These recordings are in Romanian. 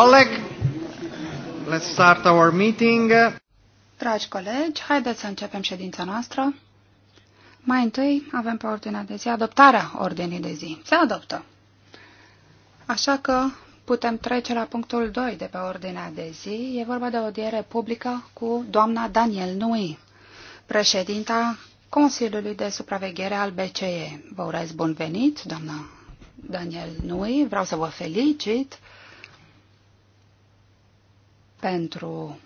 colleague, let's start our meeting. Dragi colegi, haideți să începem ședința noastră. Mai întâi avem pe ordinea de zi adoptarea ordinii de zi. Se adoptă. Așa că putem trece la punctul 2 de pe ordinea de zi. E vorba de o diere publică cu doamna Daniel Nui, președinta Consiliului de Supraveghere al BCE. Vă urez bun venit, doamna Daniel Nui. Vreau să vă felicit pentru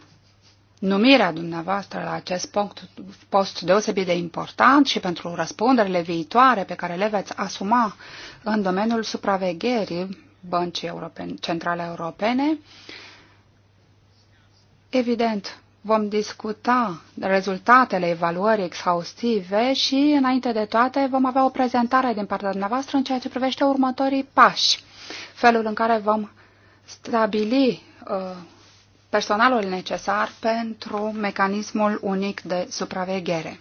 numirea dumneavoastră la acest punct, post deosebit de important și pentru răspunderile viitoare pe care le veți asuma în domeniul supravegherii Băncii Europene, Centrale Europene. Evident, vom discuta rezultatele evaluării exhaustive și, înainte de toate, vom avea o prezentare din partea dumneavoastră în ceea ce privește următorii pași, felul în care vom stabili uh, personalul necesar pentru mecanismul unic de supraveghere.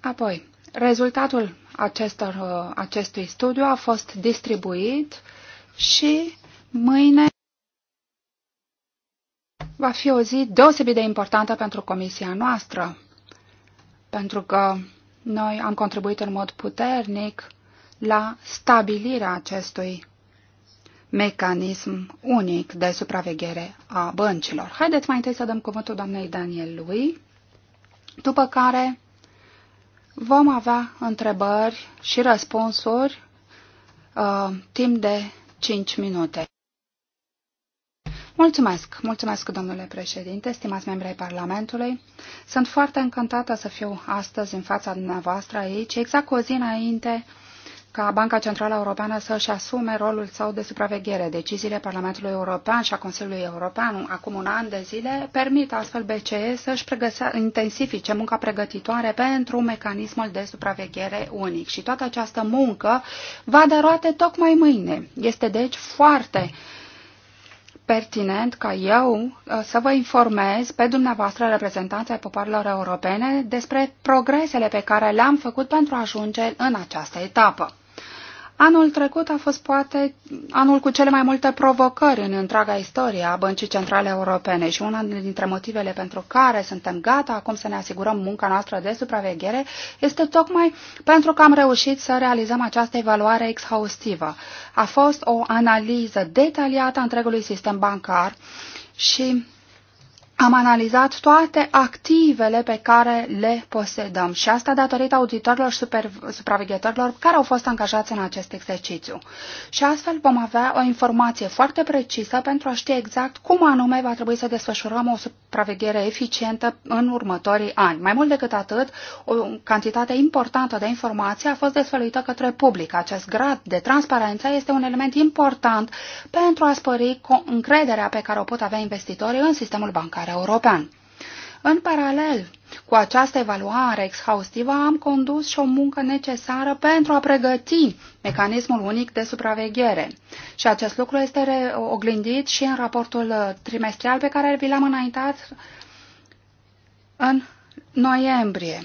Apoi, rezultatul acestor, acestui studiu a fost distribuit și mâine va fi o zi deosebit de importantă pentru comisia noastră, pentru că noi am contribuit în mod puternic la stabilirea acestui mecanism unic de supraveghere a băncilor. Haideți mai întâi să dăm cuvântul doamnei Daniel lui, după care vom avea întrebări și răspunsuri uh, timp de 5 minute. Mulțumesc, mulțumesc, domnule președinte, stimați membri ai Parlamentului. Sunt foarte încântată să fiu astăzi în fața dumneavoastră aici, exact cu o zi înainte ca Banca Centrală Europeană să-și asume rolul său de supraveghere. Deciziile Parlamentului European și a Consiliului European acum un an de zile permit astfel BCE să-și intensifice munca pregătitoare pentru mecanismul de supraveghere unic. Și toată această muncă va da roate tocmai mâine. Este deci foarte pertinent ca eu uh, să vă informez pe dumneavoastră reprezentanța ai popoarelor europene despre progresele pe care le-am făcut pentru a ajunge în această etapă. Anul trecut a fost poate anul cu cele mai multe provocări în întreaga istorie a Băncii Centrale Europene și una dintre motivele pentru care suntem gata acum să ne asigurăm munca noastră de supraveghere este tocmai pentru că am reușit să realizăm această evaluare exhaustivă. A fost o analiză detaliată a întregului sistem bancar și am analizat toate activele pe care le posedăm și asta datorită auditorilor și supraveghetorilor care au fost angajați în acest exercițiu. Și astfel vom avea o informație foarte precisă pentru a ști exact cum anume va trebui să desfășurăm o supraveghere eficientă în următorii ani. Mai mult decât atât, o cantitate importantă de informație a fost desfăluită către public. Acest grad de transparență este un element important pentru a spări încrederea pe care o pot avea investitorii în sistemul bancar Monetar European. În paralel cu această evaluare exhaustivă, am condus și o muncă necesară pentru a pregăti mecanismul unic de supraveghere. Și acest lucru este oglindit și în raportul uh, trimestrial pe care vi l-am înaintat în noiembrie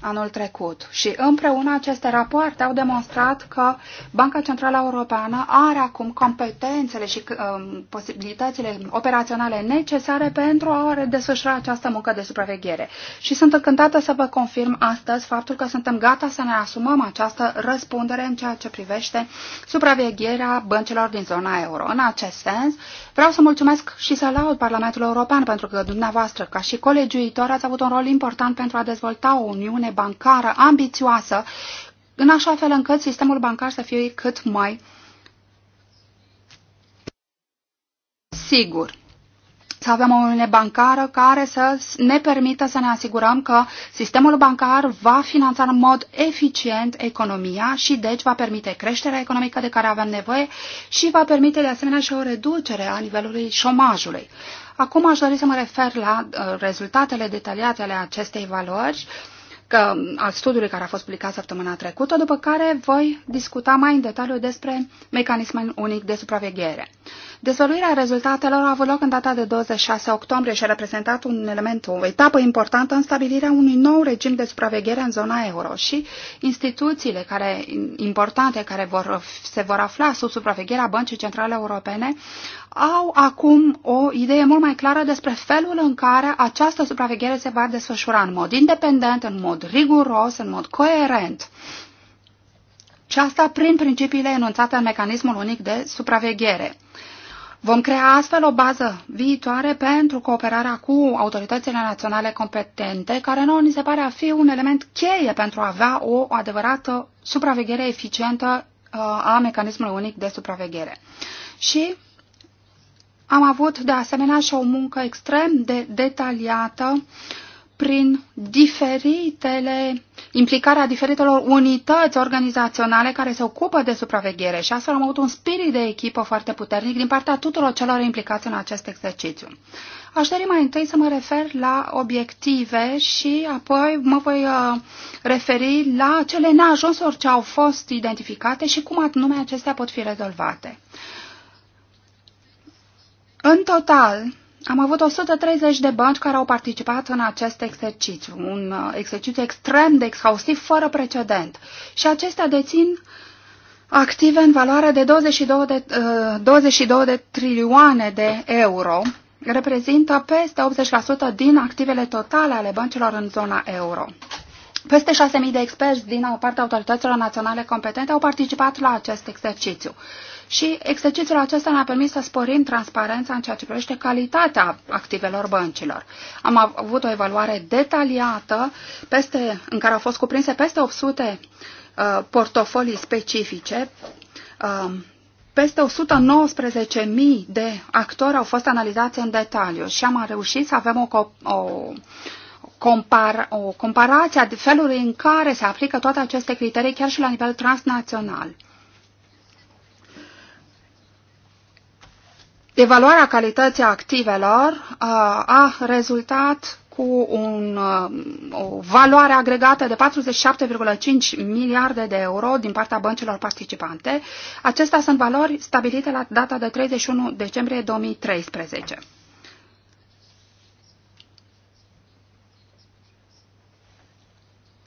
anul trecut și împreună aceste rapoarte au demonstrat că Banca Centrală Europeană are acum competențele și um, posibilitățile operaționale necesare pentru a desfășura această muncă de supraveghere. Și sunt încântată să vă confirm astăzi faptul că suntem gata să ne asumăm această răspundere în ceea ce privește supravegherea băncilor din zona euro. În acest sens, Vreau să mulțumesc și să laud Parlamentul European pentru că dumneavoastră, ca și colegiuitor, ați avut un rol important pentru a dezvolta o uniune bancară ambițioasă, în așa fel încât sistemul bancar să fie cât mai sigur să avem o uniune bancară care să ne permită să ne asigurăm că sistemul bancar va finanța în mod eficient economia și deci va permite creșterea economică de care avem nevoie și va permite de asemenea și o reducere a nivelului șomajului. Acum aș dori să mă refer la uh, rezultatele detaliate ale acestei valori că, al studiului care a fost publicat săptămâna trecută, după care voi discuta mai în detaliu despre mecanismul unic de supraveghere. Dezvăluirea rezultatelor a avut loc în data de 26 octombrie și a reprezentat un element, o etapă importantă în stabilirea unui nou regim de supraveghere în zona euro și instituțiile care, importante care vor, se vor afla sub supravegherea Băncii Centrale Europene au acum o idee mult mai clară despre felul în care această supraveghere se va desfășura în mod independent, în mod riguros, în mod coerent. Și asta prin principiile enunțate în mecanismul unic de supraveghere. Vom crea astfel o bază viitoare pentru cooperarea cu autoritățile naționale competente, care nouă ni se pare a fi un element cheie pentru a avea o adevărată supraveghere eficientă uh, a mecanismului unic de supraveghere. Și am avut de asemenea și o muncă extrem de detaliată prin diferitele, implicarea diferitelor unități organizaționale care se ocupă de supraveghere și astfel am avut un spirit de echipă foarte puternic din partea tuturor celor implicați în acest exercițiu. Aș dori mai întâi să mă refer la obiective și apoi mă voi uh, referi la cele neajunsuri ce au fost identificate și cum anume acestea pot fi rezolvate. În total, am avut 130 de bănci care au participat în acest exercițiu, un uh, exercițiu extrem de exhaustiv, fără precedent. Și acestea dețin active în valoare de 22 de, uh, 22 de trilioane de euro, reprezintă peste 80% din activele totale ale băncilor în zona euro. Peste 6.000 de experți din partea autorităților naționale competente au participat la acest exercițiu și exercițiul acesta ne-a permis să sporim transparența în ceea ce privește calitatea activelor băncilor. Am avut o evaluare detaliată peste, în care au fost cuprinse peste 800 uh, portofolii specifice uh, peste 119.000 de actori au fost analizați în detaliu și am reușit să avem o, o, compar, o comparație a felului în care se aplică toate aceste criterii chiar și la nivel transnațional. Evaluarea calității activelor uh, a rezultat cu un, uh, o valoare agregată de 47,5 miliarde de euro din partea băncilor participante. Acestea sunt valori stabilite la data de 31 decembrie 2013.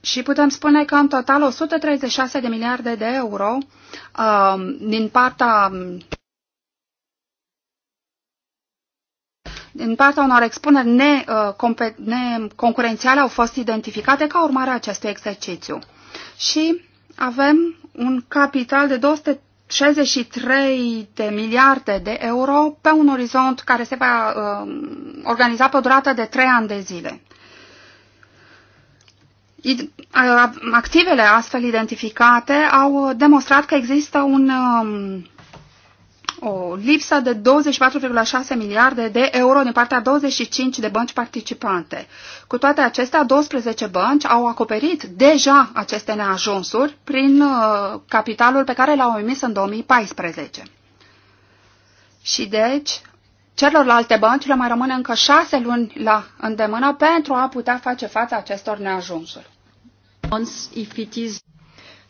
Și putem spune că în total 136 de miliarde de euro uh, din partea din partea unor expuneri neconcurențiale uh, au fost identificate ca urmare a acestui exercițiu. Și avem un capital de 200 63 de miliarde de euro pe un orizont care se va uh, organiza pe o durată de 3 ani de zile. I, uh, activele astfel identificate au demonstrat că există un uh, o lipsă de 24,6 miliarde de euro din partea 25 de bănci participante. Cu toate acestea, 12 bănci au acoperit deja aceste neajunsuri prin uh, capitalul pe care l-au emis în 2014. Și deci, celorlalte bănci le mai rămâne încă șase luni la îndemână pentru a putea face față acestor neajunsuri.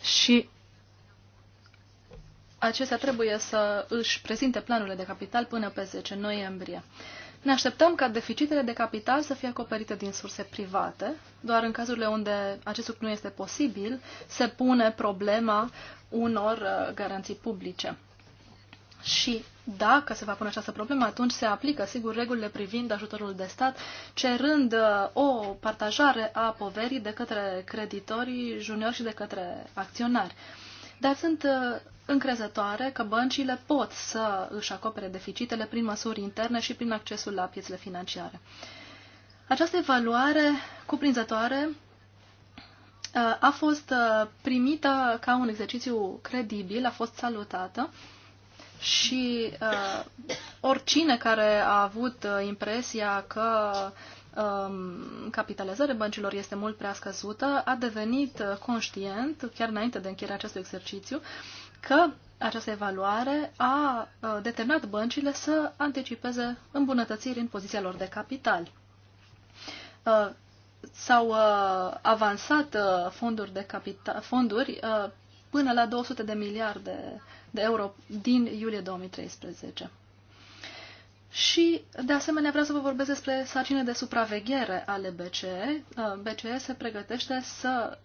Și acestea trebuie să își prezinte planurile de capital până pe 10 noiembrie. Ne așteptăm ca deficitele de capital să fie acoperite din surse private, doar în cazurile unde acest lucru nu este posibil, se pune problema unor uh, garanții publice. Și dacă se va pune această problemă, atunci se aplică, sigur, regulile privind ajutorul de stat, cerând uh, o partajare a poverii de către creditorii juniori și de către acționari. Dar sunt uh, încrezătoare că băncile pot să își acopere deficitele prin măsuri interne și prin accesul la piețele financiare. Această evaluare cuprinzătoare uh, a fost uh, primită ca un exercițiu credibil, a fost salutată și uh, oricine care a avut impresia că um, capitalizarea băncilor este mult prea scăzută a devenit conștient, chiar înainte de încheierea acestui exercițiu, că această evaluare a uh, determinat băncile să anticipeze îmbunătățiri în poziția lor de capital. Uh, s-au uh, avansat fonduri, de capital, fonduri până la 200 de miliarde de euro din iulie 2013. Și, de asemenea, vreau să vă vorbesc despre sarcine de supraveghere ale BCE. BCE se pregătește să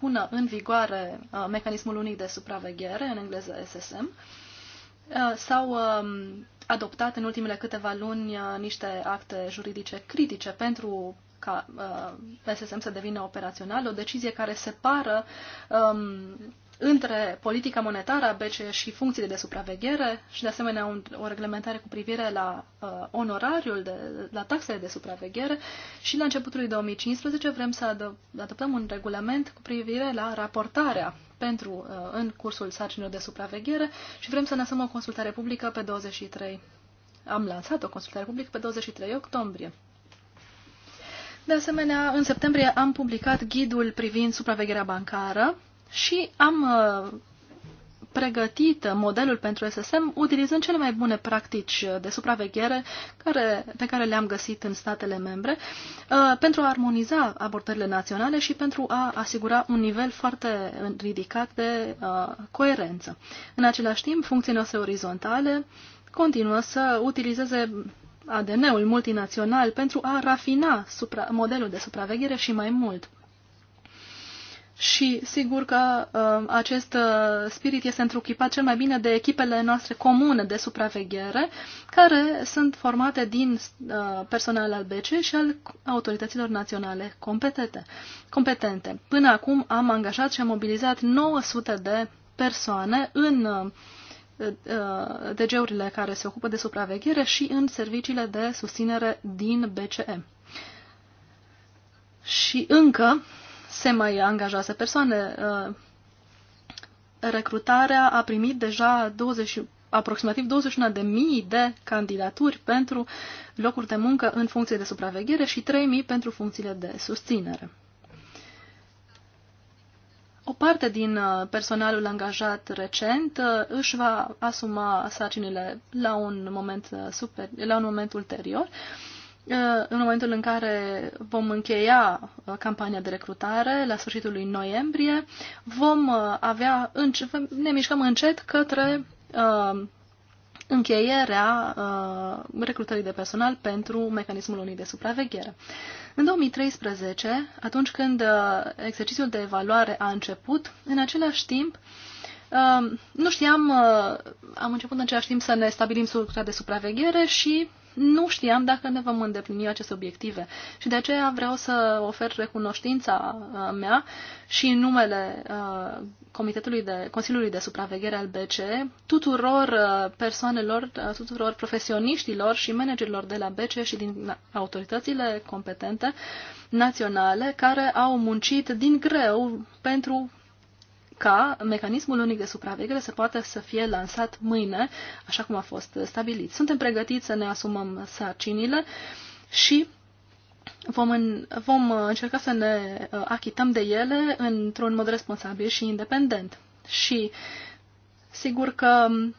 pună în vigoare uh, mecanismul unic de supraveghere, în engleză SSM, uh, s-au um, adoptat în ultimele câteva luni uh, niște acte juridice critice pentru ca SSM să devină operațional, o decizie care separă um, între politica monetară a BCE și funcțiile de supraveghere și, de asemenea, un, o reglementare cu privire la uh, onorariul, de, la taxele de supraveghere și, la începutul 2015, vrem să adoptăm un regulament cu privire la raportarea pentru uh, în cursul sarcinilor de supraveghere și vrem să lansăm o consultare publică pe 23. Am lansat o consultare publică pe 23 octombrie. De asemenea, în septembrie am publicat ghidul privind supravegherea bancară, și am uh, pregătit modelul pentru SSM utilizând cele mai bune practici de supraveghere care, pe care le-am găsit în statele membre uh, pentru a armoniza abordările naționale și pentru a asigura un nivel foarte ridicat de uh, coerență. În același timp, funcții noastre orizontale continuă să utilizeze ADN-ul multinațional pentru a rafina supra, modelul de supraveghere și mai mult. Și sigur că uh, acest uh, spirit este întruchipat cel mai bine de echipele noastre comune de supraveghere, care sunt formate din uh, personal al BCE și al autorităților naționale competente. competente. Până acum am angajat și am mobilizat 900 de persoane în uh, uh DG-urile care se ocupă de supraveghere și în serviciile de susținere din BCE. Și încă se mai angajase persoane. Uh, recrutarea a primit deja 20, aproximativ 21.000 de candidaturi pentru locuri de muncă în funcție de supraveghere și 3.000 pentru funcțiile de susținere. O parte din uh, personalul angajat recent uh, își va asuma sarcinile la un moment, super, la un moment ulterior Uh, în momentul în care vom încheia uh, campania de recrutare, la sfârșitul lui noiembrie, vom uh, avea, ne mișcăm încet către încheierea recrutării de personal pentru mecanismul unui de supraveghere. În 2013, atunci când exercițiul de evaluare a început, în același timp, nu știam, am început în același timp să ne stabilim structura de supraveghere și nu știam dacă ne vom îndeplini aceste obiective. Și de aceea vreau să ofer recunoștința uh, mea și în numele uh, Comitetului de, Consiliului de Supraveghere al BCE, tuturor uh, persoanelor, tuturor profesioniștilor și managerilor de la BCE și din autoritățile competente naționale care au muncit din greu pentru ca mecanismul unic de supraveghere să poată să fie lansat mâine, așa cum a fost stabilit. Suntem pregătiți să ne asumăm sarcinile și vom, în, vom uh, încerca să ne uh, achităm de ele într-un mod responsabil și independent. Și sigur că um,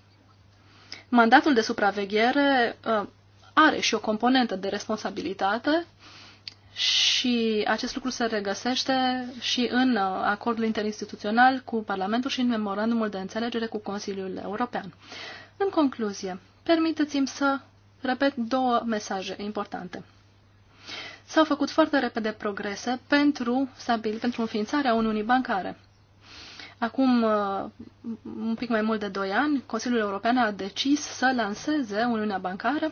mandatul de supraveghere uh, are și o componentă de responsabilitate și acest lucru se regăsește și în uh, acordul interinstituțional cu Parlamentul și în memorandumul de înțelegere cu Consiliul European. În concluzie, permiteți-mi să repet două mesaje importante. S-au făcut foarte repede progrese pentru, stabil, pentru înființarea Uniunii Bancare. Acum uh, un pic mai mult de 2 ani, Consiliul European a decis să lanseze Uniunea Bancară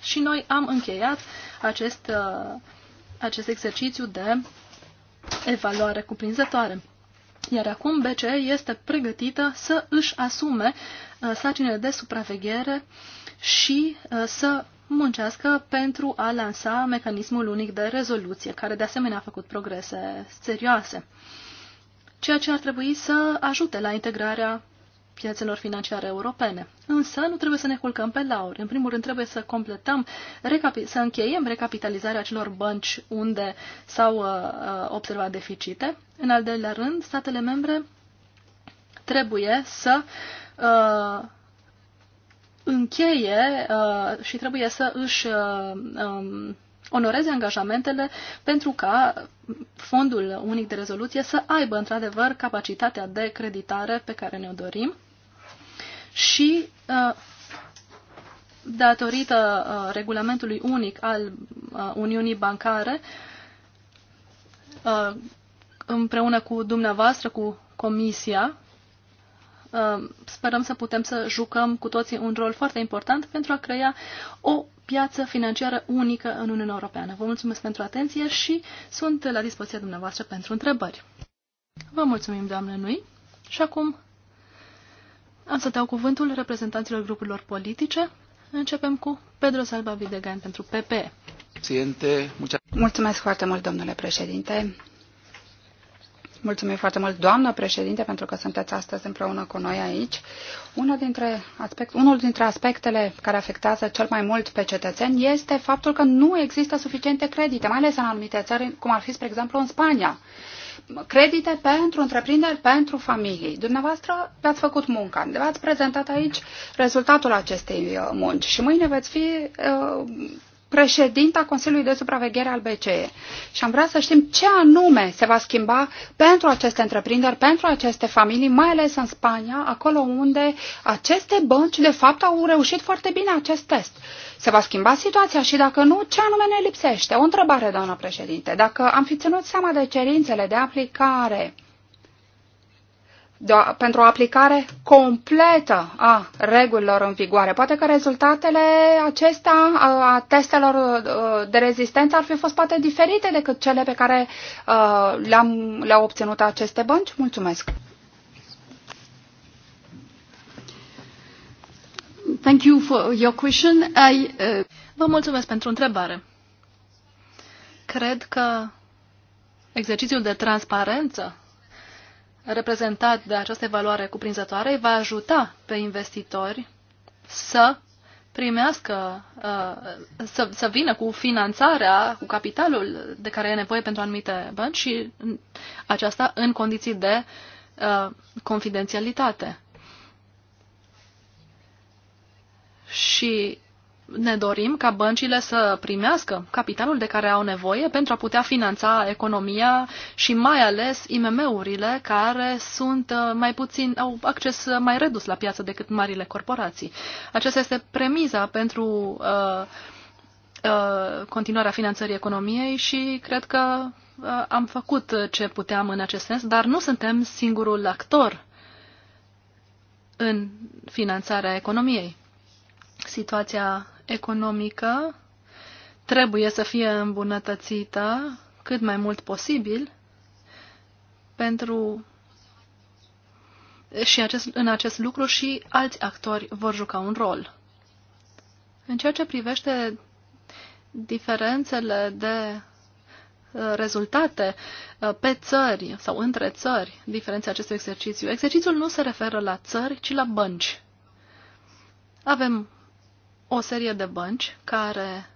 și noi am încheiat acest uh, acest exercițiu de evaluare cuprinzătoare. Iar acum BCE este pregătită să își asume uh, sarcinile de supraveghere și uh, să muncească pentru a lansa mecanismul unic de rezoluție, care de asemenea a făcut progrese serioase, ceea ce ar trebui să ajute la integrarea piețelor financiare europene. Însă nu trebuie să ne culcăm pe lauri. În primul rând trebuie să completăm, să încheiem recapitalizarea acelor bănci unde s-au uh, uh, observat deficite. În al doilea rând, statele membre trebuie să uh, încheie uh, și trebuie să își uh, um, onoreze angajamentele pentru ca fondul unic de rezoluție să aibă într-adevăr capacitatea de creditare pe care ne-o dorim și uh, datorită uh, regulamentului unic al uh, Uniunii Bancare, împreună cu dumneavoastră, cu Comisia, sperăm să putem să jucăm cu toții un rol foarte important pentru a crea o piață financiară unică în Uniunea Europeană. Vă mulțumesc pentru atenție și sunt la dispoziția dumneavoastră pentru întrebări. Vă mulțumim, doamne Nui. Și acum am să dau cuvântul reprezentanților grupurilor politice. Începem cu Pedro Salva Videgain pentru PP. Mulțumesc foarte mult, domnule președinte. Mulțumim foarte mult, doamnă președinte, pentru că sunteți astăzi împreună cu noi aici. Unul dintre, aspect, unul dintre aspectele care afectează cel mai mult pe cetățeni este faptul că nu există suficiente credite, mai ales în anumite țări, cum ar fi, spre exemplu, în Spania. Credite pentru întreprinderi, pentru familii. Dumneavoastră v-ați făcut munca, v-ați prezentat aici rezultatul acestei uh, munci și mâine veți fi uh, președinta Consiliului de Supraveghere al BCE. Și am vrea să știm ce anume se va schimba pentru aceste întreprinderi, pentru aceste familii, mai ales în Spania, acolo unde aceste bănci, de fapt, au reușit foarte bine acest test. Se va schimba situația și dacă nu, ce anume ne lipsește? O întrebare, doamnă președinte. Dacă am fi ținut seama de cerințele de aplicare de o, pentru o aplicare completă a regulilor în vigoare. Poate că rezultatele acestea a, a testelor uh, de rezistență ar fi fost poate diferite decât cele pe care uh, le-au le obținut aceste bănci. Mulțumesc! Thank you for your question. I, uh... Vă mulțumesc pentru întrebare. Cred că exercițiul de transparență reprezentat de această evaluare cuprinzătoare va ajuta pe investitori să primească, uh, să, să vină cu finanțarea, cu capitalul de care e nevoie pentru anumite bănci și aceasta în condiții de uh, confidențialitate. Și ne dorim ca băncile să primească capitalul de care au nevoie pentru a putea finanța economia și mai ales IMM-urile care sunt uh, mai puțin, au acces mai redus la piață decât marile corporații. Aceasta este premiza pentru uh, uh, continuarea finanțării economiei și cred că uh, am făcut ce puteam în acest sens, dar nu suntem singurul actor în finanțarea economiei situația economică trebuie să fie îmbunătățită cât mai mult posibil pentru și acest, în acest lucru și alți actori vor juca un rol. În ceea ce privește diferențele de uh, rezultate uh, pe țări sau între țări, diferența acestui exercițiu. Exercițiul nu se referă la țări, ci la bănci. Avem o serie de bănci care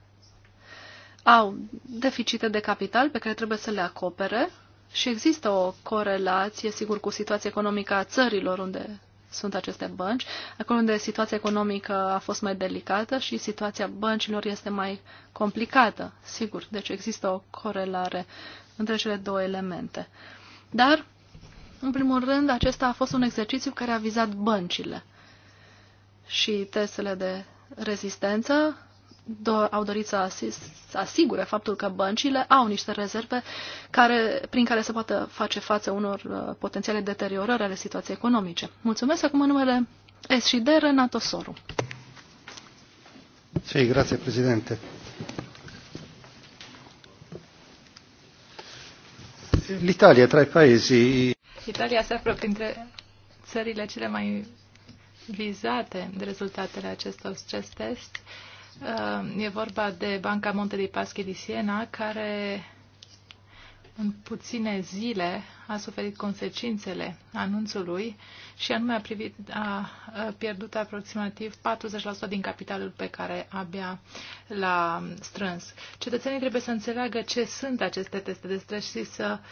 au deficite de capital pe care trebuie să le acopere și există o corelație, sigur, cu situația economică a țărilor unde sunt aceste bănci, acolo unde situația economică a fost mai delicată și situația băncilor este mai complicată, sigur. Deci există o corelare între cele două elemente. Dar, în primul rând, acesta a fost un exercițiu care a vizat băncile și testele de rezistență do- au dorit să, asist, să asigure faptul că băncile au niște rezerve care, prin care se poată face față unor uh, potențiale deteriorări ale situației economice. Mulțumesc acum în numele S și D, Renato Soru. Sí, grazie Presidente. L'Italia tra i paesi... Italia se află printre țările cele mai vizate de rezultatele acestor stress test. Uh, e vorba de Banca Monte dei Paschi di Siena, care în puține zile a suferit consecințele anunțului și anume a, privit, a pierdut aproximativ 40% din capitalul pe care abia l-a strâns. Cetățenii trebuie să înțeleagă ce sunt aceste teste de stres și să uh,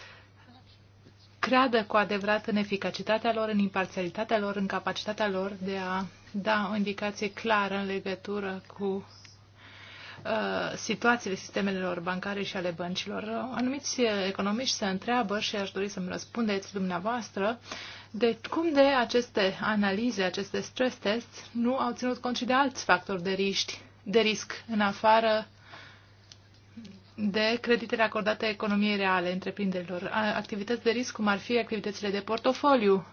creadă cu adevărat în eficacitatea lor, în imparțialitatea lor, în capacitatea lor de a da o indicație clară în legătură cu uh, situațiile sistemelor bancare și ale băncilor. Anumiți economiști se întreabă și aș dori să-mi răspundeți dumneavoastră de cum de aceste analize, aceste stress tests nu au ținut cont și de alți factori de, riști, de risc în afară de creditele acordate economiei reale, întreprinderilor, activități de risc, cum ar fi activitățile de portofoliu,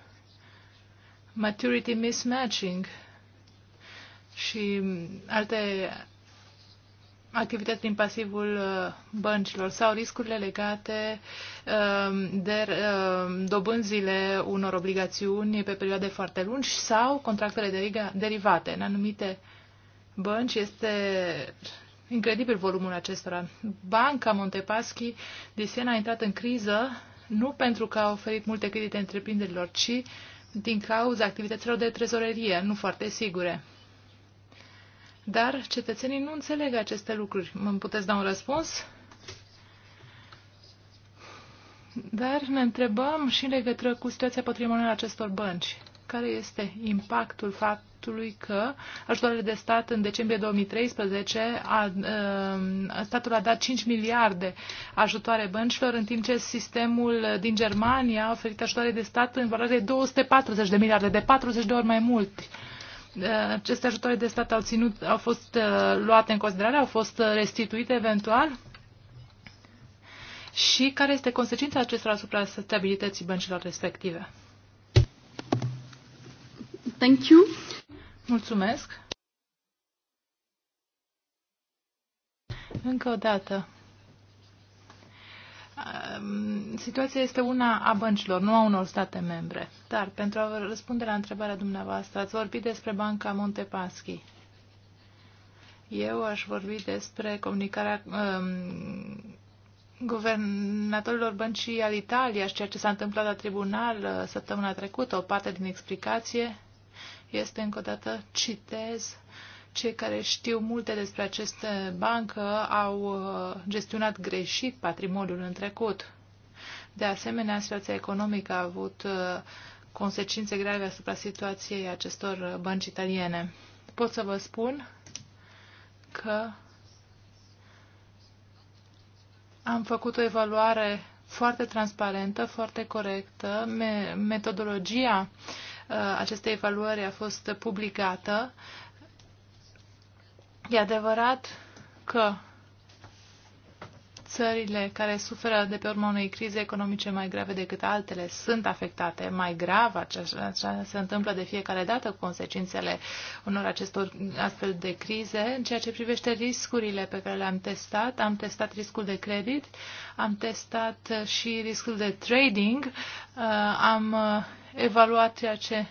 maturity mismatching și alte activități din pasivul uh, băncilor sau riscurile legate um, de um, dobânzile unor obligațiuni pe perioade foarte lungi sau contractele derivate. În anumite bănci este incredibil volumul acestora. Banca Montepaschi de Siena a intrat în criză nu pentru că a oferit multe credite întreprinderilor, ci din cauza activităților de trezorerie, nu foarte sigure. Dar cetățenii nu înțeleg aceste lucruri. Mă puteți da un răspuns? Dar ne întrebăm și în legătură cu situația patrimonială acestor bănci. Care este impactul fapt faptului că ajutoarele de stat în decembrie 2013 a, a, um, statul a dat 5 miliarde ajutoare băncilor, în timp ce sistemul din Germania a oferit ajutoare de stat în valoare de 240 de miliarde, de 40 de ori mai mult uh, aceste ajutoare de stat au, ținut, au fost uh, luate în considerare, au fost uh, restituite eventual? Și care este consecința acestora asupra stabilității băncilor respective? Thank you. Mulțumesc. Încă o dată. Situația este una a băncilor, nu a unor state membre. Dar pentru a vă răspunde la întrebarea dumneavoastră, ați vorbit despre Banca Montepaschi. Eu aș vorbi despre comunicarea um, guvernatorilor băncii al Italiei și ceea ce s-a întâmplat la tribunal uh, săptămâna trecută, o parte din explicație este, încă o dată, citez, cei care știu multe despre aceste bancă au uh, gestionat greșit patrimoniul în trecut. De asemenea, situația economică a avut uh, consecințe grave asupra situației acestor bănci italiene. Pot să vă spun că am făcut o evaluare foarte transparentă, foarte corectă. Me metodologia uh, Uh, aceste evaluări a fost publicată. E adevărat că țările care suferă de pe urma unei crize economice mai grave decât altele sunt afectate mai grav. așa se întâmplă de fiecare dată cu consecințele unor acestor astfel de crize. În ceea ce privește riscurile pe care le-am testat, am testat riscul de credit, am testat și riscul de trading, uh, am uh, evaluat ceea ce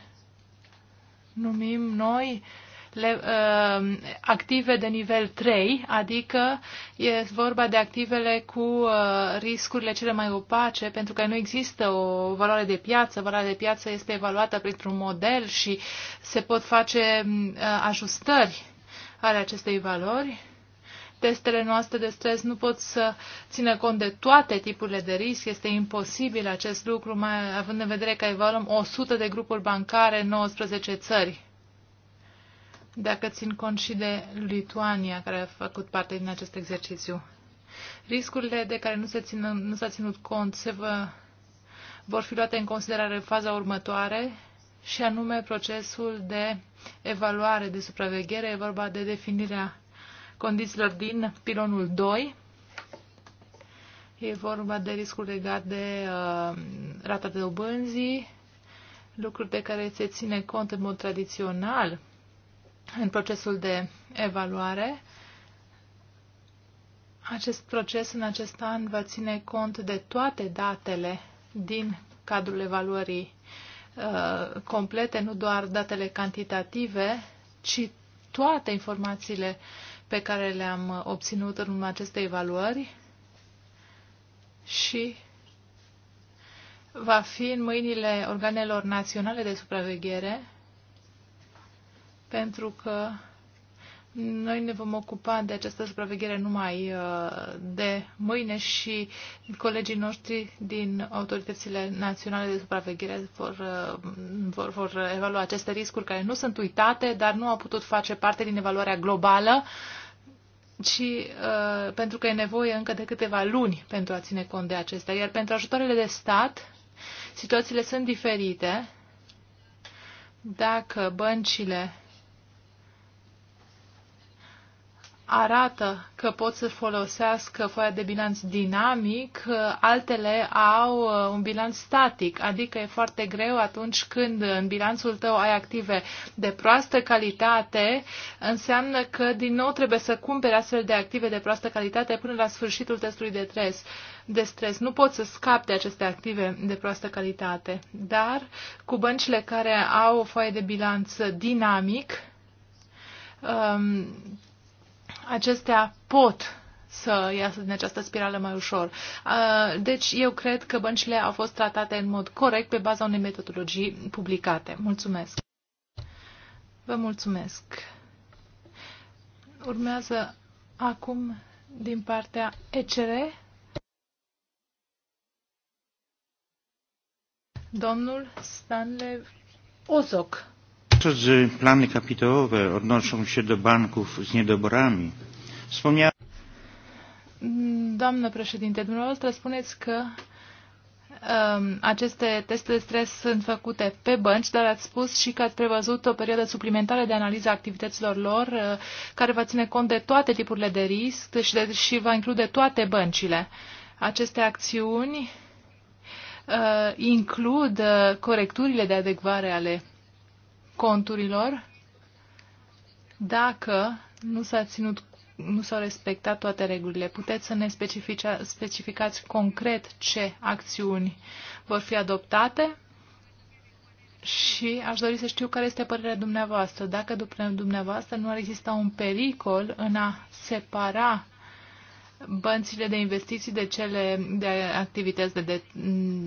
numim noi uh, le, uh, active de nivel 3, adică e vorba de activele cu uh, riscurile cele mai opace, pentru că nu există o valoare de piață. Valoarea de piață este evaluată printr-un model și se pot face mm, uh, ajustări ale acestei valori testele noastre de stres nu pot să țină cont de toate tipurile de risc. Este imposibil acest lucru, mai având în vedere că evaluăm 100 de grupuri bancare în 19 țări dacă țin cont și de Lituania, care a făcut parte din acest exercițiu. Riscurile de care nu, se țină, nu s-a ținut cont se vă, vor fi luate în considerare în faza următoare, și anume procesul de evaluare, de supraveghere. E vorba de definirea condițiilor din pilonul 2. E vorba de riscul legat de uh, rata de obânzii, lucruri de care se ține cont în mod tradițional în procesul de evaluare. Acest proces în acest an va ține cont de toate datele din cadrul evaluării uh, complete, nu doar datele cantitative, ci toate informațiile pe care le-am obținut în urma acestei evaluări și va fi în mâinile organelor naționale de supraveghere pentru că noi ne vom ocupa de această supraveghere numai uh, de mâine și colegii noștri din autoritățile naționale de supraveghere vor, uh, vor, vor evalua aceste riscuri care nu sunt uitate, dar nu au putut face parte din evaluarea globală, ci uh, pentru că e nevoie încă de câteva luni pentru a ține cont de acestea. Iar pentru ajutoarele de stat, situațiile sunt diferite. Dacă băncile arată că pot să folosească foaia de bilanț dinamic, altele au uh, un bilanț static, adică e foarte greu atunci când în bilanțul tău ai active de proastă calitate, înseamnă că din nou trebuie să cumperi astfel de active de proastă calitate până la sfârșitul testului de stres. De stres. Nu poți să scapi de aceste active de proastă calitate, dar cu băncile care au o foaie de bilanț dinamic, um, acestea pot să iasă din această spirală mai ușor. Deci eu cred că băncile au fost tratate în mod corect pe baza unei metodologii publicate. Mulțumesc! Vă mulțumesc! Urmează acum din partea ECR domnul Stanley Ozok zwłaszcza że plany kapitałowe odnoszą się do banków z niedoborami, wspomniałem... Doamnă președinte, dumneavoastră spuneți că um, aceste teste de stres sunt făcute pe bănci, dar ați spus și că ați prevăzut o perioadă suplimentară de analiză a activităților lor, uh, care va ține cont de toate tipurile de risc și, de, și va include toate băncile. Aceste acțiuni uh, includ uh, corecturile de adecvare ale conturilor dacă nu s-a ținut nu s-au respectat toate regulile. Puteți să ne specifica, specificați concret ce acțiuni vor fi adoptate și aș dori să știu care este părerea dumneavoastră. Dacă, după dumneavoastră, nu ar exista un pericol în a separa băncile de investiții de cele de activități de, de,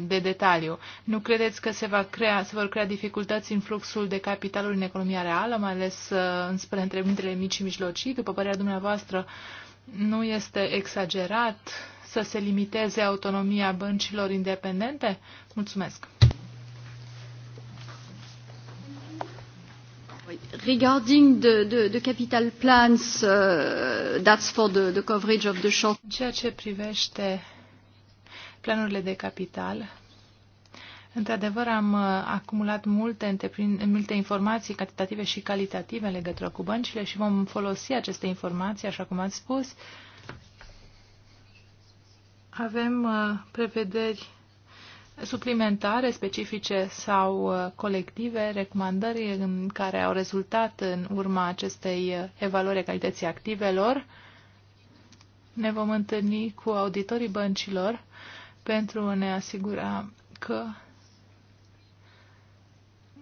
de detaliu. Nu credeți că se, va crea, se vor crea dificultăți în fluxul de capitalul în economia reală, mai ales uh, înspre întreprinderile mici și mijlocii? După părerea dumneavoastră, nu este exagerat să se limiteze autonomia băncilor independente? Mulțumesc! Regarding the, the, the capital plans, uh, that's for the, the coverage of the short... Ceea ce privește planurile de capital, într-adevăr am uh, acumulat multe, multe informații cantitative și calitative în legătură cu băncile și vom folosi aceste informații, așa cum ați spus. Avem uh, prevederi suplimentare, specifice sau uh, colective, recomandări care au rezultat în urma acestei uh, evaluări calității activelor. Ne vom întâlni cu auditorii băncilor pentru a ne asigura că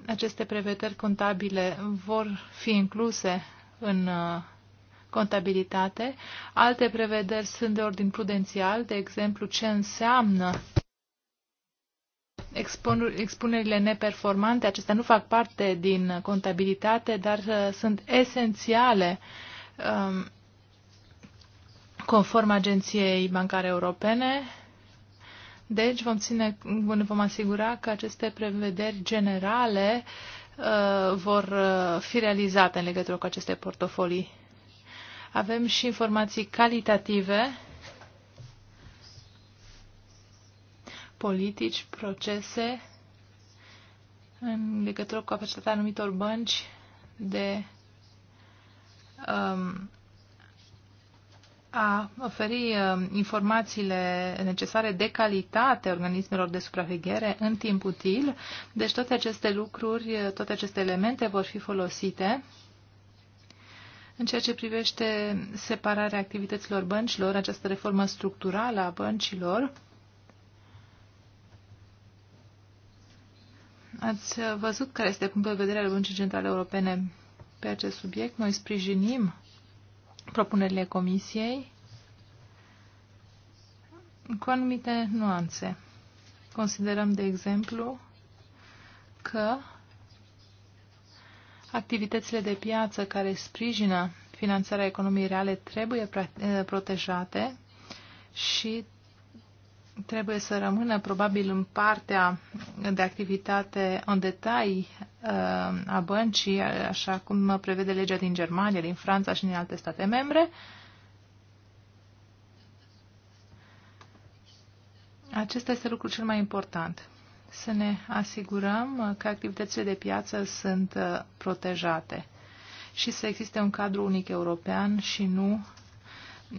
aceste prevederi contabile vor fi incluse în uh, contabilitate. Alte prevederi sunt de ordin prudențial, de exemplu ce înseamnă expunerile neperformante, acestea nu fac parte din contabilitate, dar uh, sunt esențiale um, conform Agenției Bancare Europene. Deci vom, ține, ne vom asigura că aceste prevederi generale uh, vor uh, fi realizate în legătură cu aceste portofolii. Avem și informații calitative politici, procese în legătură cu capacitatea anumitor bănci de um, a oferi um, informațiile necesare de calitate organismelor de supraveghere în timp util. Deci toate aceste lucruri, toate aceste elemente vor fi folosite în ceea ce privește separarea activităților băncilor, această reformă structurală a băncilor, Ați văzut care este punctul de vedere al Băncii Centrale Europene pe acest subiect. Noi sprijinim propunerile Comisiei cu anumite nuanțe. Considerăm, de exemplu, că activitățile de piață care sprijină finanțarea economiei reale trebuie eh, protejate și trebuie să rămână probabil în partea de activitate în detalii uh, a băncii, așa cum prevede legea din Germania, din Franța și din alte state membre. Acesta este lucrul cel mai important. Să ne asigurăm că activitățile de piață sunt uh, protejate și să existe un cadru unic european și nu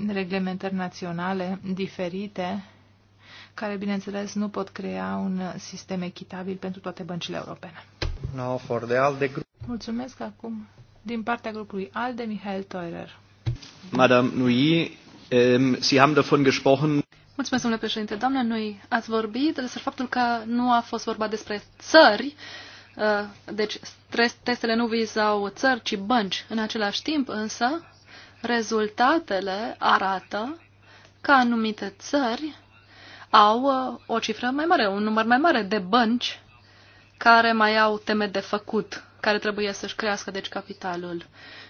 reglementări naționale diferite care, bineînțeles, nu pot crea un sistem echitabil pentru toate băncile europene. No, for the ALDE group. Mulțumesc acum din partea grupului ALDE, Mihail Teurer. Madame Nui, um, Sie haben davon gesprochen... Mulțumesc, domnule președinte. Doamne Nui, ați vorbit despre faptul că nu a fost vorba despre țări, uh, deci testele nu vizau țări, ci bănci. În același timp, însă, rezultatele arată că anumite țări au uh, o cifră mai mare, un număr mai mare de bănci care mai au teme de făcut, care trebuie să-și crească deci capitalul,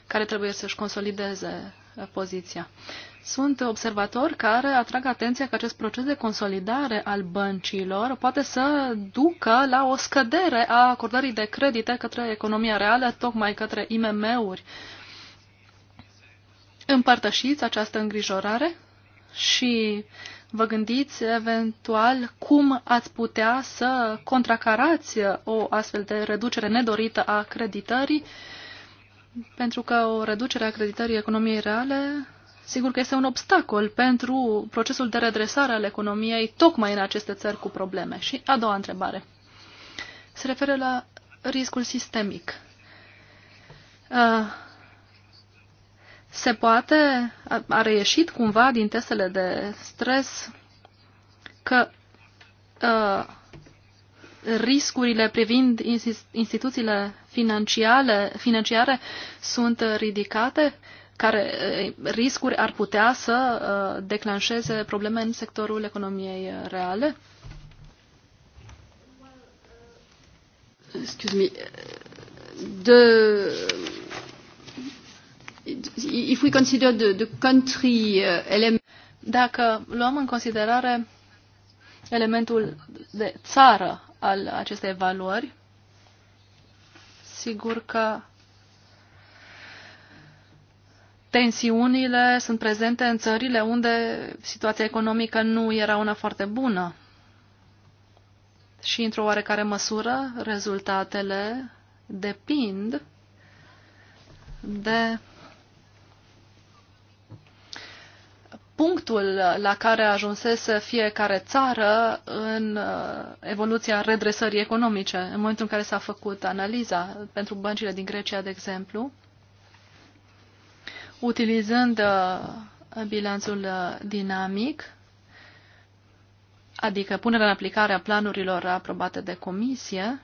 care trebuie să-și consolideze uh, poziția. Sunt observatori care atrag atenția că acest proces de consolidare al băncilor poate să ducă la o scădere a acordării de credite către economia reală, tocmai către IMM-uri. Împărtășiți această îngrijorare și vă gândiți eventual cum ați putea să contracarați o astfel de reducere nedorită a creditării, pentru că o reducere a creditării economiei reale sigur că este un obstacol pentru procesul de redresare al economiei tocmai în aceste țări cu probleme. Și a doua întrebare se referă la riscul sistemic. Uh, se poate, a reieșit cumva din testele de stres că uh, riscurile privind instituțiile financiare, financiare sunt ridicate, care riscuri ar putea să ă, declanșeze probleme în sectorul economiei reale? Excuse me. De if we consider the, the country uh, element... Dacă luăm în considerare elementul de țară al acestei evaluări, sigur că tensiunile sunt prezente în țările unde situația economică nu era una foarte bună. Și, într-o oarecare măsură, rezultatele depind de punctul la care ajunsese fiecare țară în uh, evoluția redresării economice, în momentul în care s-a făcut analiza pentru băncile din Grecia, de exemplu, utilizând uh, bilanțul uh, dinamic, adică punerea în aplicare a planurilor aprobate de comisie,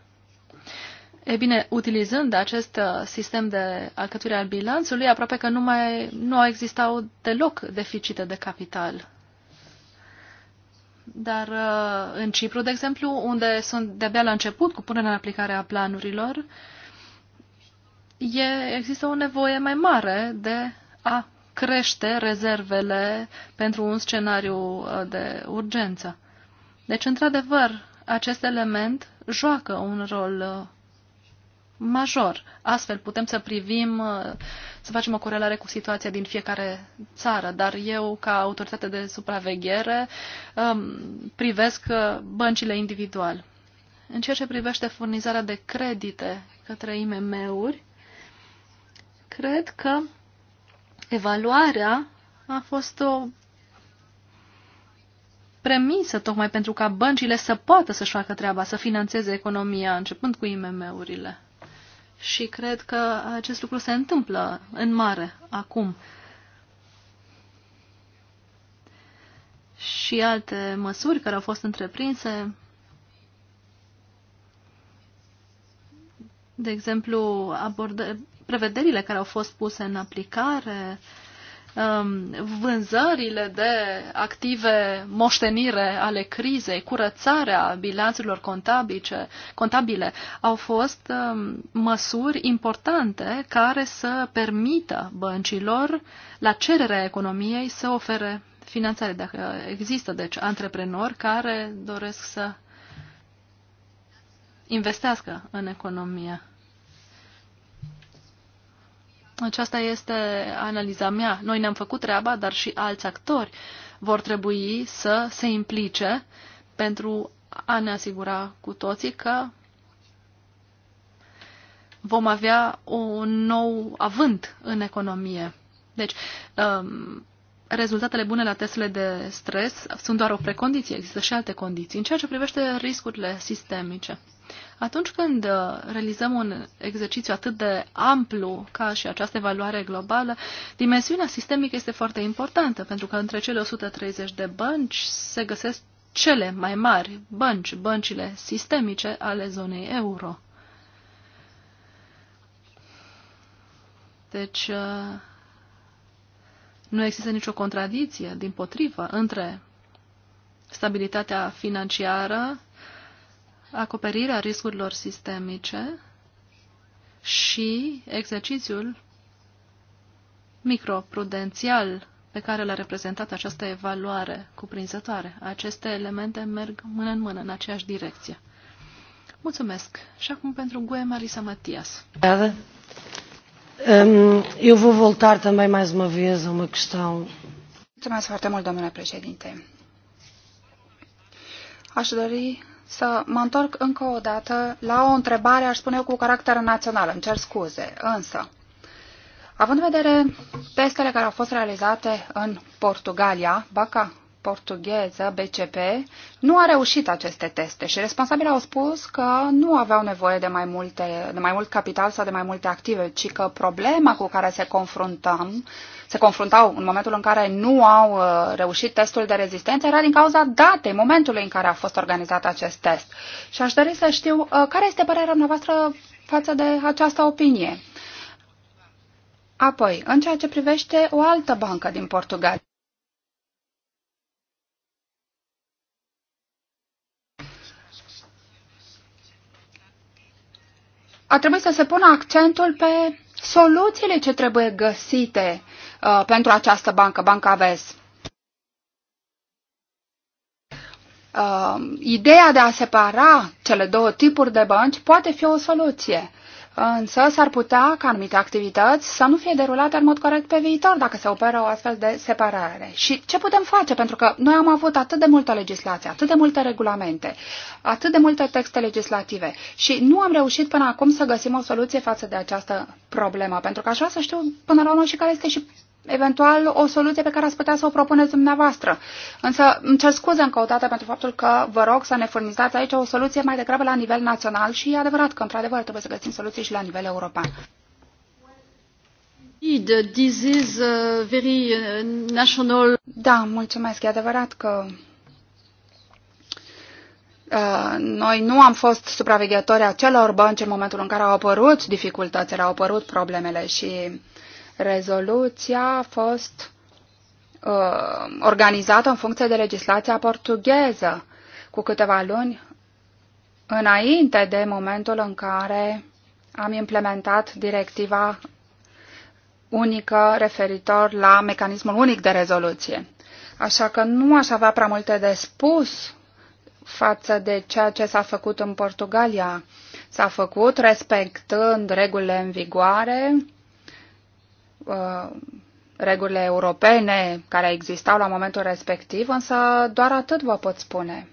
E bine, utilizând acest uh, sistem de alcătuire al bilanțului, aproape că nu, mai, nu existau deloc deficite de capital. Dar uh, în Cipru, de exemplu, unde sunt de-abia la început cu punerea în aplicare a planurilor, e, există o nevoie mai mare de a crește rezervele pentru un scenariu uh, de urgență. Deci, într-adevăr, acest element joacă un rol major. Astfel putem să privim, uh, să facem o corelare cu situația din fiecare țară, dar eu, ca autoritate de supraveghere, um, privesc uh, băncile individual. În ceea ce privește furnizarea de credite către IMM-uri, cred că evaluarea a fost o premisă tocmai pentru ca băncile să poată să-și facă treaba, să financeze economia, începând cu IMM-urile și cred că acest lucru se întâmplă în mare acum. Și alte măsuri care au fost întreprinse, de exemplu, abordă, prevederile care au fost puse în aplicare, uh, Um, vânzările de active moștenire ale crizei, curățarea bilanțurilor contabice, contabile, au fost um, măsuri importante care să permită băncilor, la cererea economiei, să ofere finanțare. Dacă există, deci, antreprenori care doresc să investească în economie. Aceasta este analiza mea. Noi ne-am făcut treaba, dar și alți actori vor trebui să se implice pentru a ne asigura cu toții că vom avea un nou avânt în economie. Deci, um, rezultatele bune la testele de stres sunt doar o precondiție, există și alte condiții. În ceea ce privește riscurile sistemice, atunci când uh, realizăm un exercițiu atât de amplu ca și această evaluare globală, dimensiunea sistemică este foarte importantă, pentru că între cele 130 de bănci se găsesc cele mai mari bănci, băncile sistemice ale zonei euro. Deci, uh, nu există nicio contradicție, din potrivă, între stabilitatea financiară acoperirea riscurilor sistemice și exercițiul microprudențial pe care l-a reprezentat această evaluare cuprinzătoare. Aceste elemente merg mână în mână, în aceeași direcție. Mulțumesc. Și acum pentru Gue Marisa Matias. Eu vă voltar também mais uma vez a uma questão. Mulțumesc foarte mult, domnule președinte. Aș dori să mă întorc încă o dată la o întrebare, aș spune eu, cu caracter național, îmi cer scuze, însă, având în vedere testele care au fost realizate în Portugalia, Baca portugheză, BCP, nu a reușit aceste teste și responsabilii au spus că nu aveau nevoie de mai, multe, de mai mult capital sau de mai multe active, ci că problema cu care se confruntăm, se confruntau în momentul în care nu au uh, reușit testul de rezistență era din cauza datei, momentului în care a fost organizat acest test. Și aș dori să știu uh, care este părerea noastră față de această opinie. Apoi, în ceea ce privește o altă bancă din Portugalia, a trebuit să se pună accentul pe soluțiile ce trebuie găsite uh, pentru această bancă, Banca Vest. Uh, ideea de a separa cele două tipuri de bănci poate fi o soluție însă s-ar putea ca anumite activități să nu fie derulate în mod corect pe viitor dacă se operă o astfel de separare. Și ce putem face? Pentru că noi am avut atât de multă legislație, atât de multe regulamente, atât de multe texte legislative și nu am reușit până acum să găsim o soluție față de această problemă, pentru că aș vrea să știu până la urmă și care este și eventual o soluție pe care ați putea să o propuneți dumneavoastră. Însă îmi cer scuze încă o dată pentru faptul că vă rog să ne furnizați aici o soluție mai degrabă la nivel național și e adevărat că, într-adevăr, trebuie să găsim soluții și la nivel european. Uh, uh, da, mulțumesc. E adevărat că uh, noi nu am fost supraveghetori acelor bănci în momentul în care au apărut dificultățile, au apărut problemele și Rezoluția a fost uh, organizată în funcție de legislația portugheză cu câteva luni înainte de momentul în care am implementat directiva unică referitor la mecanismul unic de rezoluție. Așa că nu aș avea prea multe de spus față de ceea ce s-a făcut în Portugalia. S-a făcut respectând regulile în vigoare, Uh, regulile europene care existau la momentul respectiv, însă doar atât vă pot spune.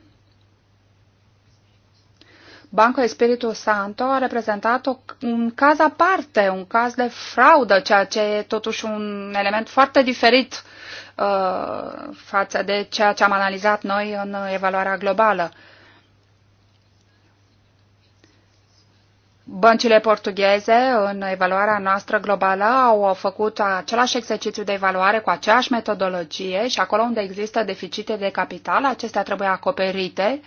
Banco Espiritu Santo a reprezentat un caz aparte, un caz de fraudă, ceea ce e totuși un element foarte diferit uh, față de ceea ce am analizat noi în evaluarea globală. Uh, Băncile portugheze, în evaluarea noastră globală, au făcut același exercițiu de evaluare cu aceeași metodologie și acolo unde există deficite de capital, acestea trebuie acoperite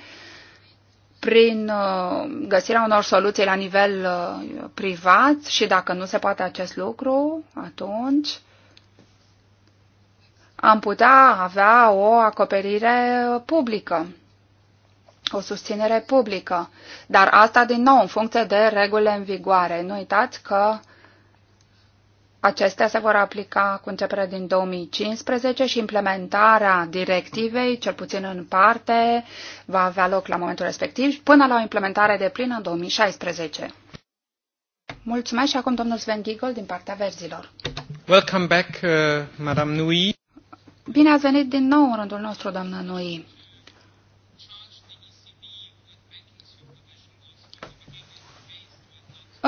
prin uh, găsirea unor soluții la nivel uh, privat și dacă nu se poate acest lucru, atunci am putea avea o acoperire publică o susținere publică. Dar asta, din nou, în funcție de regulile în vigoare. Nu uitați că Acestea se vor aplica cu începere din 2015 și implementarea directivei, cel puțin în parte, va avea loc la momentul respectiv până la o implementare de plină în 2016. Mulțumesc și acum domnul Sven Gigol din partea verzilor. Welcome back, uh, Madame Nui. Bine ați venit din nou în rândul nostru, doamnă Nui.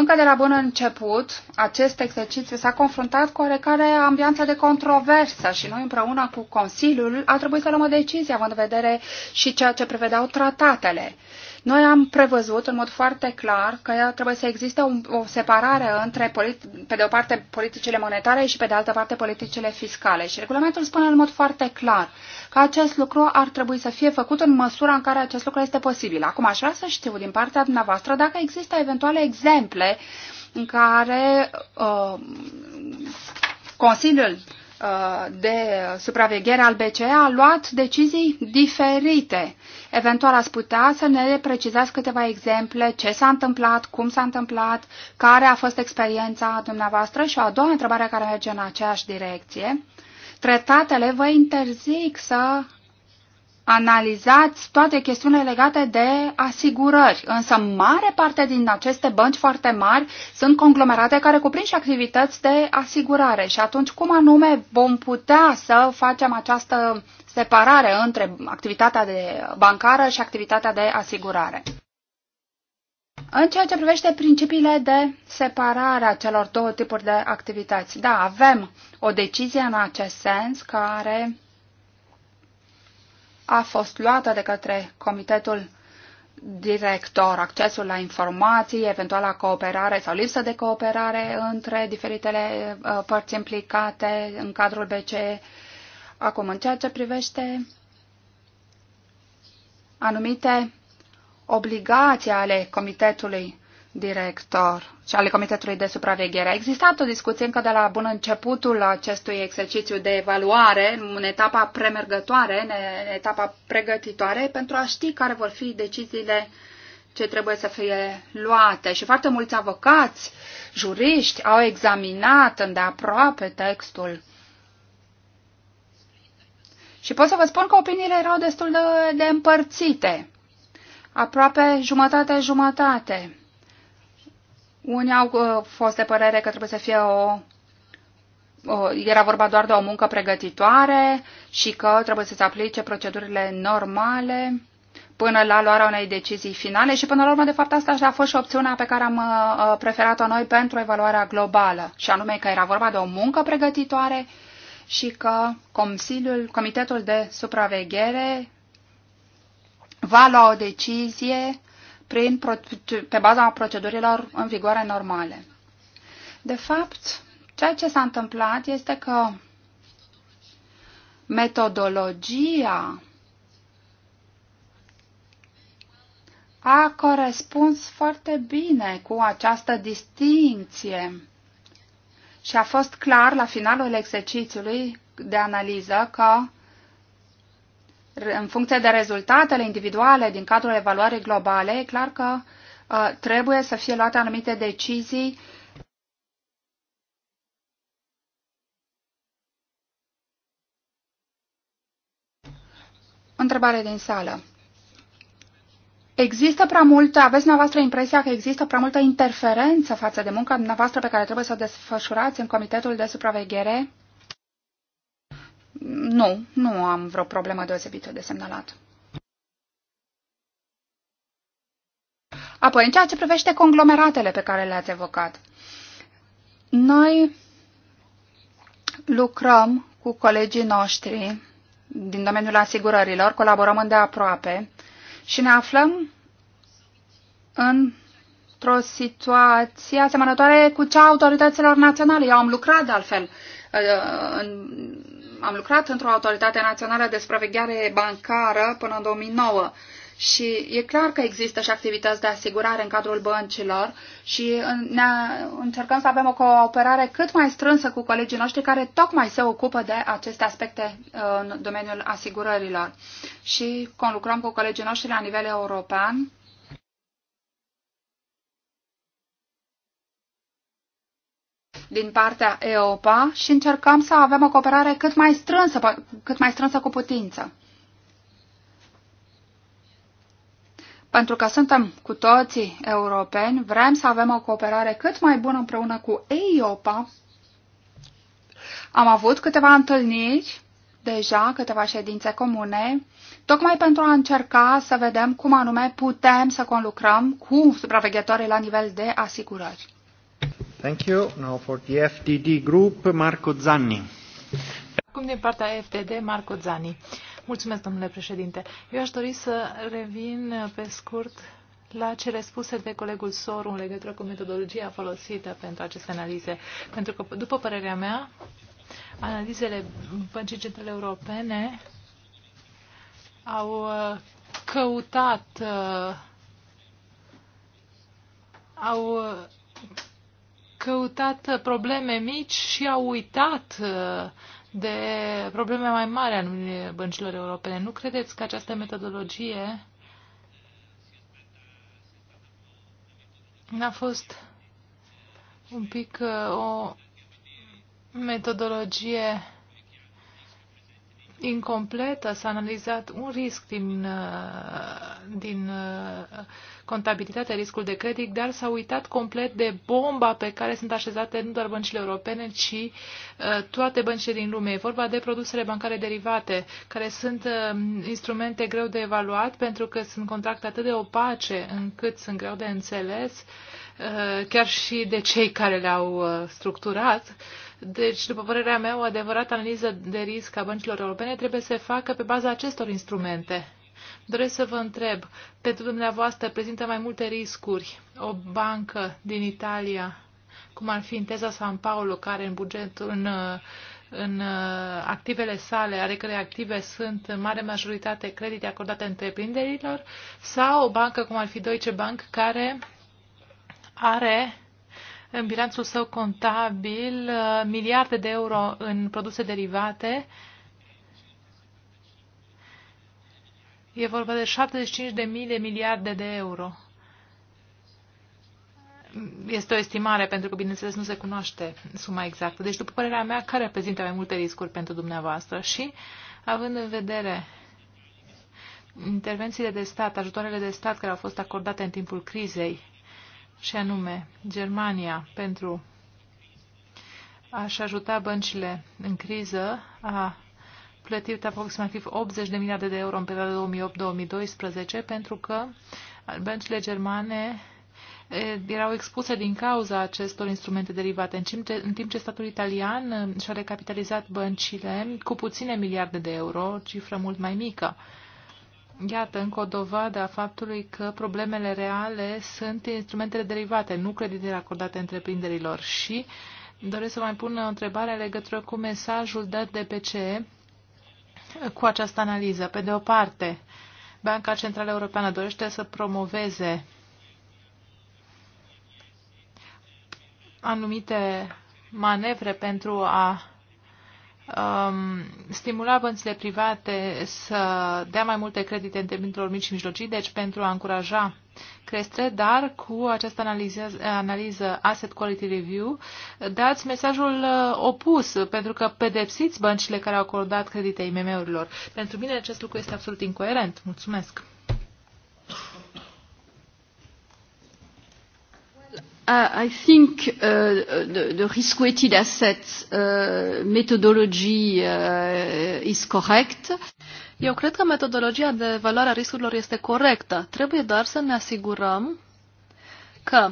Încă de la bun început, acest exercițiu s-a confruntat cu oarecare ambianță de controversă și noi împreună cu Consiliul a trebuit să luăm o decizie având în vedere și ceea ce prevedeau tratatele. Noi am prevăzut în mod foarte clar că trebuie să existe o separare între, pe de o parte, politicile monetare și, pe de altă parte, politicile fiscale. Și regulamentul spune în mod foarte clar că acest lucru ar trebui să fie făcut în măsura în care acest lucru este posibil. Acum aș vrea să știu din partea dumneavoastră dacă există eventuale exemple în care uh, Consiliul de supraveghere al BCE a luat decizii diferite. Eventual ați putea să ne precizați câteva exemple, ce s-a întâmplat, cum s-a întâmplat, care a fost experiența dumneavoastră și o a doua întrebare care merge în aceeași direcție. Tratatele vă interzic să analizați toate chestiunile legate de asigurări, însă mare parte din aceste bănci foarte mari sunt conglomerate care cuprind și activități de asigurare și atunci cum anume vom putea să facem această separare între activitatea de bancară și activitatea de asigurare. În ceea ce privește principiile de separare a celor două tipuri de activități, da, avem o decizie în acest sens care a fost luată de către comitetul director, accesul la informații, eventuala cooperare sau lipsă de cooperare între diferitele uh, părți implicate în cadrul BCE. Acum, în ceea ce privește anumite obligații ale comitetului director și ale Comitetului de Supraveghere. A existat o discuție încă de la bun începutul acestui exercițiu de evaluare, în etapa premergătoare, în etapa pregătitoare, pentru a ști care vor fi deciziile ce trebuie să fie luate. Și foarte mulți avocați, juriști, au examinat îndeaproape textul. Și pot să vă spun că opiniile erau destul de, de împărțite. Aproape jumătate-jumătate unii au uh, fost de părere că trebuie să fie o era vorba doar de o muncă pregătitoare și că trebuie să se aplice procedurile normale până la luarea unei decizii finale și până la urmă, de fapt, asta a fost și opțiunea pe care am uh, uh, preferat-o noi pentru evaluarea globală, și anume că era vorba de o muncă pregătitoare și că Consiliul, Comitetul de Supraveghere va lua o decizie prin, pe baza procedurilor în vigoare normale. De fapt, ceea ce s-a întâmplat este că metodologia a corespuns foarte bine cu această distinție și a fost clar la finalul exercițiului de analiză că în funcție de rezultatele individuale din cadrul evaluării globale, e clar că uh, trebuie să fie luate anumite decizii Întrebare din sală. Există prea multă, aveți dumneavoastră impresia că există prea multă interferență față de munca dumneavoastră pe care trebuie să o desfășurați în Comitetul de Supraveghere? Nu, nu am vreo problemă deosebită de semnalat. Apoi, în ceea ce privește conglomeratele pe care le-ați evocat, noi lucrăm cu colegii noștri din domeniul asigurărilor, colaborăm îndeaproape și ne aflăm într-o situație asemănătoare cu cea a autorităților naționale. Eu am lucrat, de altfel, uh, în am lucrat într-o autoritate națională de supraveghere bancară până în 2009 și e clar că există și activități de asigurare în cadrul băncilor și ne încercăm să avem o cooperare cât mai strânsă cu colegii noștri care tocmai se ocupă de aceste aspecte uh, în domeniul asigurărilor. Și conlucrăm cu colegii noștri la nivel european din partea EOPA și încercăm să avem o cooperare cât mai strânsă, cât mai strânsă cu putință. Pentru că suntem cu toții europeni, vrem să avem o cooperare cât mai bună împreună cu EIOPA. Am avut câteva întâlniri, deja câteva ședințe comune, tocmai pentru a încerca să vedem cum anume putem să conlucrăm cu supraveghetorii la nivel de asigurări. Thank you. Now for the FDD group, Marco Zanni. Acum din partea FDD, Marco Zanni. Mulțumesc, domnule președinte. Eu aș dori să revin uh, pe scurt la cele spuse de colegul Soru în legătură cu metodologia folosită pentru aceste analize. Pentru că, după părerea mea, analizele Băncii Centrale Europene au uh, căutat, uh, au căutat probleme mici și au uitat uh, de probleme mai mari în Băncilor Europene. Nu credeți că această metodologie n-a fost un pic uh, o metodologie incompletă s-a analizat un risc din, uh, din uh, contabilitatea riscul de credit, dar s-a uitat complet de bomba pe care sunt așezate nu doar băncile europene, ci uh, toate băncile din lume. E vorba de produsele bancare derivate, care sunt instrumente greu de evaluat pentru că sunt contracte atât de opace încât sunt greu de înțeles, chiar și de cei care le-au structurat deci, după părerea mea, o adevărată analiză de risc a băncilor europene trebuie să se facă pe baza acestor instrumente. Doresc să vă întreb, pentru dumneavoastră prezintă mai multe riscuri o bancă din Italia, cum ar fi Intesa San Paolo, care în bugetul, în, în uh, activele sale, are cărei active sunt în mare majoritate credite acordate întreprinderilor, sau o bancă cum ar fi Deutsche Bank, care are în bilanțul său contabil uh, miliarde de euro în produse derivate. E vorba de 75 de mii de miliarde de euro. Este o estimare, pentru că, bineînțeles, nu se cunoaște suma exactă. Deci, după părerea mea, care reprezintă mai multe riscuri pentru dumneavoastră? Și, având în vedere intervențiile de stat, ajutoarele de stat care au fost acordate în timpul crizei, și anume Germania pentru a-și ajuta băncile în criză a plătit aproximativ 80 de miliarde de euro în perioada 2008-2012 pentru că băncile germane erau expuse din cauza acestor instrumente derivate, în timp ce, statul italian și-a recapitalizat băncile cu puține miliarde de euro, cifră mult mai mică. Iată încă o dovadă a faptului că problemele reale sunt instrumentele derivate, nu creditele acordate întreprinderilor. Și doresc să mai pun o întrebare legătură cu mesajul dat de PCE cu această analiză. Pe de o parte, Banca Centrală Europeană dorește să promoveze anumite manevre pentru a um, stimula bănțile private să dea mai multe credite întreprinderilor mici și mijlocii, deci pentru a încuraja creștere, dar cu această analiză, analiză Asset Quality Review dați mesajul uh, opus, pentru că pedepsiți băncile care au acordat credite IMM-urilor. Pentru mine acest lucru este absolut incoerent. Mulțumesc! I think uh, the, the risk-weighted assets uh, methodology uh, is correct. Eu cred că metodologia de valoare a riscurilor este corectă. Trebuie doar să ne asigurăm că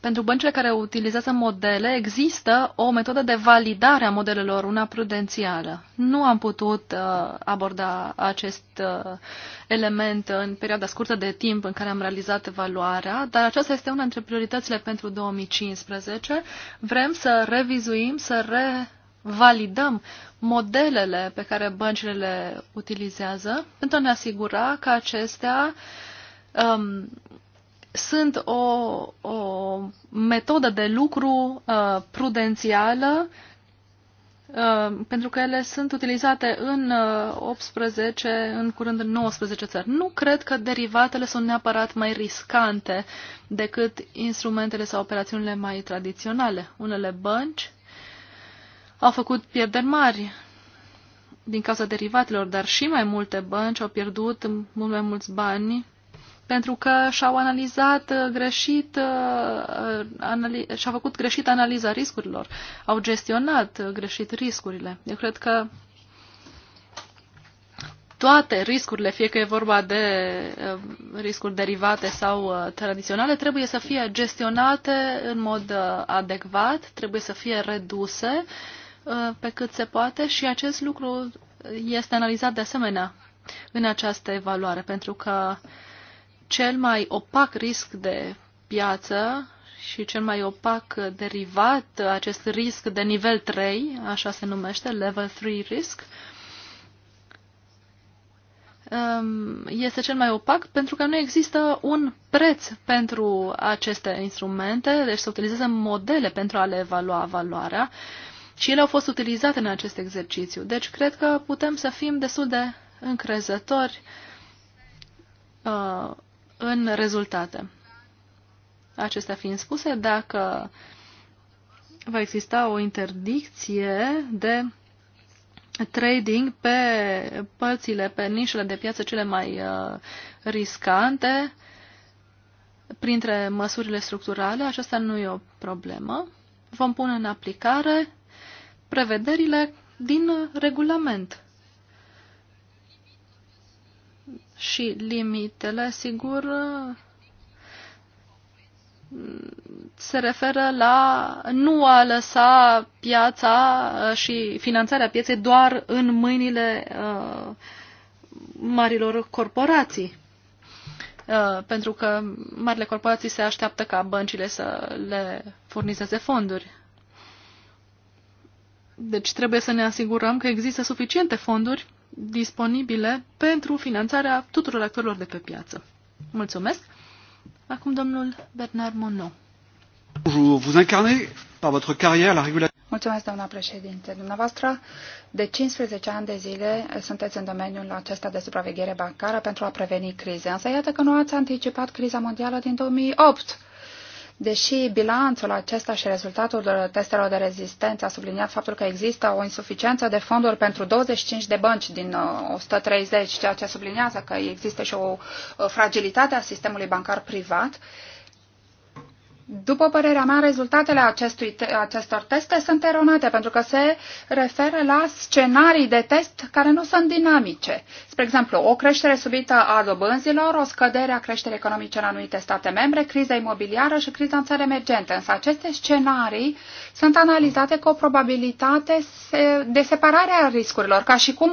pentru băncile care utilizează modele, există o metodă de validare a modelelor, una prudențială. Nu am putut uh, aborda acest uh, element în perioada scurtă de timp în care am realizat evaluarea, dar aceasta este una dintre prioritățile pentru 2015. Vrem să revizuim, să revalidăm modelele pe care băncile le utilizează pentru a ne asigura că acestea um, sunt o, o metodă de lucru uh, prudențială uh, pentru că ele sunt utilizate în uh, 18, în curând în 19 țări. Nu cred că derivatele sunt neapărat mai riscante decât instrumentele sau operațiunile mai tradiționale. Unele bănci au făcut pierderi mari din cauza derivatelor, dar și mai multe bănci au pierdut mult mai mulți bani pentru că și-au analizat uh, greșit, uh, uh, anali și-au făcut greșit analiza riscurilor, au gestionat greșit riscurile. Eu cred că toate riscurile, fie că e vorba de riscuri derivate sau tradiționale, trebuie să fie gestionate în mod adecvat, trebuie să fie reduse pe cât se poate și acest lucru este analizat de asemenea în această evaluare, pentru că uh, cel mai opac risc de piață și cel mai opac derivat, acest risc de nivel 3, așa se numește, level 3 risk, um, este cel mai opac pentru că nu există un preț pentru aceste instrumente, deci se utilizează modele pentru a le evalua valoarea și ele au fost utilizate în acest exercițiu. Deci cred că putem să fim destul de încrezători uh, în rezultate. Acestea fiind spuse, dacă va exista o interdicție de trading pe părțile, pe nișele de piață cele mai uh, riscante, printre măsurile structurale, aceasta nu e o problemă. Vom pune în aplicare prevederile din regulament. și limitele, sigur, se referă la nu a lăsa piața uh, și finanțarea pieței doar în mâinile uh, marilor corporații. Uh, pentru că marile corporații se așteaptă ca băncile să le furnizeze fonduri. Deci trebuie să ne asigurăm că există suficiente fonduri disponibile pentru finanțarea tuturor actorilor de pe piață. Mulțumesc! Acum domnul Bernard Monod. Bonjour, vous incarnez par votre carrière la régulation. Mulțumesc, doamna președinte. Dumneavoastră, de 15 ani de zile sunteți în domeniul acesta de supraveghere bancară pentru a preveni crize. Însă iată că nu ați anticipat criza mondială din 2008 Deși bilanțul acesta și rezultatul testelor de rezistență a subliniat faptul că există o insuficiență de fonduri pentru 25 de bănci din 130, uh, ceea ce subliniază că există și o uh, fragilitate a sistemului bancar privat, uh, după părerea mea, rezultatele acestui, acestor teste sunt eronate pentru că se referă la scenarii de test care nu sunt dinamice. Spre exemplu, o creștere subită a dobânzilor, o scădere a creșterii economice în anumite state membre, criza imobiliară și criza în țări emergente. Însă aceste scenarii sunt analizate cu o probabilitate de separare a riscurilor, ca și cum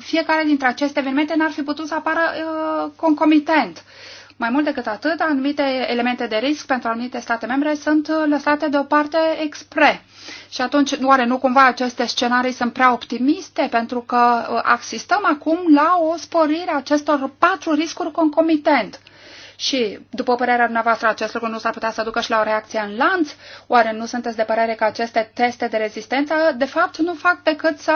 fiecare dintre aceste evenimente n-ar fi putut să apară uh, concomitent. Uh, mai mult decât atât, anumite elemente de risc pentru anumite state membre sunt lăsate deoparte expre. Și atunci, oare nu cumva aceste scenarii sunt prea optimiste? Pentru că uh, asistăm acum la o sporire a acestor patru riscuri concomitent și, după părerea dumneavoastră, acest lucru nu s-ar putea să ducă și la o reacție în lanț? Oare nu sunteți de părere că aceste teste de rezistență, de fapt, nu fac decât să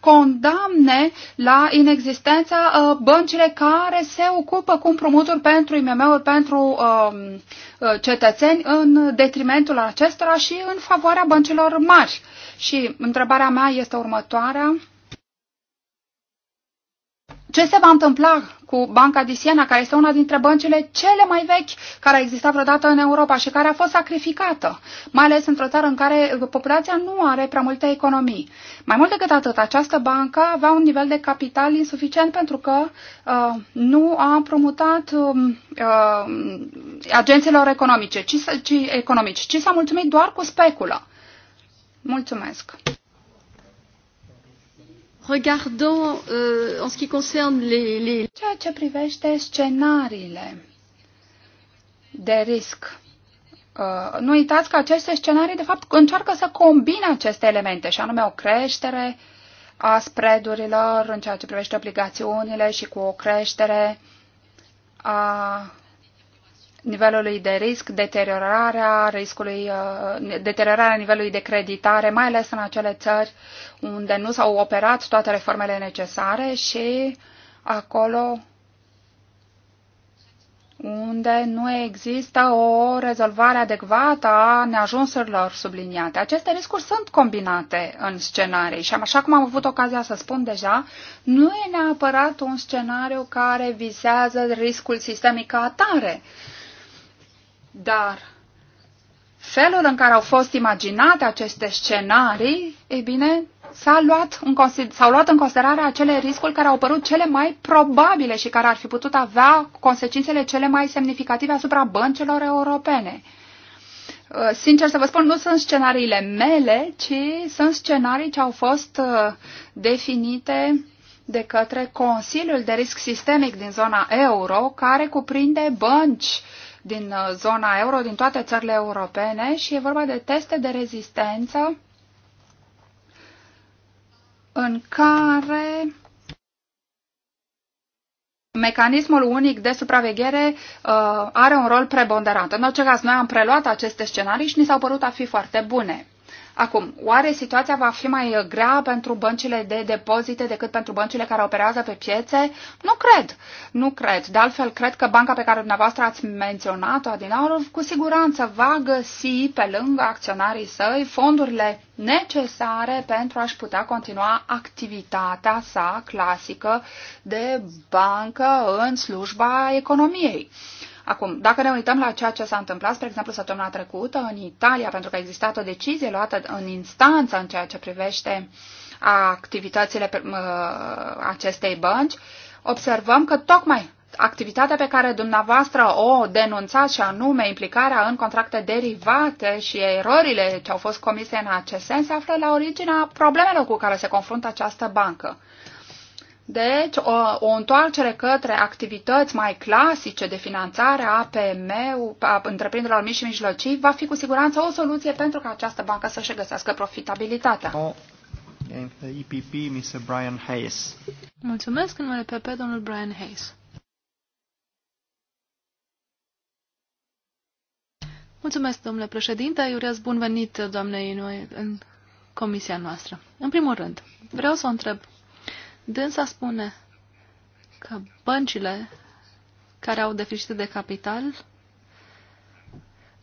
condamne la inexistența uh, băncile care se ocupă cu împrumuturi pentru IMM-uri, pentru um, uh, cetățeni, în detrimentul acestora și în favoarea băncilor mari? Și întrebarea mea este următoarea ce se va întâmpla cu Banca di Siena, care este una dintre băncile cele mai vechi care a existat vreodată în Europa și care a fost sacrificată, mai ales într-o țară în care populația nu are prea multe economii. Mai mult decât atât, această bancă avea un nivel de capital insuficient pentru că uh, nu a împrumutat um, uh, agențiilor economice, ci, ci, economici, ci s-a mulțumit doar cu speculă. Mulțumesc! Regardons, euh, en ce qui concerne les, les... Ceea ce privește scenariile de risc Uh, nu uitați că aceste scenarii, de fapt, încearcă să combine aceste elemente, și anume o creștere a spreadurilor în ceea ce privește obligațiunile și cu o creștere a nivelului de risc, deteriorarea, riscului, uh, deteriorarea nivelului de creditare, mai ales în acele țări unde nu s-au operat toate reformele necesare și acolo unde nu există o rezolvare adecvată a neajunsurilor subliniate. Aceste riscuri sunt combinate în scenarii și așa cum am avut ocazia să spun deja, nu e neapărat un scenariu care vizează riscul sistemic ca atare, dar felul în care au fost imaginate aceste scenarii, e bine, s-au luat, în, luat în considerare acele riscuri care au părut cele mai probabile și care ar fi putut avea consecințele cele mai semnificative asupra băncilor europene. Uh, sincer să vă spun, nu sunt scenariile mele, ci sunt scenarii ce au fost uh, definite de către Consiliul de Risc Sistemic din zona euro, care cuprinde bănci uh, din uh, zona euro, din toate țările europene și e vorba de teste de rezistență în care mecanismul unic de supraveghere uh, are un rol preponderant. În orice caz, noi am preluat aceste scenarii și ni s-au părut a fi foarte bune. Acum, oare situația va fi mai grea pentru băncile de depozite decât pentru băncile care operează pe piețe? Nu cred. Nu cred. De altfel, cred că banca pe care dumneavoastră ați menționat-o, Adinaur, cu siguranță va găsi pe lângă acționarii săi fondurile necesare pentru a-și putea continua activitatea sa clasică de bancă în slujba economiei. Acum, dacă ne uităm la ceea ce s-a întâmplat, spre exemplu, săptămâna trecută în Italia, pentru că a existat o decizie luată în instanță în ceea ce privește activitățile acestei bănci, observăm că tocmai activitatea pe care dumneavoastră o denunțați și anume implicarea în contracte derivate și erorile ce au fost comise în acest sens se află la originea problemelor cu care se confruntă această bancă. Deci, o, o întoarcere către activități mai clasice de finanțare APM, a întreprinderilor mici și mijlocii, va fi cu siguranță o soluție pentru ca această bancă să-și găsească profitabilitatea. EPP, Mr. Brian Hayes. Mulțumesc în numele PP, domnul Brian Hayes. Mulțumesc, domnule președinte. Iureaz, bun venit, doamnei, noi, în comisia noastră. În primul rând, vreau să o întreb Dânsa spune că băncile care au deficit de capital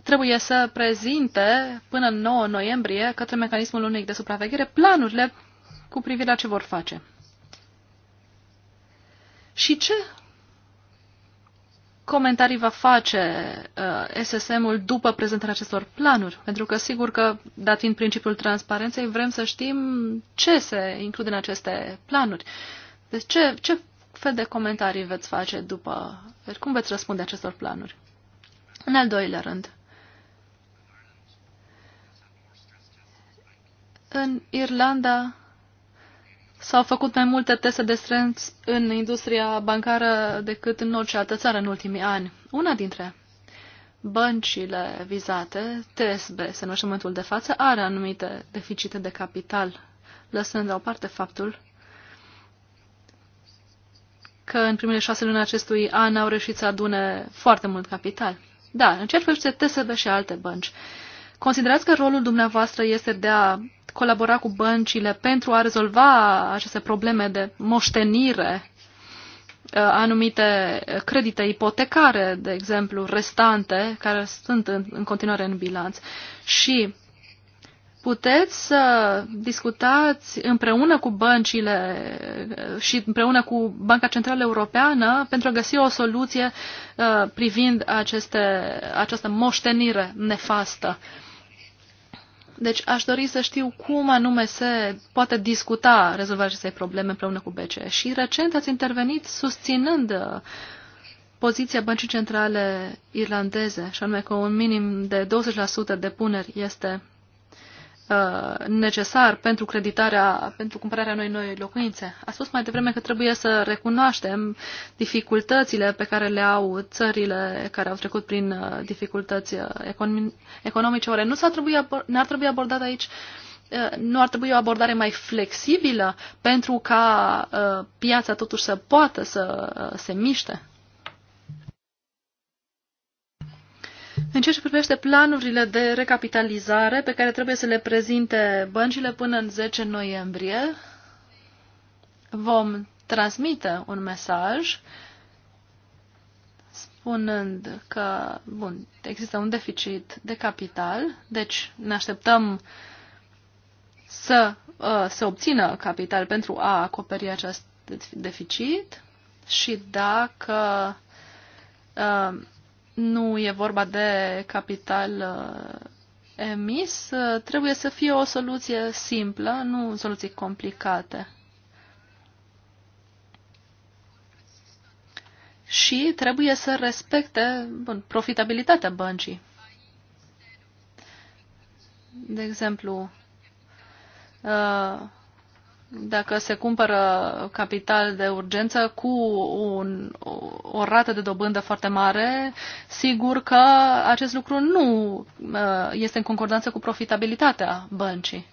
trebuie să prezinte până în 9 noiembrie către mecanismul unic de supraveghere planurile cu privire la ce vor face. Și ce comentarii va face uh, SSM-ul după prezentarea acestor planuri? Pentru că, sigur că, dat fiind principiul transparenței, vrem să știm ce se include în aceste planuri. Deci ce, ce fel de comentarii veți face după... Cum veți răspunde acestor planuri? În al doilea rând, în Irlanda S-au făcut mai multe teste de strâns în industria bancară decât în orice altă țară în ultimii ani. Una dintre băncile vizate, TSB, se numește momentul de față, are anumite deficite de capital, lăsând la o parte faptul că în primele șase luni acestui an au reușit să adune foarte mult capital. Da, în ceea ce privește TSB și alte bănci, considerați că rolul dumneavoastră este de a colabora cu băncile pentru a rezolva aceste probleme de moștenire, uh, anumite credite ipotecare, de exemplu, restante, care sunt în continuare în bilanț. Și puteți să discutați împreună cu băncile uh, și împreună cu Banca Centrală Europeană pentru a găsi o soluție uh, privind aceste, această moștenire nefastă. Uh, deci aș dori să știu cum anume se poate discuta rezolvarea acestei probleme împreună cu BCE. Și recent ați intervenit susținând uh, poziția Băncii Centrale Irlandeze, și anume că un minim de 20% de puneri este Uh, necesar pentru creditarea, pentru cumpărarea noi noi locuințe. A spus mai devreme că trebuie să recunoaștem dificultățile pe care le au țările care au trecut prin uh, dificultăți uh, economice. Oare nu s-ar trebui, n-ar trebui abordat aici nu ar trebui o abordare mai flexibilă pentru ca piața totuși să poată să se miște? În ceea ce privește planurile de recapitalizare pe care trebuie să le prezinte băncile până în 10 noiembrie, vom transmite un mesaj spunând că, bun, există un deficit de capital, deci ne așteptăm să uh, se obțină capital pentru a acoperi acest deficit și dacă uh, nu e vorba de capital uh, emis, uh, trebuie să fie o soluție simplă, nu soluții complicate. Și trebuie să respecte bun, profitabilitatea băncii. De exemplu, uh, dacă se cumpără capital de urgență cu un, o rată de dobândă foarte mare, sigur că acest lucru nu uh, este în concordanță cu profitabilitatea băncii.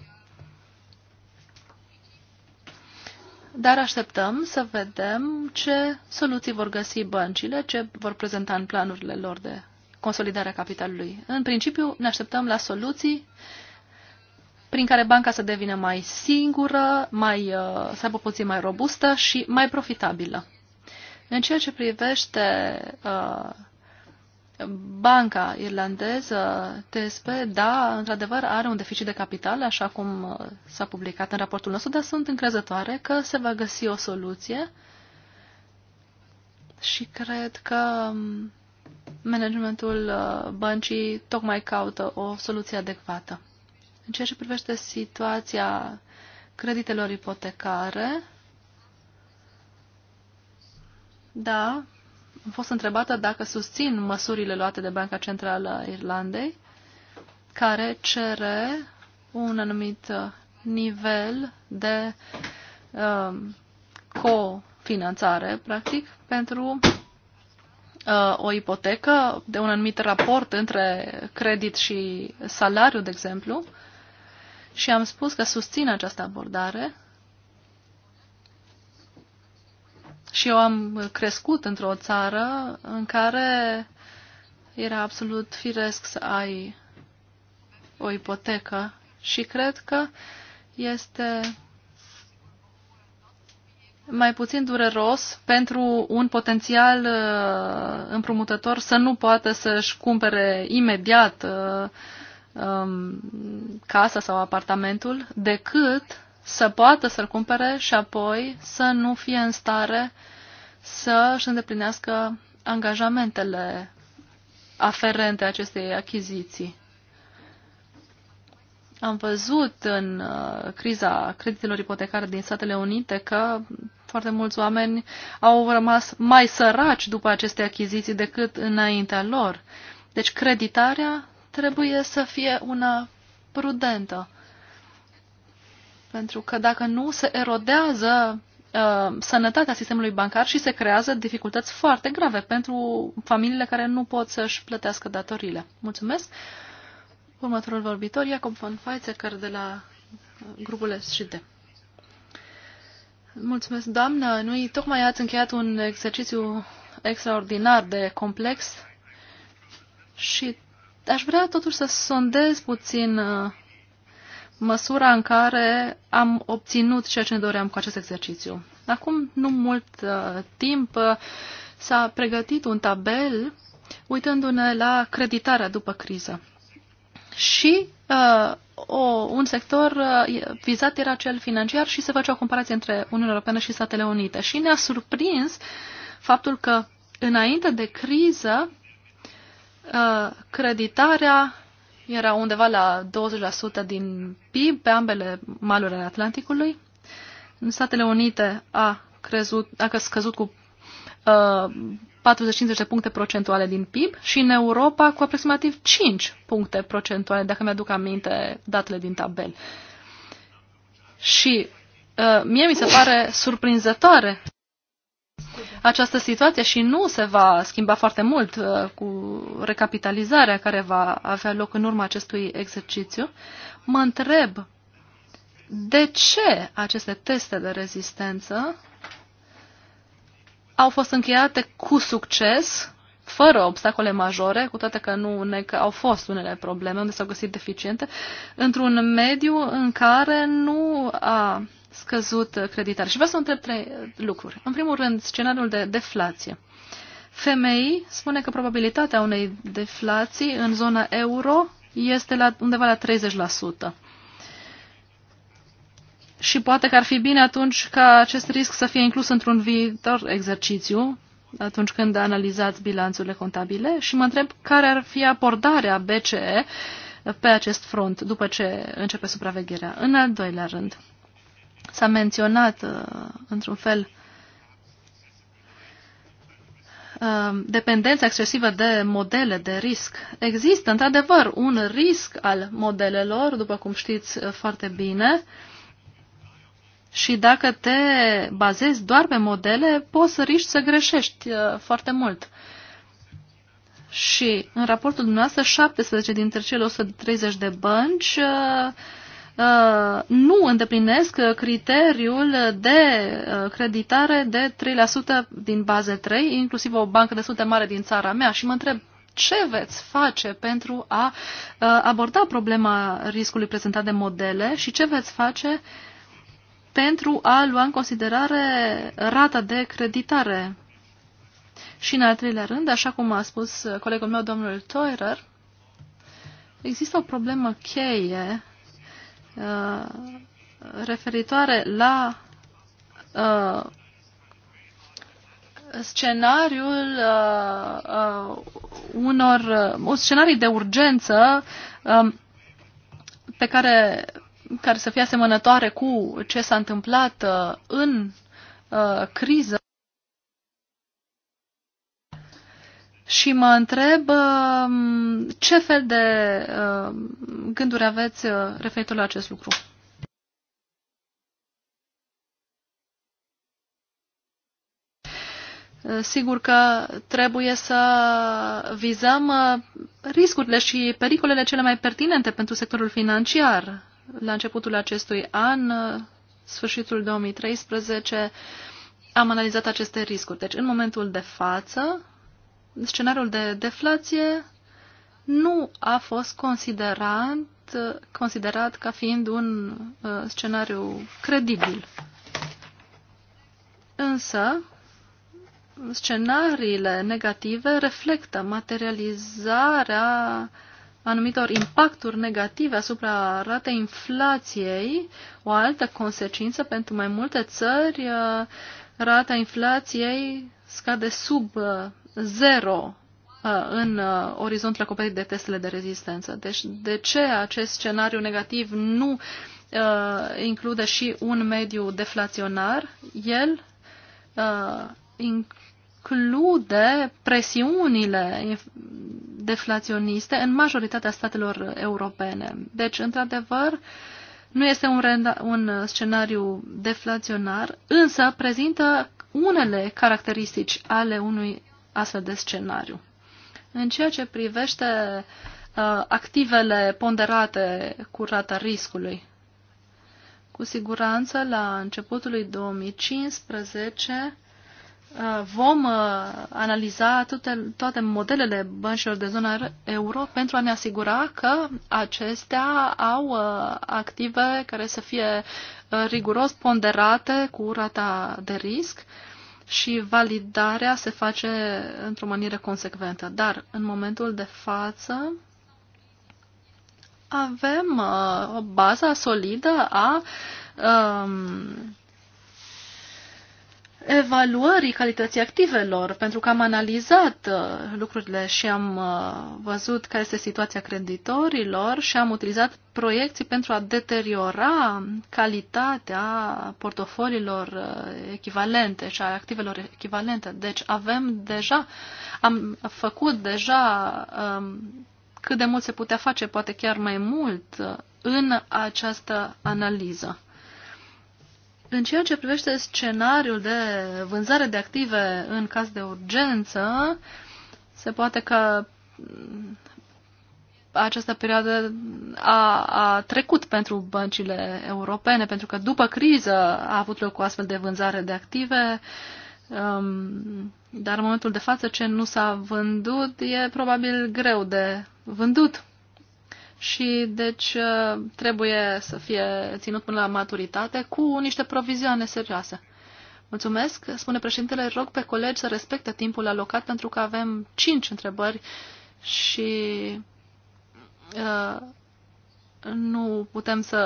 Dar așteptăm să vedem ce soluții vor găsi băncile, ce vor prezenta în planurile lor de consolidare a capitalului. În principiu, ne așteptăm la soluții uh, prin care banca să devină mai singură, mai, uh, să aibă puțin mai robustă și mai profitabilă. În ceea ce privește uh, banca irlandeză, TSP, da, într-adevăr are un deficit de capital, așa cum uh, s-a publicat în raportul nostru, dar sunt încrezătoare că se va găsi o soluție și cred că um, managementul uh, băncii tocmai caută o soluție adecvată. În ceea ce privește situația creditelor ipotecare, da, am fost întrebată dacă susțin măsurile luate de Banca Centrală a Irlandei, care cere un anumit uh, nivel de um, cofinanțare, practic, pentru uh, o ipotecă, de un anumit raport între credit și salariu, de exemplu, și am spus că susțin această abordare și eu am crescut într-o țară în care era absolut firesc să ai o ipotecă și cred că este mai puțin dureros pentru un potențial uh, împrumutător să nu poată să-și cumpere imediat uh, um, casa sau apartamentul decât să poată să-l cumpere și apoi să nu fie în stare să își îndeplinească angajamentele aferente acestei achiziții. Am văzut în uh, criza creditelor ipotecare din Statele Unite că foarte mulți oameni au rămas mai săraci după aceste achiziții decât înaintea lor. Deci creditarea trebuie să fie una prudentă. Pentru că dacă nu, se erodează uh, sănătatea sistemului bancar și se creează dificultăți foarte grave pentru familiile care nu pot să-și plătească datoriile. Mulțumesc! Următorul vorbitor, Iacob von Feizecker de la grupul SGD. Mulțumesc, doamnă. Noi tocmai ați încheiat un exercițiu extraordinar de complex și Aș vrea totuși să sondez puțin uh, măsura în care am obținut ceea ce ne doream cu acest exercițiu. Acum nu mult uh, timp uh, s-a pregătit un tabel uitându-ne la creditarea după criză. Și uh, o, un sector uh, vizat era cel financiar și se face o comparație între Uniunea Europeană și Statele Unite. Și ne-a surprins faptul că înainte de criză Uh, creditarea era undeva la 20% din PIB pe ambele maluri ale Atlanticului. În Statele Unite a, crezut, a scăzut cu uh, 40-50 puncte procentuale din PIB și în Europa cu aproximativ 5 puncte procentuale, dacă mi-aduc aminte datele din tabel. Și uh, mie mi se pare surprinzătoare această situație și nu se va schimba foarte mult uh, cu recapitalizarea care va avea loc în urma acestui exercițiu, mă întreb de ce aceste teste de rezistență au fost încheiate cu succes, fără obstacole majore, cu toate că nu ne, că au fost unele probleme unde s-au găsit deficiente, într-un mediu în care nu a scăzut creditar. Și vreau să întreb trei lucruri. În primul rând, scenariul de deflație. FMI spune că probabilitatea unei deflații în zona euro este la undeva la 30%. Și poate că ar fi bine atunci ca acest risc să fie inclus într-un viitor exercițiu, atunci când analizați bilanțurile contabile și mă întreb care ar fi abordarea BCE pe acest front după ce începe supravegherea. În al doilea rând, S-a menționat, uh, într-un fel, uh, dependența excesivă de modele de risc. Există, într-adevăr, un risc al modelelor, după cum știți uh, foarte bine, și dacă te bazezi doar pe modele, poți să riști să greșești foarte mult. Și în raportul dumneavoastră, 17 dintre cele 130 de bănci uh, Uh, nu îndeplinesc uh, criteriul de uh, creditare de 3% din baze 3, inclusiv o bancă destul de mare din țara mea și mă întreb ce veți face pentru a aborda problema riscului prezentat de modele și ce veți face pentru a lua în considerare rata de creditare. Și în al treilea rând, așa cum a spus colegul meu, domnul Toirer, există o problemă cheie Uh, referitoare la uh, scenariul uh, unor scenarii de urgență um, pe care, care să fie asemănătoare cu ce s-a întâmplat în criză și mă întreb um, ce fel de um, gânduri aveți uh, referitor la acest lucru. Uh, sigur că trebuie să vizăm uh, riscurile și pericolele cele mai pertinente pentru sectorul financiar. La începutul acestui an, sfârșitul 2013, am analizat aceste riscuri. Deci, în momentul de față, scenariul de deflație nu a fost considerat, considerat ca fiind un uh, scenariu credibil. Însă, scenariile negative reflectă materializarea anumitor impacturi negative asupra ratei inflației, o altă consecință pentru mai multe țări, uh, rata inflației scade sub uh, zero uh, în uh, orizontul acoperit de testele de rezistență. Deci de ce acest scenariu negativ nu uh, include și un mediu deflaționar? El include presiunile deflaționiste în majoritatea statelor europene. Deci, într-adevăr, nu este un, renda, un scenariu deflaționar, însă prezintă unele caracteristici ale unui astfel de scenariu. În ceea ce privește uh, activele ponderate cu rata riscului, cu siguranță la începutul lui 2015 uh, vom uh, analiza toate, toate modelele băncilor de zona euro pentru a ne asigura că acestea au uh, active care să fie uh, riguros ponderate cu rata de risc și validarea se face într-o manieră consecventă. Dar, în momentul de față, avem uh, o bază solidă a uh, evaluării calității activelor, pentru că am analizat uh, lucrurile și am uh, văzut care este situația creditorilor și am utilizat proiecții pentru a deteriora calitatea portofoliilor uh, echivalente și a activelor echivalente. Deci avem deja, am făcut deja um, cât de mult se putea face, poate chiar mai mult, în această analiză. În ceea ce privește scenariul de vânzare de active în caz de urgență, se poate că această perioadă a, a trecut pentru băncile europene, pentru că după criză a avut loc o astfel de vânzare de active, um, dar în momentul de față ce nu s-a vândut e probabil greu de vândut și deci uh, trebuie să fie ținut până la maturitate cu niște provizioane serioase. Mulțumesc, spune președintele, rog pe colegi să respecte timpul alocat pentru că avem cinci întrebări și uh, nu putem să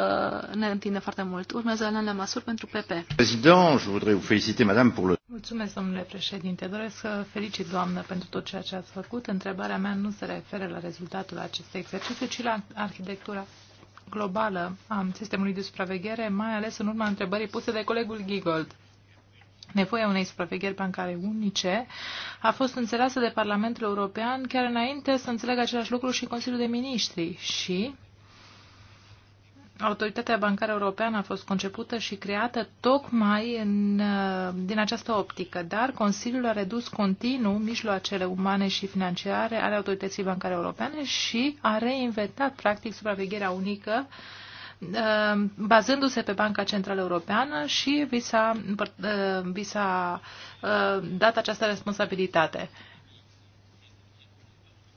ne întindem foarte mult. Urmează Alain Lamassur pentru PP. Président, je voudrais vous féliciter, madame, pour le... Mulțumesc, domnule președinte. Doresc să felicit, doamnă, pentru tot ceea ce ați făcut. Întrebarea mea nu se referă la rezultatul acestui exercițiu, ci la arhitectura globală a sistemului de supraveghere, mai ales în urma întrebării puse de colegul Gigold. Nevoia unei supravegheri bancare unice a fost înțeleasă de Parlamentul European chiar înainte să înțeleagă același lucru și Consiliul de Ministri și Autoritatea Bancară Europeană a fost concepută și creată tocmai în, uh, din această optică, dar Consiliul a redus continuu mijloacele umane și financiare ale Autorității Bancare Europene și a reinventat, practic, supravegherea unică uh, bazându-se pe Banca Centrală Europeană și vi s-a, uh, vi s-a dat această responsabilitate.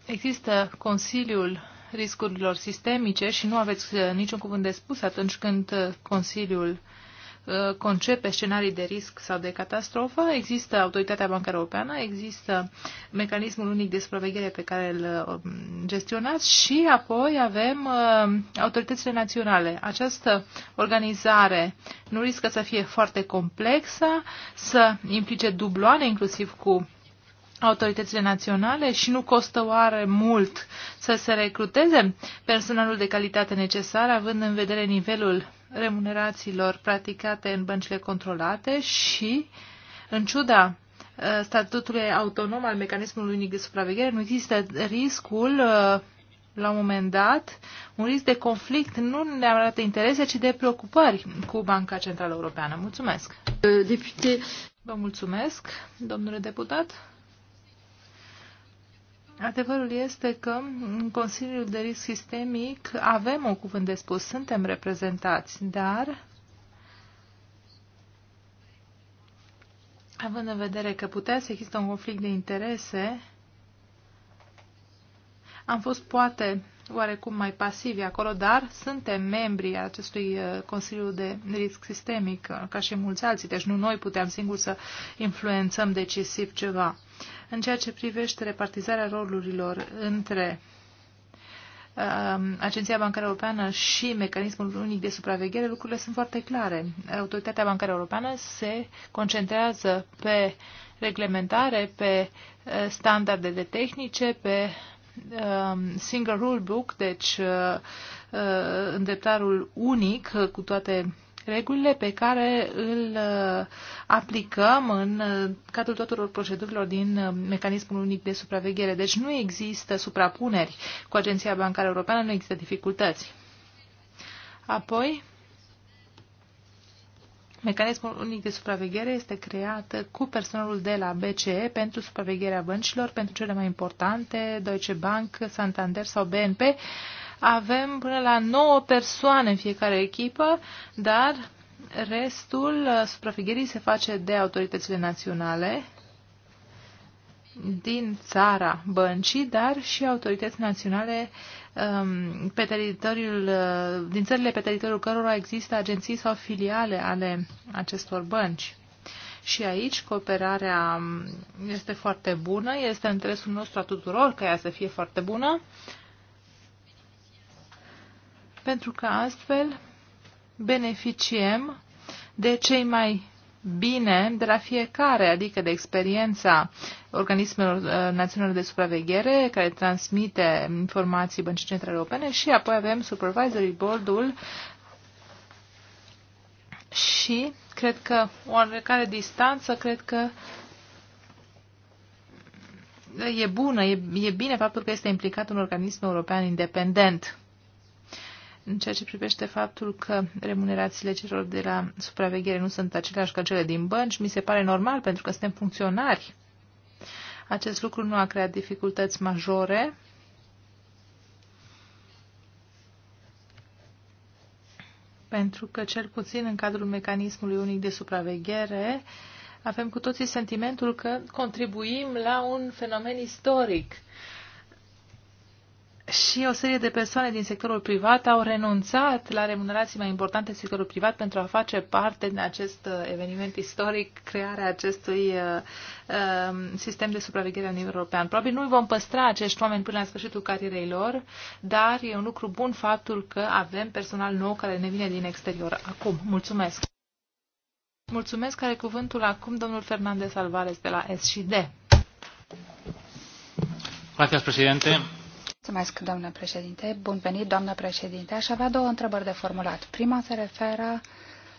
Există Consiliul riscurilor sistemice și nu aveți uh, niciun cuvânt de spus atunci când uh, Consiliul uh, concepe scenarii de risc sau de catastrofă. Există Autoritatea Bancară Europeană, există mecanismul unic de supraveghere pe care îl um, gestionați și apoi avem autoritățile naționale. Această organizare nu riscă să fie foarte complexă, să implice dubloane inclusiv cu autoritățile naționale și nu costă oare mult să se recruteze personalul de calitate necesar, având în vedere nivelul remunerațiilor practicate în băncile controlate și, în ciuda uh, statutului autonom al mecanismului unic de supraveghere, nu există riscul uh, la un moment dat, un risc de conflict nu neapărat de interese, ci de preocupări cu Banca Centrală Europeană. Mulțumesc! Vă mulțumesc, domnule deputat. Adevărul este că în Consiliul de Risc Sistemic avem un cuvânt de spus, suntem reprezentați, dar având în vedere că putea să există un conflict de interese, am fost poate oarecum mai pasivi acolo, dar suntem membri a acestui uh, Consiliu de Risc Sistemic, uh, ca și mulți alții, deci nu noi puteam singuri să influențăm decisiv ceva. În ceea ce privește repartizarea rolurilor între um, Agenția Bancară Europeană și Mecanismul Unic de Supraveghere, lucrurile sunt foarte clare. Autoritatea Bancară Europeană se concentrează pe reglementare, pe uh, standarde de tehnice, pe Um, single Rule Book, deci uh, uh, îndreptarul unic uh, cu toate regulile pe care îl aplicăm în cadrul tuturor procedurilor din mecanismul unic de supraveghere. Deci nu există suprapuneri cu Agenția Bancară Europeană, nu există dificultăți. Apoi, Mecanismul unic de supraveghere este creat cu personalul de la BCE pentru supravegherea băncilor, pentru cele mai importante, Deutsche Bank, Santander sau BNP. Avem până la 9 persoane în fiecare echipă, dar restul uh, supravegherii se face de autoritățile naționale din țara băncii, dar și autorități naționale Um, pe teritoriul, uh, din țările pe teritoriul cărora există agenții sau filiale ale acestor bănci. Și aici cooperarea um, este foarte bună, este interesul nostru a tuturor ca ea să fie foarte bună, pentru că astfel beneficiem de cei mai bine de la fiecare, adică de experiența organismelor uh, naționale de supraveghere care transmite informații băncii centrale europene și apoi avem supervisory board-ul și cred că o oarecare distanță, cred că e bună, e, e bine faptul că este implicat un organism european independent în ceea ce privește faptul că remunerațiile celor de la supraveghere nu sunt aceleași ca cele din bănci, mi se pare normal pentru că suntem funcționari. Acest lucru nu a creat dificultăți majore. Pentru că, cel puțin în cadrul mecanismului unic de supraveghere, avem cu toții sentimentul că contribuim la un fenomen istoric și o serie de persoane din sectorul privat au renunțat la remunerații mai importante în sectorul privat pentru a face parte din acest uh, eveniment istoric, crearea acestui uh, um, sistem de supraveghere la nivel european. Probabil nu îi vom păstra acești oameni până la sfârșitul carierei lor, dar e un lucru bun faptul că avem personal nou care ne vine din exterior. Acum, mulțumesc! Mulțumesc, care cuvântul acum domnul Fernandez Alvarez de la S&D. Gracias, presidente. Mulțumesc, doamnă președinte. Bun venit, doamnă președinte. Aș avea două întrebări de formulat. Prima se referă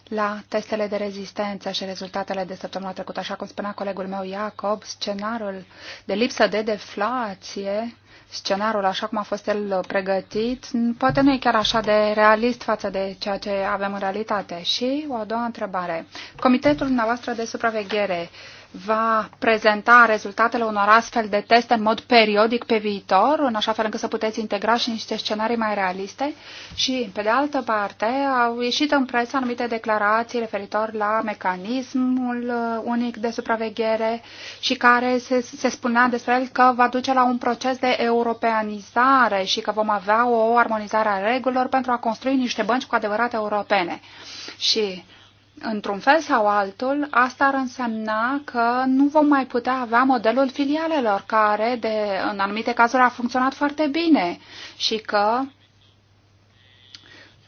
la testele de rezistență și rezultatele de săptămâna trecută. Așa cum spunea colegul meu Iacob, scenarul de lipsă de deflație, scenarul așa cum a fost el pregătit, poate nu e chiar așa de realist față de ceea ce avem în realitate. Și o a doua întrebare. Comitetul dumneavoastră de supraveghere va prezenta rezultatele unor astfel de teste în mod periodic pe viitor, în așa fel încât să puteți integra și niște scenarii mai realiste. Și, pe de altă parte, au ieșit în presă anumite declarații referitor la mecanismul uh, unic de supraveghere și care se, se spunea despre el că va duce la un proces de europeanizare și că vom avea o armonizare a regulilor pentru a construi niște bănci cu adevărat europene. Și într-un fel sau altul, asta ar însemna că nu vom mai putea avea modelul filialelor, care de, în anumite cazuri a funcționat foarte bine și că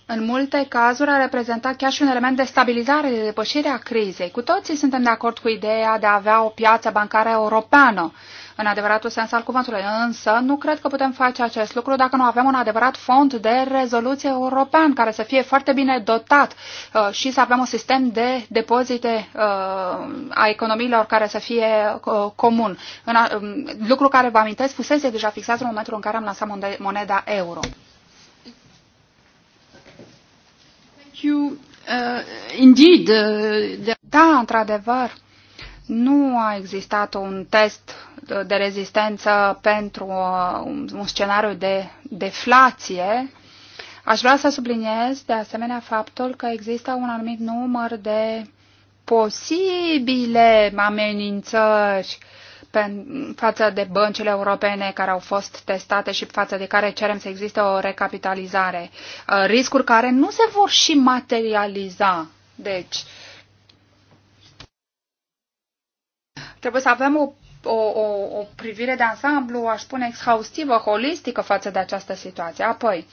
în multe cazuri a reprezentat chiar și un element de stabilizare, de depășire a crizei. Cu toții suntem de acord cu ideea de a avea o piață bancară europeană în adevăratul sens al cuvântului, însă nu cred că putem face acest lucru dacă nu avem un adevărat fond de rezoluție european care să fie foarte bine dotat uh, și să avem un sistem de depozite uh, a economiilor care să fie uh, comun. Um, lucru care, vă amintesc, fusese deja fixat în momentul în care am lansat moneda euro. Thank You, uh, indeed, uh, the... Da, într-adevăr, nu a existat un test de rezistență pentru uh, un scenariu de deflație, aș vrea să subliniez de asemenea faptul că există un anumit număr de posibile amenințări față de băncile europene care au fost testate și față de care cerem să existe o recapitalizare. Uh, riscuri care nu se vor și materializa. Deci, trebuie să avem o o, o, o privire de ansamblu, aș spune, exhaustivă, holistică față de această situație. Apoi,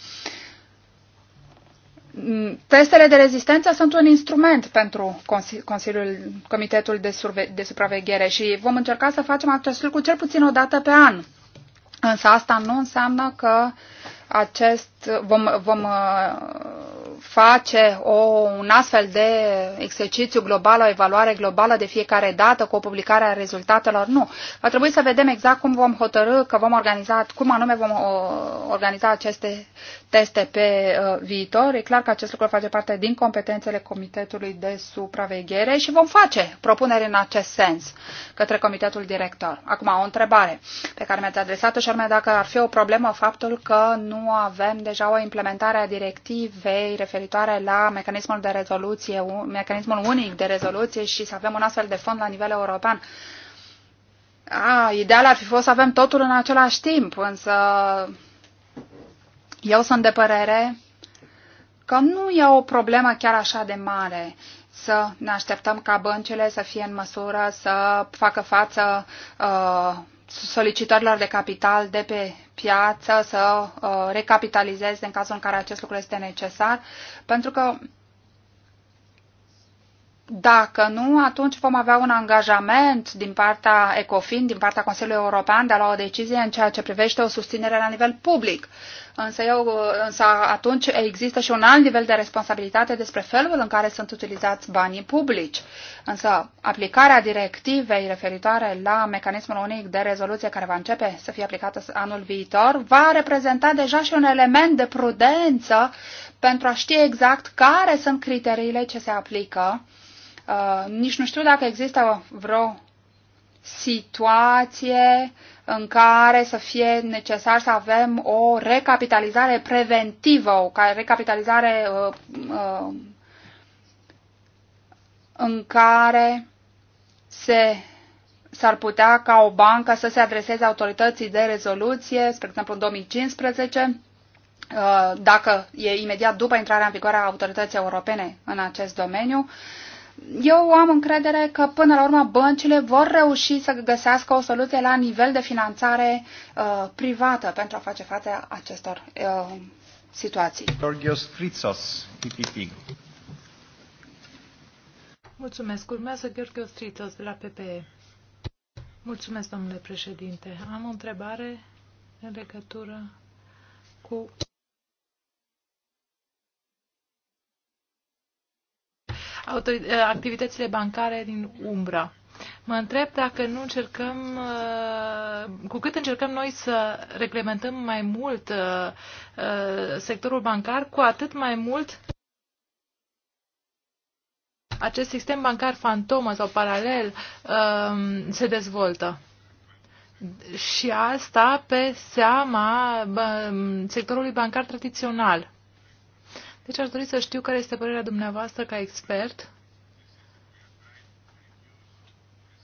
testele de rezistență sunt un instrument pentru Consiliul, Comitetul de, Surve- de Supraveghere și vom încerca să facem acest lucru cel puțin o dată pe an. Însă asta nu înseamnă că acest vom, vom face o, un astfel de exercițiu global, o evaluare globală de fiecare dată cu o publicare a rezultatelor. Nu. Va trebui să vedem exact cum vom hotărâ că vom organiza, cum anume vom organiza aceste teste pe uh, viitor. E clar că acest lucru face parte din competențele Comitetului de Supraveghere și vom face propuneri în acest sens către Comitetul Director. Acum, o întrebare pe care mi-ați adresat-o și anume dacă ar fi o problemă faptul că nu avem deja o implementare a directivei referitoare referitoare la mecanismul de rezoluție, mecanismul unic de rezoluție și să avem un astfel de fond la nivel european. A, ideal ar fi fost să avem totul în același timp, însă eu sunt de părere că nu e o problemă chiar așa de mare să ne așteptăm ca băncile să fie în măsură să facă față uh, solicitărilor de capital de pe piață să uh, recapitalizeze în cazul în care acest lucru este necesar, pentru că dacă nu, atunci vom avea un angajament din partea ECOFIN, din partea Consiliului European, de a lua o decizie în ceea ce privește o susținere la nivel public. Însă, eu, însă atunci există și un alt nivel de responsabilitate despre felul în care sunt utilizați banii publici. Însă aplicarea directivei referitoare la mecanismul unic de rezoluție care va începe să fie aplicată anul viitor va reprezenta deja și un element de prudență pentru a ști exact care sunt criteriile ce se aplică Uh, nici nu știu dacă există vreo situație în care să fie necesar să avem o recapitalizare preventivă, o recapitalizare uh, uh, în care se s-ar putea ca o bancă să se adreseze autorității de rezoluție, spre exemplu în 2015, dacă e imediat după intrarea în vigoare a autorității europene în acest domeniu, eu am încredere că până la urmă băncile vor reuși să găsească o soluție la nivel de finanțare uh, privată pentru a face față acestor uh, situații. Georgios Fritsos, PPP. Mulțumesc. Urmează Georgios Fritsos de la PPE. Mulțumesc, domnule președinte. Am o întrebare în legătură cu Eh, activitățile bancare din umbră. Mă întreb dacă nu încercăm, eh, cu cât încercăm noi să reglementăm mai mult eh, sectorul bancar, cu atât mai mult acest sistem bancar fantomă sau paralel se dezvoltă. Și asta pe seama sectorului bancar tradițional. Deci aș dori să știu care este părerea dumneavoastră ca expert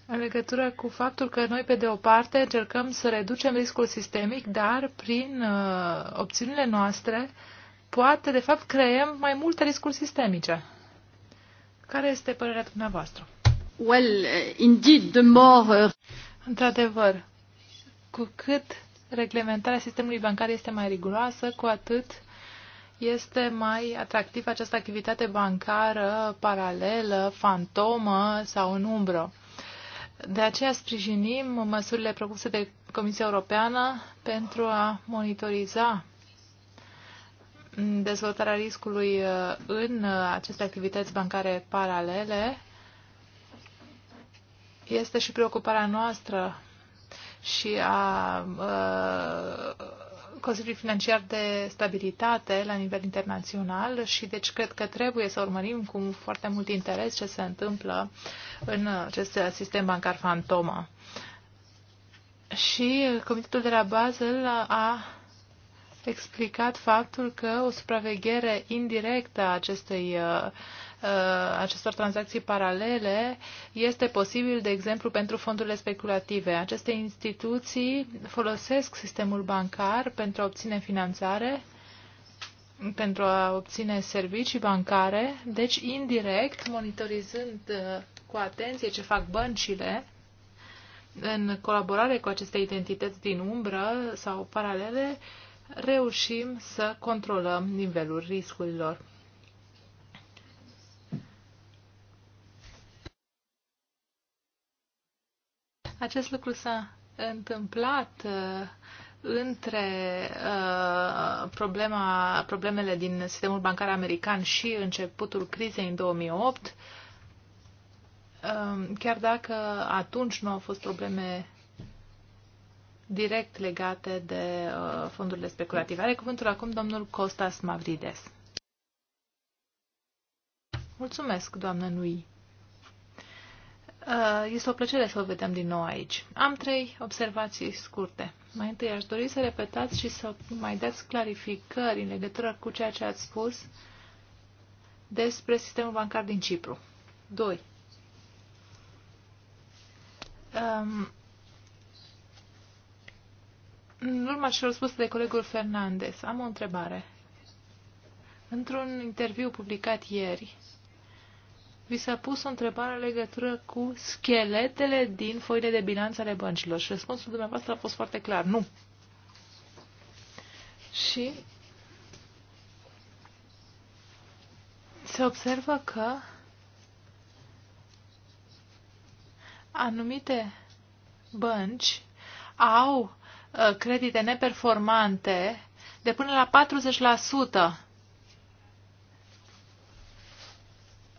în legătură cu faptul că noi, pe de o parte, încercăm să reducem riscul sistemic, dar prin uh, opțiunile noastre, poate, de fapt, creăm mai multe riscuri sistemice. Care este părerea dumneavoastră? Well, uh, indeed, the more... Uh, Într-adevăr, cu cât reglementarea sistemului bancar este mai riguroasă, cu atât este mai atractiv această activitate bancară paralelă, fantomă sau în umbră. De aceea sprijinim măsurile propuse de Comisia Europeană pentru a monitoriza dezvoltarea riscului uh, în uh, aceste activități bancare paralele. Este și preocuparea noastră și a uh, Consiliul Financiar de Stabilitate la nivel internațional și deci cred că trebuie să urmărim cu foarte mult interes ce se întâmplă în acest sistem bancar fantomă. Și Comitetul de la Basel a explicat faptul că o supraveghere indirectă a uh, Uh, acestor tranzacții paralele este posibil, de exemplu, pentru fondurile speculative. Aceste instituții folosesc sistemul bancar pentru a obține finanțare, pentru a obține servicii bancare, deci indirect, monitorizând uh, cu atenție ce fac băncile, în colaborare cu aceste identități din umbră sau paralele, reușim să controlăm nivelul riscurilor. Acest lucru s-a întâmplat uh, între uh, problema, problemele din sistemul bancar american și începutul crizei în 2008, uh, um, chiar dacă atunci nu au fost probleme direct legate de uh, fondurile speculative. Are cuvântul acum domnul Costas Mavrides. Mulțumesc, doamnă Nui. Uh, este o plăcere să o vedem din nou aici. Am trei observații scurte. Mai întâi aș dori să repetați și să mai dați clarificări în legătură cu ceea ce ați spus despre sistemul bancar din Cipru. 2. Um, în urma și răspuns de colegul Fernandez, am o întrebare. Într-un interviu publicat ieri, vi s-a pus o întrebare în legătură cu scheletele din foile de bilanț ale băncilor și răspunsul dumneavoastră a fost foarte clar, nu. Și se observă că anumite bănci au uh, credite neperformante de până la 40%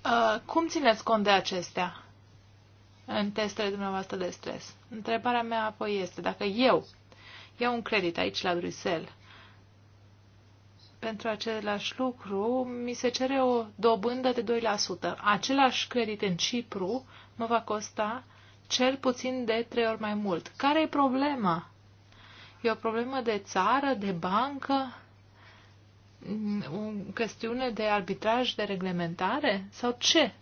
Uh, cum țineți cont de acestea în testele dumneavoastră de stres? Întrebarea mea apoi este, dacă eu iau un credit aici la Bruxelles pentru același lucru, mi se cere o dobândă de 2%. Același credit în Cipru mă va costa cel puțin de trei ori mai mult. Care e problema? E o problemă de țară, de bancă? o chestiune de arbitraj, de reglementare sau ce?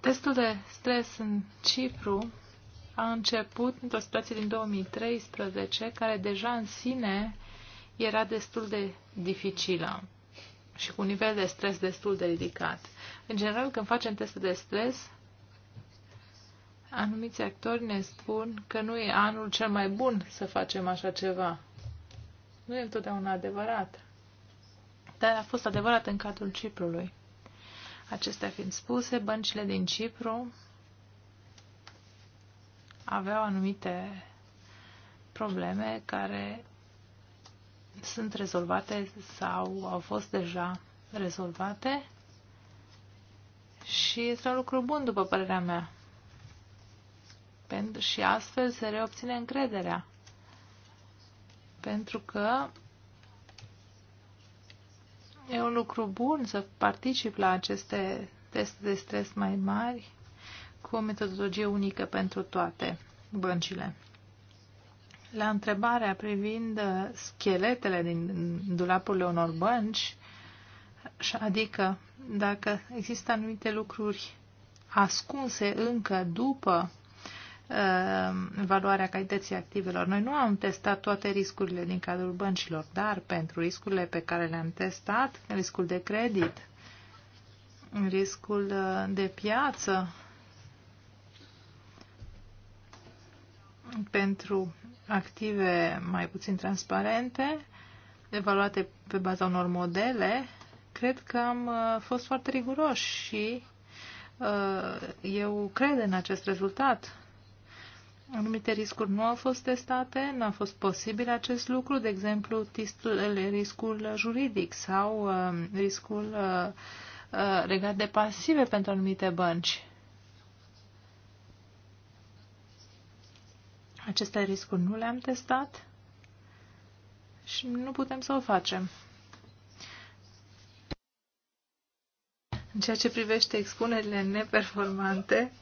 Testul de stres în Cipru a început într-o situație din 2013 care deja în sine era destul de dificilă și cu un nivel de stres destul de ridicat. În general, când facem teste de stres, anumiți actori ne spun că nu e anul cel mai bun să facem așa ceva. Nu e întotdeauna adevărat. Dar a fost adevărat în cadrul Ciprului. Acestea fiind spuse, băncile din Cipru aveau anumite probleme care sunt rezolvate sau au fost deja rezolvate și este un lucru bun, după părerea mea. Pentru, și astfel se reobține încrederea. Pentru că e un lucru bun să particip la aceste teste de stres mai mari cu o metodologie unică pentru toate băncile. La întrebarea privind uh, scheletele din dulapurile unor bănci, adică dacă există anumite lucruri ascunse încă după uh, valoarea calității activelor. Noi nu am testat toate riscurile din cadrul băncilor, dar pentru riscurile pe care le-am testat, riscul de credit, riscul uh, de piață, pentru active mai puțin transparente, evaluate pe baza unor modele, cred că am uh, fost foarte riguroși și uh, eu cred în acest rezultat. Anumite riscuri nu au fost testate, nu a fost posibil acest lucru, de exemplu riscul juridic sau uh, riscul legat de pasive pentru anumite bănci. Aceste riscuri nu le-am testat și nu putem să o facem. În ceea ce privește expunerile neperformante,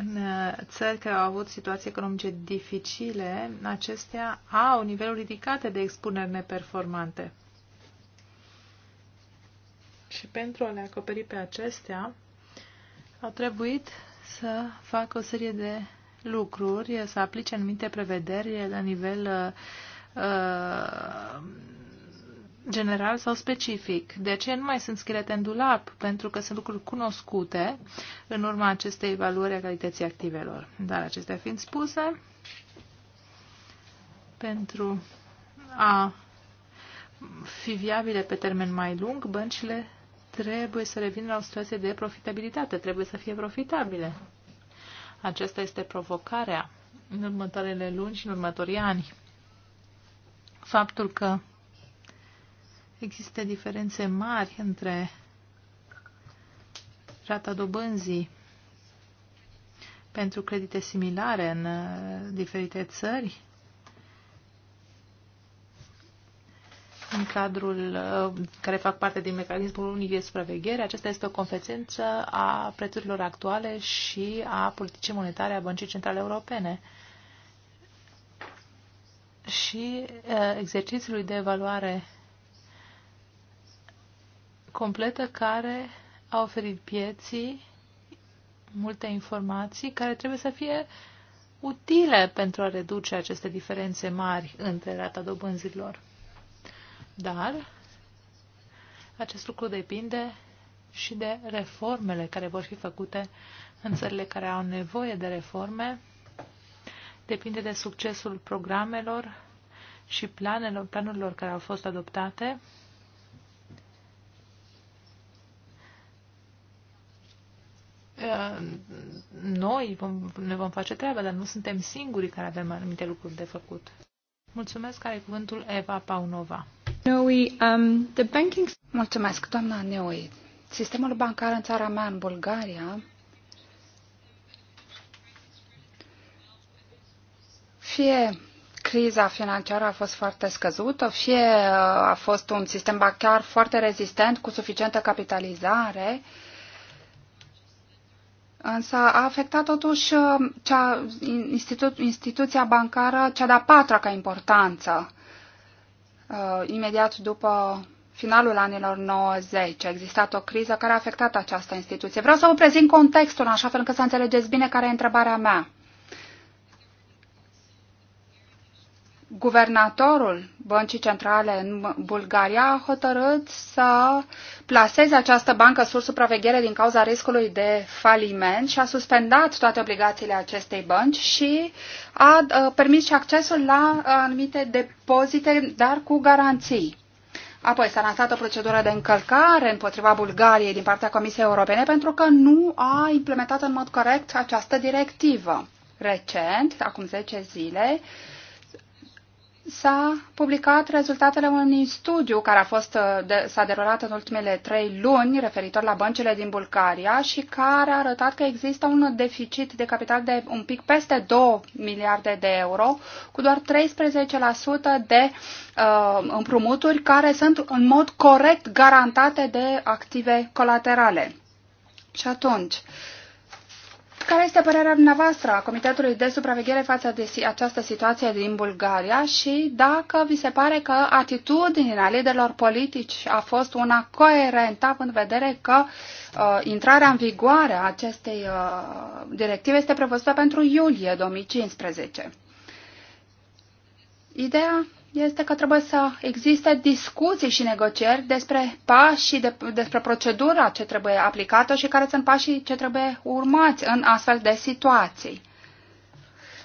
în uh, țări care au avut situații economice dificile, acestea au niveluri ridicate de expuneri neperformante. Și pentru a le acoperi pe acestea, au trebuit să fac o serie de lucruri, să aplice anumite prevederi la nivel uh, general sau specific. De aceea nu mai sunt schelete în dulap, pentru că sunt lucruri cunoscute în urma acestei evaluări a calității activelor. Dar acestea fiind spuse, pentru a fi viabile pe termen mai lung, băncile trebuie să revină la o situație de profitabilitate, trebuie să fie profitabile. Aceasta este provocarea în următoarele luni și în următorii ani. Faptul că există diferențe mari între rata dobânzii pentru credite similare în uh, diferite țări în cadrul uh, care fac parte din mecanismul unii de supraveghere. Aceasta este o confesență a prețurilor actuale și a politicii monetare a Băncii Centrale Europene și uh, exercițiului de evaluare completă care a oferit pieții multe informații care trebuie să fie utile pentru a reduce aceste diferențe mari între rata dobânzilor. Dar acest lucru depinde și de reformele care vor fi făcute în țările care au nevoie de reforme, depinde de succesul programelor și planelor, planurilor care au fost adoptate. Noi vom, ne vom face treaba, dar nu suntem singurii care avem anumite lucruri de făcut. Mulțumesc, are cuvântul Eva Paunova. Noi, um, the banking... Mulțumesc, doamna Neoi. Sistemul bancar în țara mea, în Bulgaria, fie criza financiară a fost foarte scăzută, fie uh, a fost un sistem bancar foarte rezistent, cu suficientă capitalizare, însă a afectat totuși uh, cea, institu, instituția bancară, cea de-a patra ca importanță uh, imediat după finalul anilor 90. A existat o criză care a afectat această instituție. Vreau să vă prezint contextul în așa fel încât să înțelegeți bine care e întrebarea mea. guvernatorul Băncii Centrale în Bulgaria a hotărât să placeze această bancă sub supraveghere din cauza riscului de faliment și a suspendat toate obligațiile acestei bănci și a uh, permis și accesul la anumite depozite, dar cu garanții. Apoi s-a lansat o procedură de încălcare împotriva Bulgariei din partea Comisiei Europene pentru că nu a implementat în mod corect această directivă. Recent, acum 10 zile, uh, s-a publicat rezultatele unui studiu care a fost uh, de, s-a derulat în ultimele trei luni referitor la băncile din Bulgaria și care a arătat că există un deficit de capital de un pic peste 2 miliarde de euro, cu doar 13% de uh, împrumuturi care sunt în mod corect garantate de active colaterale. Și atunci, uh, care este părerea dumneavoastră a Comitetului de Supraveghere față de această situație din Bulgaria și dacă vi se pare că atitudinea liderilor politici a fost una coerentă, având în vedere că uh, intrarea în vigoare a acestei uh, directive este prevăzută pentru iulie 2015. Ideea este că trebuie să existe discuții și negocieri despre pașii, de, despre procedura ce trebuie aplicată și care sunt pașii ce trebuie urmați în astfel de situații.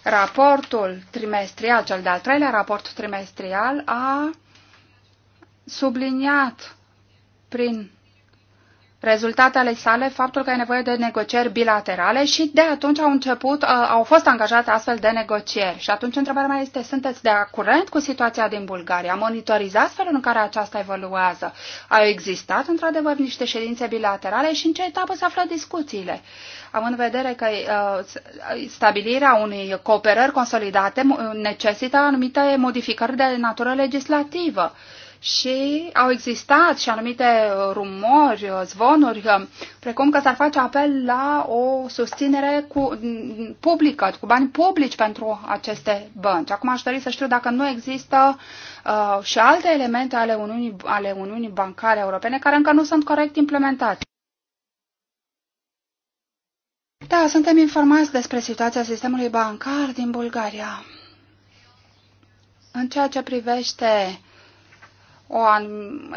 Raportul trimestrial, cel de-al treilea raport trimestrial, a subliniat prin rezultatele sale faptul că e nevoie de negocieri bilaterale și de atunci au început, uh, au fost angajate astfel de negocieri. Și atunci întrebarea mea este, sunteți de curent cu situația din Bulgaria? Monitorizați felul în care aceasta evoluează? Au existat într-adevăr niște ședințe bilaterale și în ce etapă se află discuțiile? Am în vedere că uh, stabilirea unei cooperări consolidate uh, necesită anumite modificări de natură legislativă și au existat și anumite uh, rumori, uh, zvonuri, uh, precum că s-ar face apel la o susținere cu, mm, publică, cu bani publici pentru aceste bănci. Acum aș dori să știu dacă nu există uh, și alte elemente ale Uniunii, ale Uniunii Bancare Europene care încă nu sunt corect implementate. Da, suntem informați despre situația sistemului bancar din Bulgaria. În ceea ce privește o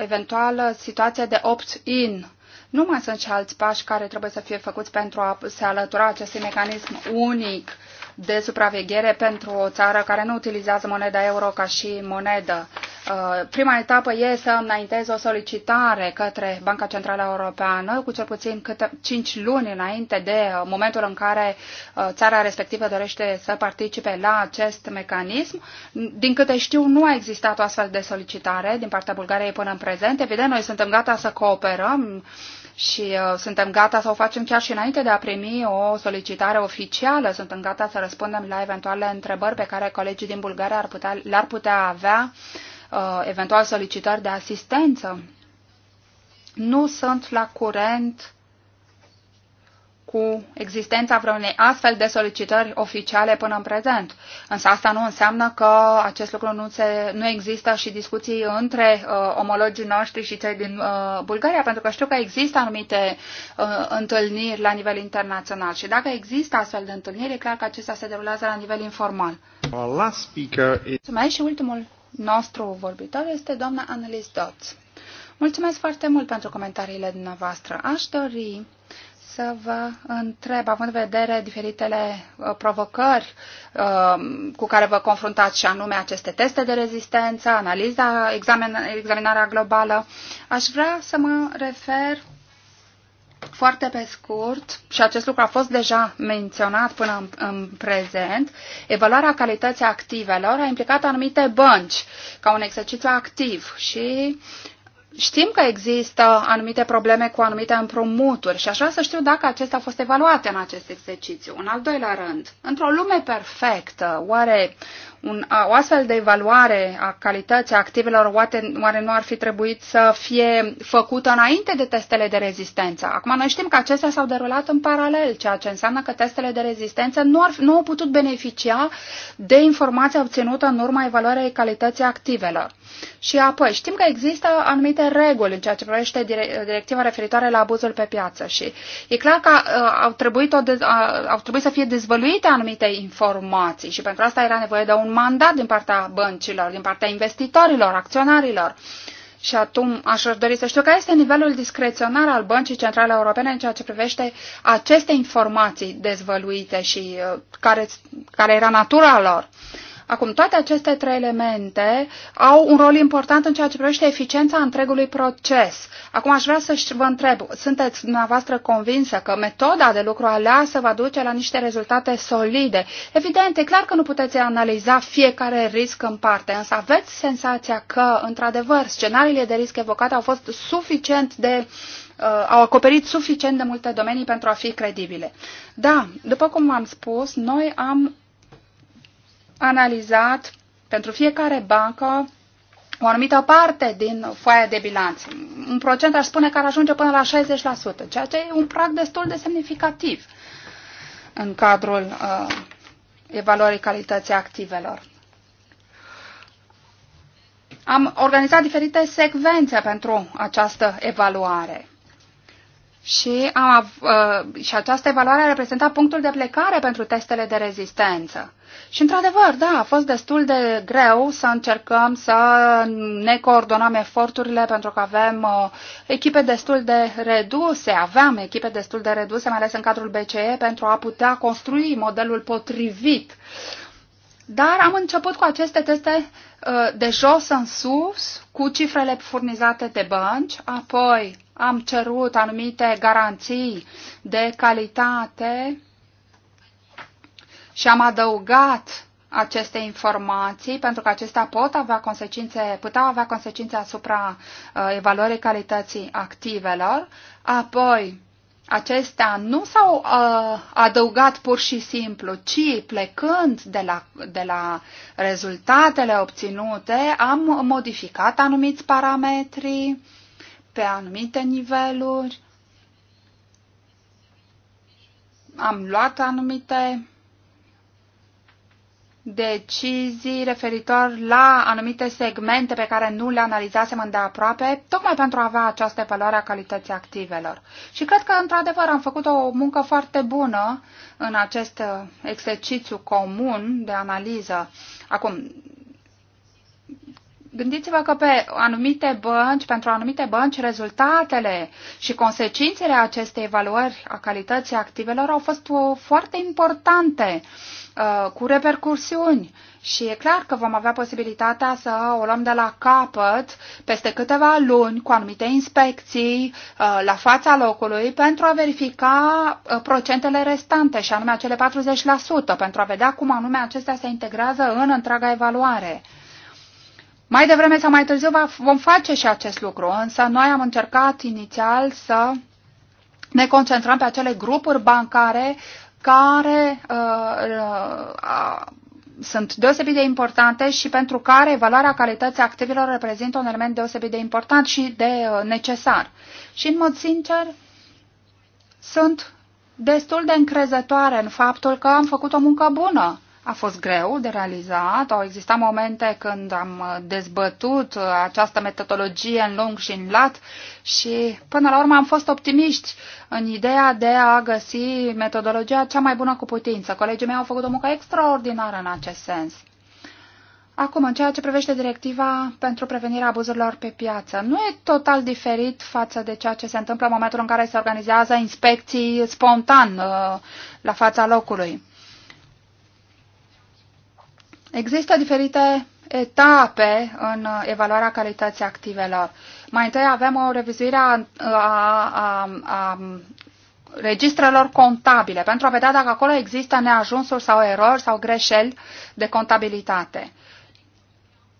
eventuală situație de opt-in. Nu mai sunt și alți pași care trebuie să fie făcuți pentru a se alătura acestui mecanism unic de supraveghere pentru o țară care nu utilizează moneda euro ca și monedă. Uh, prima etapă e să înaintez o solicitare către Banca Centrală Europeană cu cel puțin câte 5 luni înainte de uh, momentul în care uh, țara respectivă dorește să participe la acest mecanism. Din câte știu, nu a existat o astfel de solicitare din partea Bulgariei până în prezent. Evident, noi suntem gata să cooperăm și uh, suntem gata să o facem chiar și înainte de a primi o solicitare oficială. Suntem gata să răspundem la eventuale întrebări pe care colegii din Bulgaria ar putea, le-ar putea avea, uh, eventual solicitări de asistență. Nu sunt la curent cu existența vreunei astfel de solicitări oficiale până în prezent. Însă asta nu înseamnă că acest lucru nu, se, nu există și discuții între uh, omologii noștri și cei din uh, Bulgaria, pentru că știu că există anumite uh, întâlniri la nivel internațional și dacă există astfel de întâlniri, e clar că acestea se derulează la nivel informal. Mulțumesc și ultimul nostru vorbitor este doamna Annelies Dotz. Mulțumesc foarte mult pentru comentariile dumneavoastră. Aș dori să vă întreb, având în vedere diferitele uh, provocări uh, cu care vă confruntați și anume aceste teste de rezistență, analiza, examen, examinarea globală, aș vrea să mă refer foarte pe scurt, și acest lucru a fost deja menționat până în, în prezent, evaluarea calității activelor a implicat anumite bănci ca un exercițiu activ și Știm că există anumite probleme cu anumite împrumuturi și aș vrea să știu dacă acestea au fost evaluate în acest exercițiu. În al doilea rând, într-o lume perfectă, oare un, o astfel de evaluare a calității activelor oare nu ar fi trebuit să fie făcută înainte de testele de rezistență? Acum noi știm că acestea s-au derulat în paralel, ceea ce înseamnă că testele de rezistență nu, ar, nu au putut beneficia de informația obținută în urma evaluării calității activelor. Și apoi, știm că există anumite reguli în ceea ce privește directiva referitoare la abuzul pe piață și e clar că uh, au, trebuit o de, uh, au trebuit să fie dezvăluite anumite informații și pentru asta era nevoie de un mandat din partea băncilor, din partea investitorilor, acționarilor. Și atunci aș dori să știu care este nivelul discreționar al Băncii Centrale Europene în ceea ce privește aceste informații dezvăluite și uh, care, care era natura lor. Uh, Acum, toate aceste trei elemente au un rol important în ceea ce privește eficiența întregului proces. Acum aș vrea să vă întreb, sunteți dumneavoastră convinsă că metoda de lucru aleasă va duce la niște rezultate solide? Evident, e clar că nu puteți analiza fiecare risc în parte, însă aveți senzația că, într-adevăr, scenariile de risc evocate au fost suficient de uh, au acoperit suficient de multe domenii pentru a fi credibile. Da, după cum v-am spus, noi am analizat pentru fiecare bancă o anumită parte din foaia de bilanț. Un procent aș spune că ar ajunge până la 60%, ceea ce e un prag destul de semnificativ în cadrul uh, evaluării calității activelor. Am organizat diferite secvențe pentru această evaluare. Și, am, uh, și această evaluare a reprezentat punctul de plecare pentru testele de rezistență. Și, într-adevăr, da, a fost destul de greu să încercăm să ne coordonăm eforturile pentru că avem uh, echipe destul de reduse, aveam echipe destul de reduse, mai ales în cadrul BCE, pentru a putea construi modelul potrivit uh, dar am început cu aceste teste uh, de jos în sus, cu cifrele furnizate de bănci, apoi am cerut anumite garanții de calitate și am adăugat aceste informații, pentru că acestea pot avea consecințe, puteau avea consecințe asupra uh, evaluării calității activelor. Apoi, acestea nu s-au uh, adăugat pur și simplu, ci plecând de la, de la rezultatele obținute, am modificat anumiți parametri pe anumite niveluri, am luat anumite decizii referitor la anumite segmente pe care nu le analizasem îndeaproape, tocmai pentru a avea această evaluare a calității activelor. Și cred că, într-adevăr, am făcut o muncă foarte bună în acest uh, exercițiu comun de analiză. Acum, gândiți-vă că pe anumite bănci, pentru anumite bănci, rezultatele și consecințele acestei evaluări a calității activelor au fost uh, foarte importante Uh, cu repercursiuni și e clar că vom avea posibilitatea să o luăm de la capăt peste câteva luni cu anumite inspecții uh, la fața locului pentru a verifica uh, procentele restante și anume acele 40% pentru a vedea cum anume acestea se integrează în întreaga evaluare. Mai devreme sau mai târziu vom face și acest lucru, însă noi am încercat inițial să ne concentrăm pe acele grupuri bancare care uh, uh, sunt deosebit de importante și pentru care evaluarea calității activilor reprezintă un element deosebit de important și de uh, necesar. Și, în mod sincer, sunt destul de încrezătoare în faptul că am făcut o muncă bună a fost greu de realizat, au existat momente când am dezbătut această metodologie în lung și în lat și până la urmă am fost optimiști în ideea de a găsi metodologia cea mai bună cu putință. Colegii mei au făcut o muncă extraordinară în acest sens. Acum, în ceea ce privește directiva pentru prevenirea abuzurilor pe piață, nu e total diferit față de ceea ce se întâmplă în momentul în care se organizează inspecții spontan uh, la fața locului. Există diferite etape în uh, evaluarea calității activelor. Mai întâi avem o revizuire a, a, a, a registrelor contabile pentru a vedea dacă acolo există neajunsuri sau erori sau greșeli de contabilitate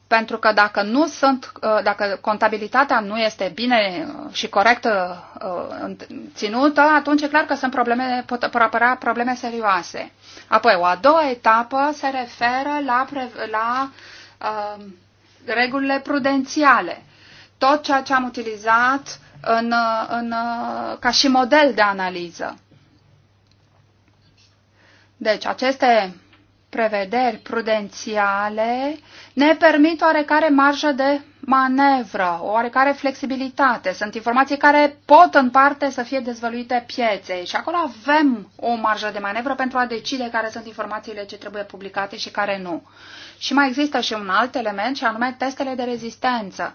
pentru că dacă nu sunt, uh, dacă contabilitatea nu este bine uh, și corect uh, ținută, atunci e clar că sunt probleme, pot apărea probleme serioase. Apoi, o a doua etapă se referă la, la uh, regulile prudențiale. Tot ceea ce am utilizat în, în, ca și model de analiză. Deci, aceste prevederi prudențiale ne permit oarecare marjă de manevră, oarecare flexibilitate. Sunt informații care pot în parte să fie dezvăluite pieței și acolo avem o marjă de manevră pentru a decide care sunt informațiile ce trebuie publicate și care nu. Și mai există și un alt element și anume testele de rezistență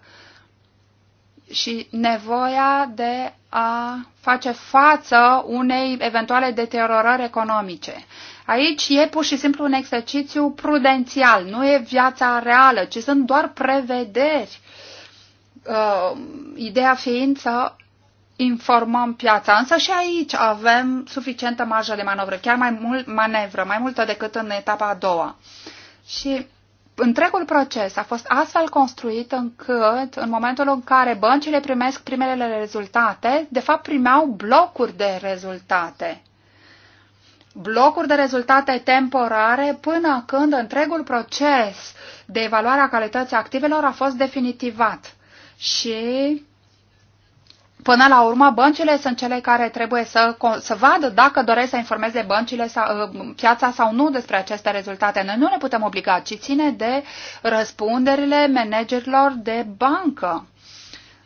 și nevoia de a face față unei eventuale deteriorări economice. Aici e pur și simplu un exercițiu prudențial, nu e viața reală, ci sunt doar prevederi. Uh, ideea fiind să informăm piața. Însă și aici avem suficientă marjă de manovră, chiar mai mult manevră, mai multă decât în etapa a doua. Și întregul proces a fost astfel construit încât, în momentul în care băncile primesc primele rezultate, de fapt primeau blocuri de rezultate blocuri de rezultate temporare până când întregul proces de evaluare a calității activelor a fost definitivat. Și Până la urmă, băncile sunt cele care trebuie să, să vadă dacă doresc să informeze băncile sau, uh, piața sau nu despre aceste rezultate. Noi nu ne putem obliga, ci ține de răspunderile managerilor de bancă.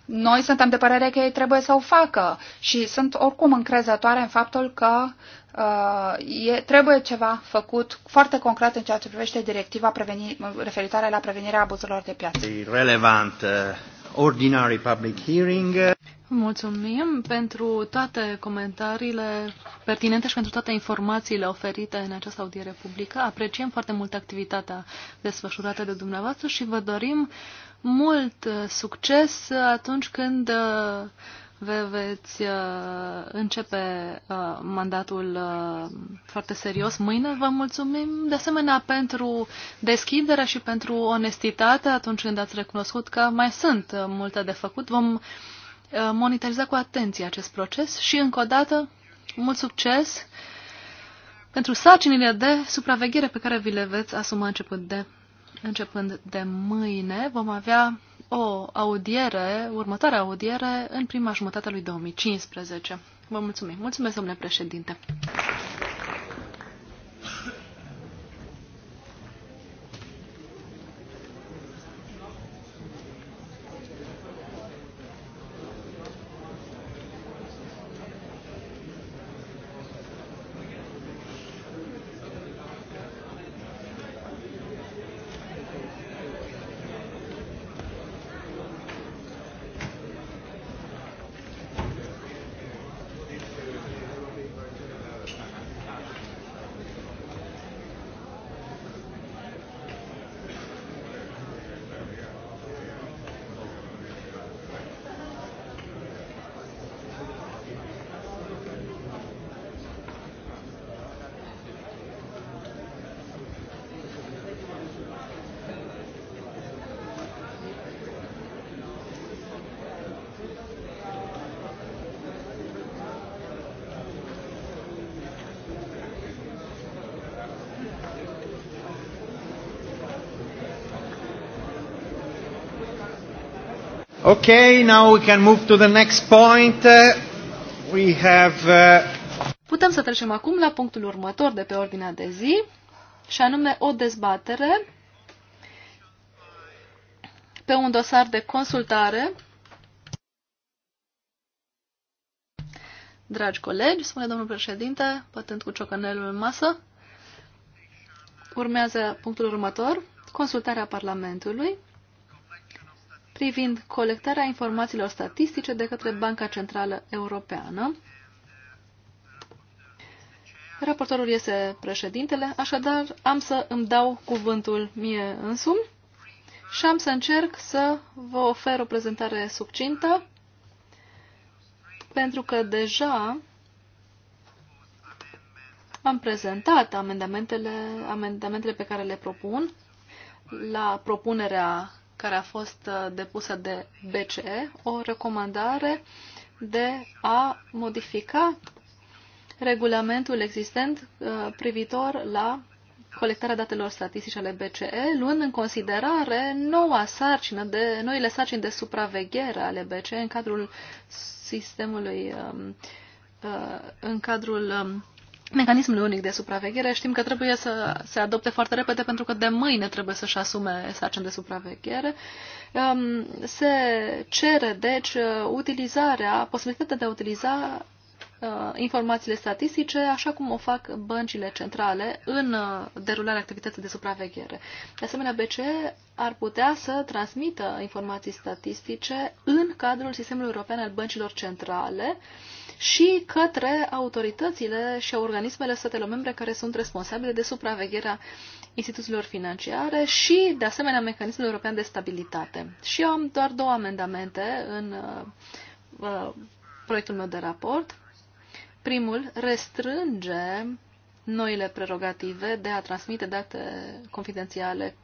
Noi suntem de părere că ei trebuie să o facă și sunt oricum încrezătoare în faptul că uh, e, trebuie ceva făcut foarte concret în ceea ce privește directiva preveni, referitoare la prevenirea abuzurilor de piață. Relevant uh, ordinary public hearing. Mulțumim pentru toate comentariile pertinente și pentru toate informațiile oferite în această audiere publică. Apreciem foarte mult activitatea desfășurată de dumneavoastră și vă dorim mult uh, succes uh, atunci când uh, vă veți începe mandatul foarte serios mâine. Vă mulțumim de asemenea pentru deschiderea și pentru onestitate atunci când ați recunoscut că mai sunt multe de făcut. Vom monitoriza cu atenție acest proces și încă o dată mult succes pentru sarcinile de supraveghere pe care vi le veți asuma început de începând de mâine, vom avea o audiere, următoarea audiere, în prima jumătate a lui 2015. Vă mulțumim. Mulțumesc, domnule președinte. Okay, now we can move to the next point. Uh, we have uh... Putem să trecem acum la punctul următor de pe ordinea de zi, și anume o dezbatere pe un dosar de consultare. Dragi colegi, spune domnul președinte, pătând cu ciocanelul în masă, urmează punctul următor, consultarea Parlamentului privind colectarea informațiilor statistice de către Banca Centrală Europeană. Raportorul este președintele, așadar am să îmi dau cuvântul mie însumi și am să încerc să vă ofer o prezentare succintă, pentru că deja am prezentat amendamentele, amendamentele pe care le propun la propunerea care a fost uh, depusă de BCE, o recomandare de a modifica regulamentul existent uh, privitor la colectarea datelor statistice ale BCE, luând în considerare noua sarcină de, noile sarcini de supraveghere ale BCE în cadrul sistemului, um, uh, în cadrul um, mecanismul unic de supraveghere, știm că trebuie să se adopte foarte repede pentru că de mâine trebuie să-și asume sarcini de supraveghere. Um, se cere, deci, uh, utilizarea, posibilitatea de a utiliza uh, informațiile statistice, așa cum o fac băncile centrale în uh, derularea activității de supraveghere. De asemenea, BCE ar putea să transmită informații statistice în cadrul sistemului european al băncilor centrale, uh, și către autoritățile și organismele statelor membre care sunt responsabile de supravegherea instituțiilor financiare și, de asemenea, mecanismul european de stabilitate. Și eu am doar două amendamente în uh, uh proiectul meu de raport. Primul restrânge noile prerogative de a transmite date confidențiale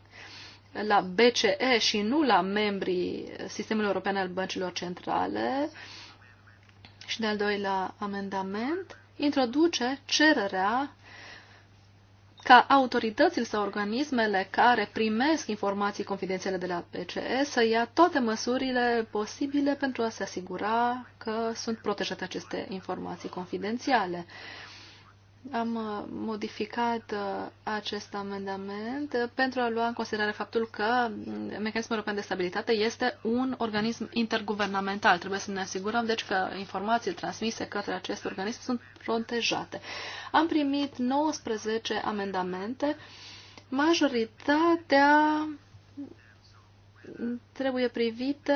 la BCE și nu la membrii Sistemului European al Băncilor Centrale, uh, și de-al doilea amendament introduce cererea ca autoritățile sau organismele care primesc informații confidențiale de la PCE să ia toate măsurile posibile pentru a se asigura că sunt protejate aceste informații confidențiale am uh, modificat uh, acest amendament uh, pentru a lua în considerare faptul că mm, mecanismul european de stabilitate este un organism interguvernamental. Trebuie să ne asigurăm, deci, că informațiile transmise către acest organism sunt protejate. Am primit 19 amendamente. Majoritatea trebuie privite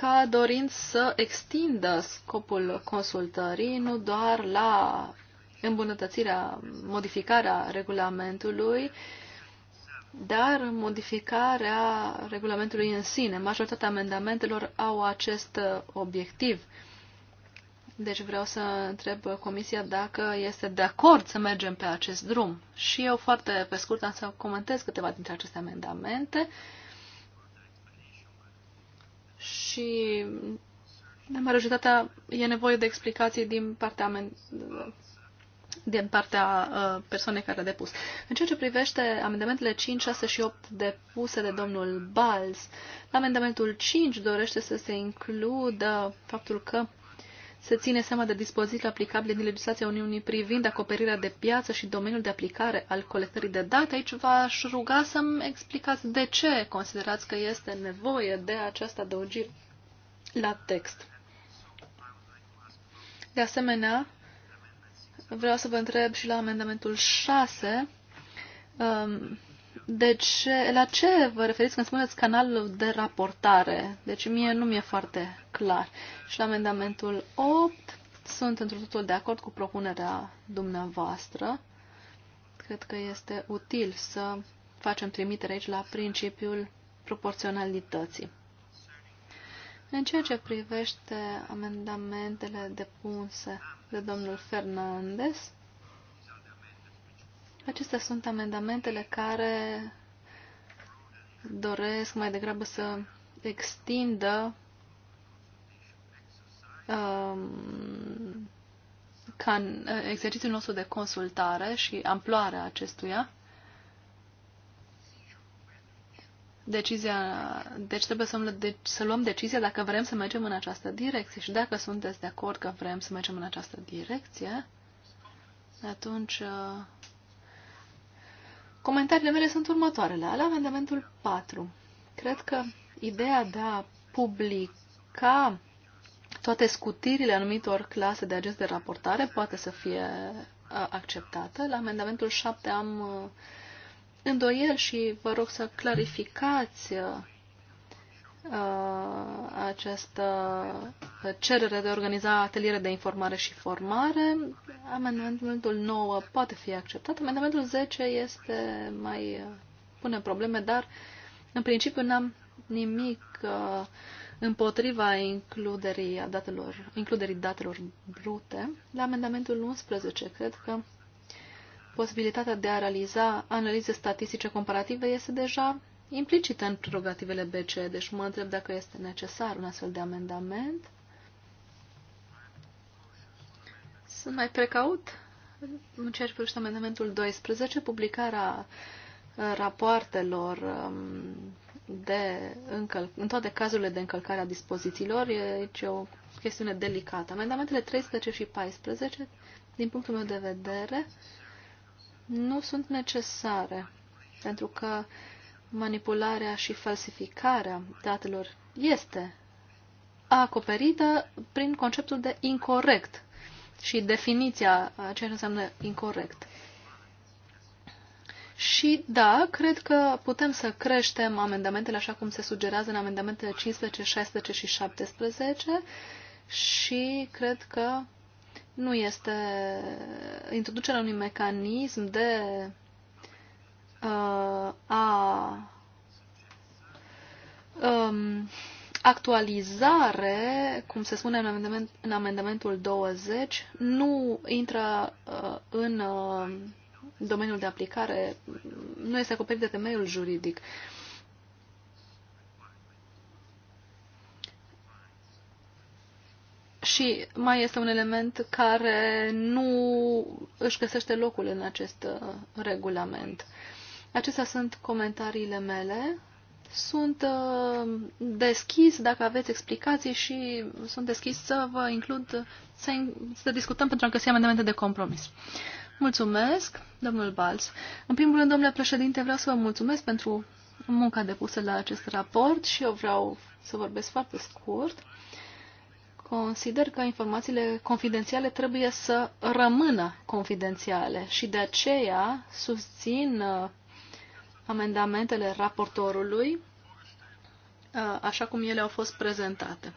ca dorind să extindă scopul consultării nu doar la îmbunătățirea, modificarea regulamentului, dar modificarea regulamentului în sine. Majoritatea amendamentelor au acest obiectiv. Deci vreau să întreb Comisia dacă este de acord să mergem pe acest drum. Și eu foarte pe scurt am să comentez câteva dintre aceste amendamente. Uh, și în majoritatea e nevoie de explicații din partea din partea uh, persoanei care a depus. În ceea ce privește amendamentele 5, 6 și 8 depuse de domnul Bals, la amendamentul 5 dorește să se includă faptul că se ține seama de dispoziții aplicabile din legislația Uniunii privind acoperirea de piață și domeniul de aplicare al colectării de date. Aici v-aș ruga să-mi explicați de ce considerați că este nevoie de această adăugire la text. De asemenea, vreau să vă întreb și la amendamentul 6, deci, la ce vă referiți când spuneți canalul de raportare? Deci, mie nu mi-e foarte clar. Și la amendamentul 8 sunt într totul de acord cu propunerea dumneavoastră. Cred că este util să facem trimitere aici la principiul proporționalității. În ceea ce privește amendamentele depuse de domnul Fernandez, Acestea sunt amendamentele care doresc mai degrabă să extindă um, can, uh, exercițiul nostru de consultare și amploarea acestuia. Decizia, deci trebuie să, de, să luăm decizia dacă vrem să mergem în această direcție și dacă sunteți de acord că vrem să mergem în această direcție, atunci uh, Comentariile mele sunt următoarele. La amendamentul 4, cred că ideea de a publica toate scutirile anumitor clase de agenți de raportare poate să fie acceptată. La amendamentul 7 am uh, îndoiel și vă rog să clarificați uh, Uh, această cerere de a organiza ateliere de informare și formare. Amendamentul 9 poate fi acceptat. Amendamentul 10 este mai uh, pune probleme, dar în principiu n-am nimic uh, împotriva includerii datelor, includerii datelor brute. La amendamentul 11 cred că posibilitatea de a realiza analize statistice comparative este deja implicită în prerogativele BCE, deci mă întreb dacă este necesar un astfel de amendament. Sunt mai precaut în ceea ce privește amendamentul 12, publicarea uh, rapoartelor um, de încăl- în toate cazurile de încălcare a dispozițiilor, e, aici deci, o chestiune delicată. Amendamentele 13 și 14, din punctul meu de vedere, nu sunt necesare, pentru că uh, manipularea și falsificarea datelor este acoperită prin conceptul de incorrect și definiția a ce înseamnă incorrect. Și da, cred că putem să creștem amendamentele așa cum se sugerează în amendamentele 15, 16 și 17 și cred că nu este introducerea unui mecanism de a um, actualizare, cum se spune în, amendament, în amendamentul 20, nu intră uh, în uh, domeniul de aplicare, nu este acoperit de temeiul juridic. Și mai este un element care nu își găsește locul în acest uh, regulament. Uh, Acestea sunt comentariile mele. Sunt uh, deschis dacă aveți explicații și sunt deschis să vă includ, să, să discutăm pentru a găsi amendamente de compromis. Mulțumesc, domnul Balz. În primul rând, domnule președinte, vreau să vă mulțumesc pentru munca depusă la acest raport și eu vreau să vorbesc foarte scurt. Consider că informațiile confidențiale trebuie să rămână confidențiale și de aceea susțin uh, amendamentele raportorului așa cum ele au fost prezentate.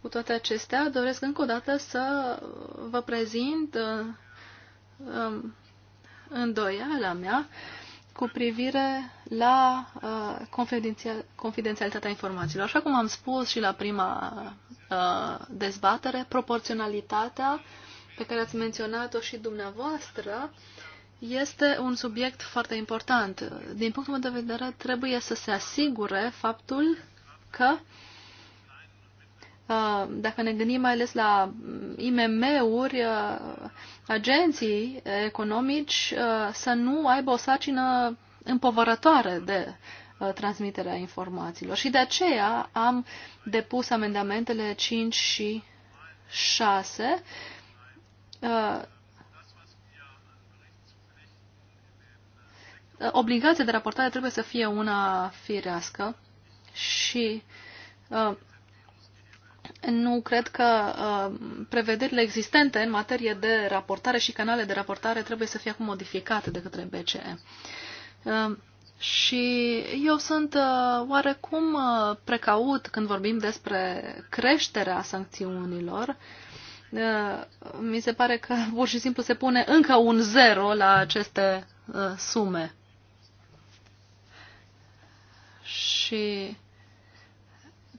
Cu toate acestea, doresc încă o dată să vă prezint îndoiala mea cu privire la confidențialitatea informațiilor. Așa cum am spus și la prima dezbatere, proporționalitatea pe care ați menționat-o și dumneavoastră este un subiect foarte important. Din punctul meu de vedere, trebuie să se asigure faptul că uh, dacă ne gândim mai ales la mm, IMM-uri, uh, agenții economici uh, să nu aibă o sacină împovărătoare de transmiterea informațiilor. Și de aceea am depus amendamentele 5 și 6 Uh, obligația de raportare trebuie să fie una firească și uh, nu cred că uh, prevederile existente în materie de raportare și canale de raportare trebuie să fie acum modificate de către BCE. și eu sunt oarecum precaut când vorbim despre creșterea sancțiunilor. mi se pare că pur și simplu se pune încă un zero la aceste sume și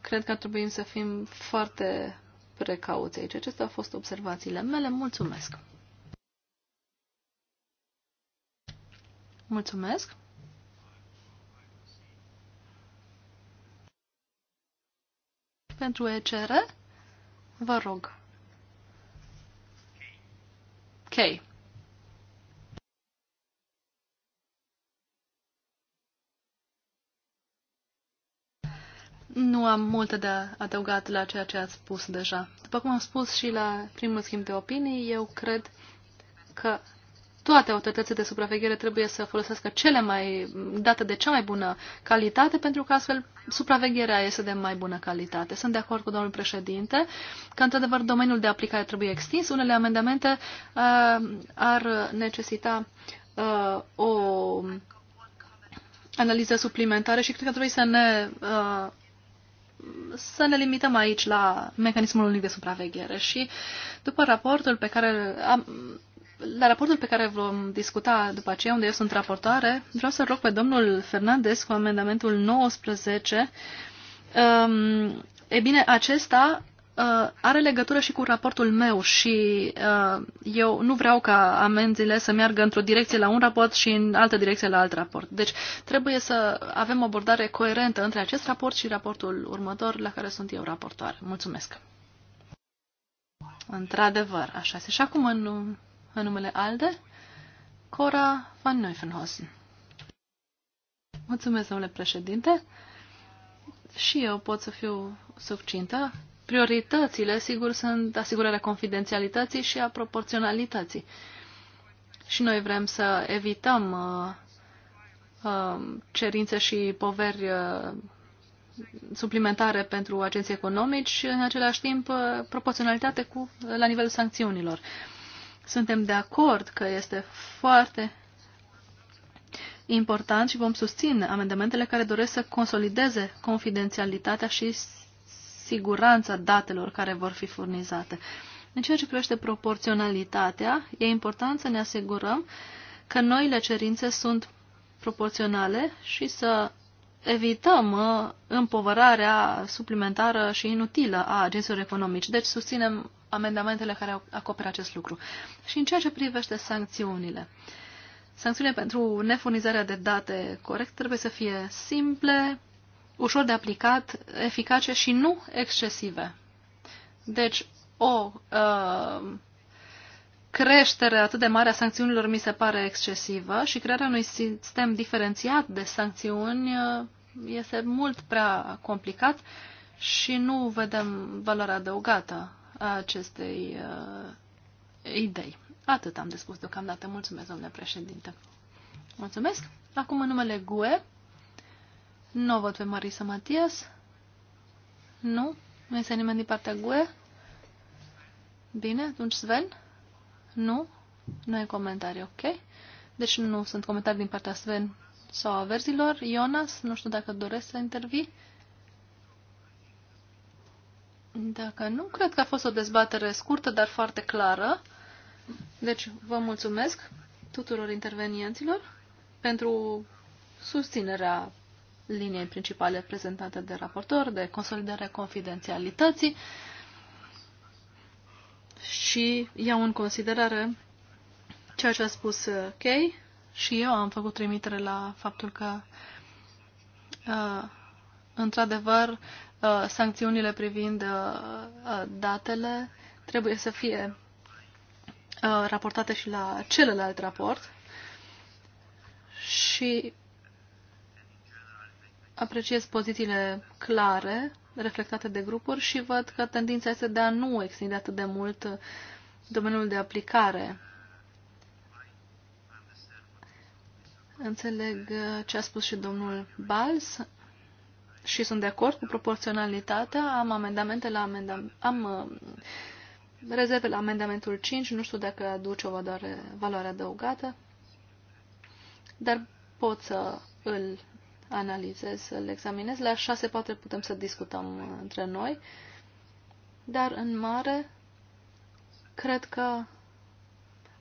cred că ar trebui să fim foarte precauți aici. Acestea au fost observațiile mele. Mulțumesc! Mulțumesc! Pentru ECR, vă rog. Okay. Nu am multe de adăugat la ceea ce ați spus deja. După cum am spus și la primul schimb de opinii, eu cred că toate autoritățile de supraveghere trebuie să folosească cele mai date de cea mai bună calitate, pentru că astfel supravegherea este de mai bună calitate. Sunt de acord cu domnul președinte că, într-adevăr, domeniul de aplicare trebuie extins. Unele amendamente uh, ar necesita uh, o analiză suplimentară și cred că trebuie să ne uh, să ne limităm aici la mecanismul unic de supraveghere și după raportul pe care am, la raportul pe care vom discuta după aceea, unde eu sunt raportoare, vreau să rog pe domnul Fernandez cu amendamentul 19. Um, e bine, acesta uh, are legătură și cu raportul meu și uh, eu nu vreau ca amenziile să meargă într-o direcție la un raport și în altă direcție la alt raport. Deci trebuie să avem o abordare coerentă între acest raport și raportul următor la care sunt eu raportoar. Mulțumesc! Într-adevăr, așa este. Și acum în, în numele ALDE, Cora van Neufenhausen. Mulțumesc, domnule președinte. Și eu pot să fiu succintă prioritățile, sigur, sunt asigurarea confidențialității și a proporționalității. Și noi vrem să evităm uh, uh, cerințe și poveri uh, suplimentare pentru agenții economici, în același timp uh, proporționalitate cu, la nivelul sancțiunilor. Suntem de acord că este foarte important și vom susține amendamentele care doresc să consolideze confidențialitatea și siguranța datelor care vor fi furnizate. În ceea ce privește proporționalitatea, e important să ne asigurăm că noile cerințe sunt proporționale și să evităm uh, împovărarea suplimentară și inutilă a agenților economici. Deci susținem amendamentele care acoperă acest lucru. Și în ceea ce privește sancțiunile. Sancțiunile pentru nefurnizarea de date corect trebuie să fie simple, ușor de aplicat, eficace și nu excesive. Deci, o uh, creștere atât de mare a sancțiunilor mi se pare excesivă și crearea unui sistem diferențiat de sancțiuni uh, este mult prea complicat și nu vedem valoarea adăugată a acestei uh, idei. Atât am de spus deocamdată. Mulțumesc, domnule președinte. Mulțumesc. Acum, în numele GUE, nu văd pe Marisa Matias. Nu? Nu este nimeni din partea GUE? Bine, atunci Sven? Nu? Nu e comentarii, ok? Deci nu sunt comentarii din partea Sven sau a verzilor. Ionas, nu știu dacă doresc să intervii. Dacă nu, cred că a fost o dezbatere scurtă, dar foarte clară. Deci vă mulțumesc tuturor intervenienților pentru susținerea liniei principale prezentate de raportor, de consolidarea confidențialității și iau în considerare ceea ce a spus uh, Kay și eu am făcut trimitere la faptul că uh, într-adevăr uh, sancțiunile privind datele trebuie să fie raportate și la celălalt raport și apreciez pozițiile clare reflectate de grupuri și văd că tendința este de a nu extinde atât de mult domeniul de aplicare. Înțeleg ce a spus și domnul Bals și sunt de acord cu proporționalitatea. Am amendamente la amendam am uh, rezerve la amendamentul 5, nu știu dacă aduce o valoare, adăugată, dar pot să îl analizez, să-l examinez. La șase poate putem să discutăm între noi, dar în mare cred că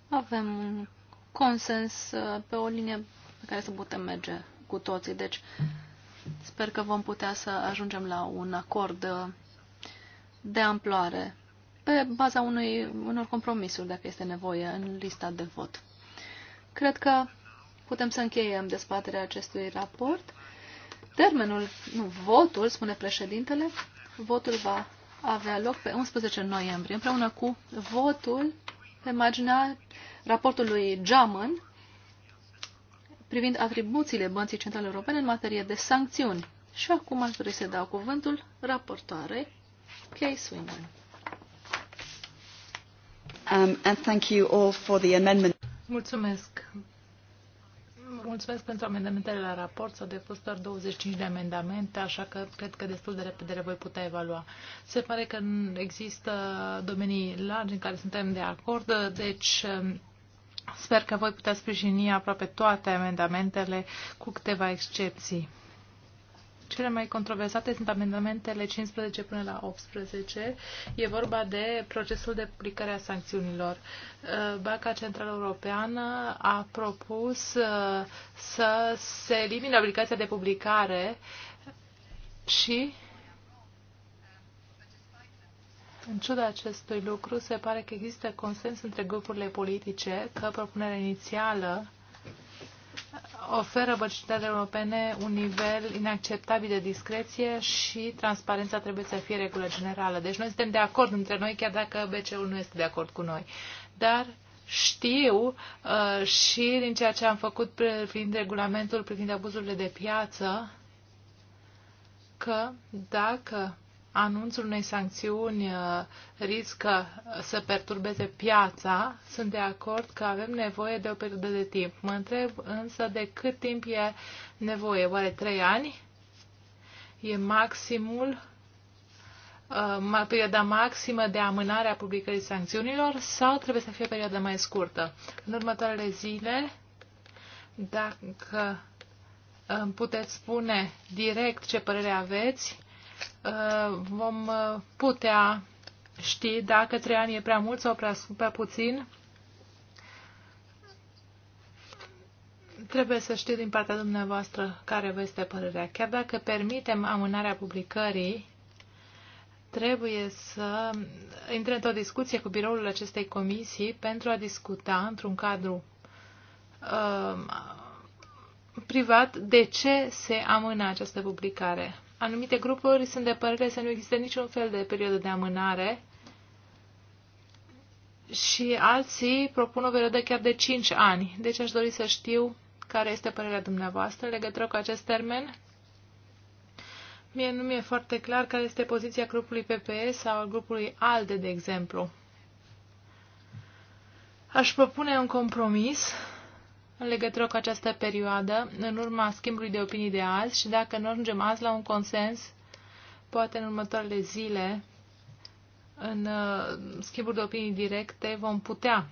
avem un consens uh, pe o linie pe care să putem merge cu toții. Deci sper că vom putea să ajungem la un acord uh, de amploare pe baza unui, unor compromisuri, dacă este nevoie, în lista de vot. Cred că putem să încheiem dezbaterea acestui raport. Termenul, nu, votul, spune președintele, votul va avea loc pe 11 noiembrie, împreună cu votul pe marginea raportului German privind atribuțiile Bănții Centrale Europene în materie de sancțiuni. Și acum aș dori să dau cuvântul raportoarei Kay Swinburne. Um, and thank you all for the amendment. Mulțumesc Mulțumesc pentru amendamentele la raport. S-au depus doar 25 de amendamente, așa că cred că destul de repede le voi putea evalua. Se pare că există domenii largi în care suntem de acord, deci um, sper că voi putea sprijini aproape toate amendamentele cu câteva excepții. Cele mai controversate sunt amendamentele 15 până la 18. E vorba de procesul de aplicare a sancțiunilor. Uh, Banca Centrală Europeană a propus uh, să se elimine obligația de publicare și în ciuda acestui lucru, se pare că există consens între grupurile politice că propunerea inițială oferă băncilor europene un nivel inacceptabil de discreție și transparența trebuie să fie regulă generală. Deci noi suntem de acord între noi, chiar dacă BCE-ul nu este de acord cu noi. Dar știu uh, și din ceea ce am făcut privind regulamentul privind abuzurile de piață că dacă anunțul unei sancțiuni uh, riscă să perturbeze piața, sunt de acord că avem nevoie de o perioadă de timp. Mă întreb însă de cât timp e nevoie. Oare trei ani? E maximul, uh, perioada maximă de amânare a publicării sancțiunilor sau trebuie să fie o perioadă mai scurtă? În următoarele zile, dacă îmi puteți spune direct ce părere aveți, Uh, vom uh, putea ști dacă trei ani e prea mult sau prea, prea puțin. Trebuie să știu din partea dumneavoastră care vă este părerea. Chiar dacă permitem amânarea publicării, trebuie să intre într-o discuție cu biroul acestei comisii pentru a discuta într-un cadru uh, privat de ce se amână această publicare. Anumite grupuri sunt de părere să nu existe niciun fel de perioadă de amânare și alții propun o perioadă chiar de 5 ani. Deci aș dori să știu care este părerea dumneavoastră în legătură cu acest termen. Mie nu mi-e foarte clar care este poziția grupului PPS sau al grupului ALDE, de exemplu. Aș propune un compromis în legătură cu această perioadă, în urma schimbului de opinii de azi și dacă nu ajungem azi la un consens, poate în următoarele zile, în uh, schimbul de opinii directe, vom putea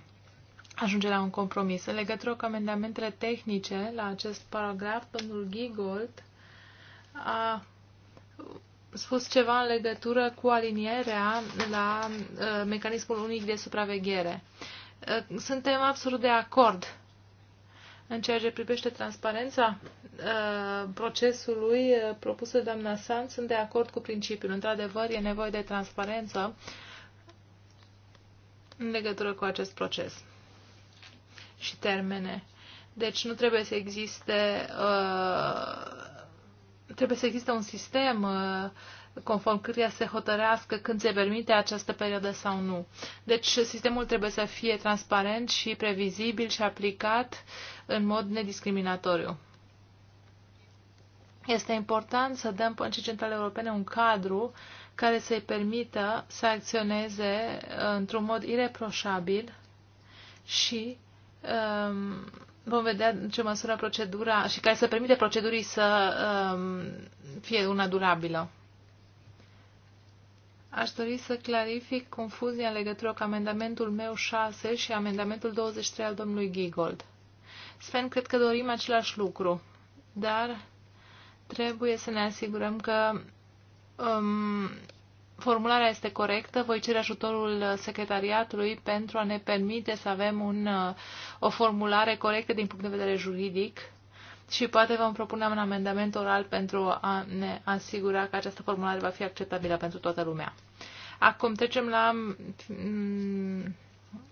ajunge la un compromis. În legătură cu amendamentele tehnice la acest paragraf, domnul Gigold a spus ceva în legătură cu alinierea la uh, mecanismul unic de supraveghere. Uh, suntem absolut de acord în ceea ce privește transparența uh, procesului uh, propus de doamna San, sunt de acord cu principiul. Într-adevăr, e nevoie de transparență în legătură cu acest proces și termene. Deci nu trebuie să existe uh, trebuie să existe un sistem uh, conform căruia se hotărească când se permite această perioadă sau nu. Deci sistemul trebuie să fie transparent și previzibil și aplicat în mod nediscriminatoriu. Este important să dăm Băncii Centrale Europene un cadru care să-i permită să acționeze uh, într-un mod ireproșabil și um, vom vedea în ce măsură procedura și care să permite procedurii să um, fie una durabilă. Aș dori să clarific confuzia în legătură cu amendamentul meu 6 și amendamentul 23 al domnului Gigold. Sven, cred că dorim același lucru, dar trebuie să ne asigurăm că um, formularea este corectă. Voi cere ajutorul secretariatului pentru a ne permite să avem un, uh, o formulare corectă din punct de vedere juridic și poate vom propune un amendament oral pentru a ne asigura că această formulare va fi acceptabilă pentru toată lumea. Acum trecem la mm,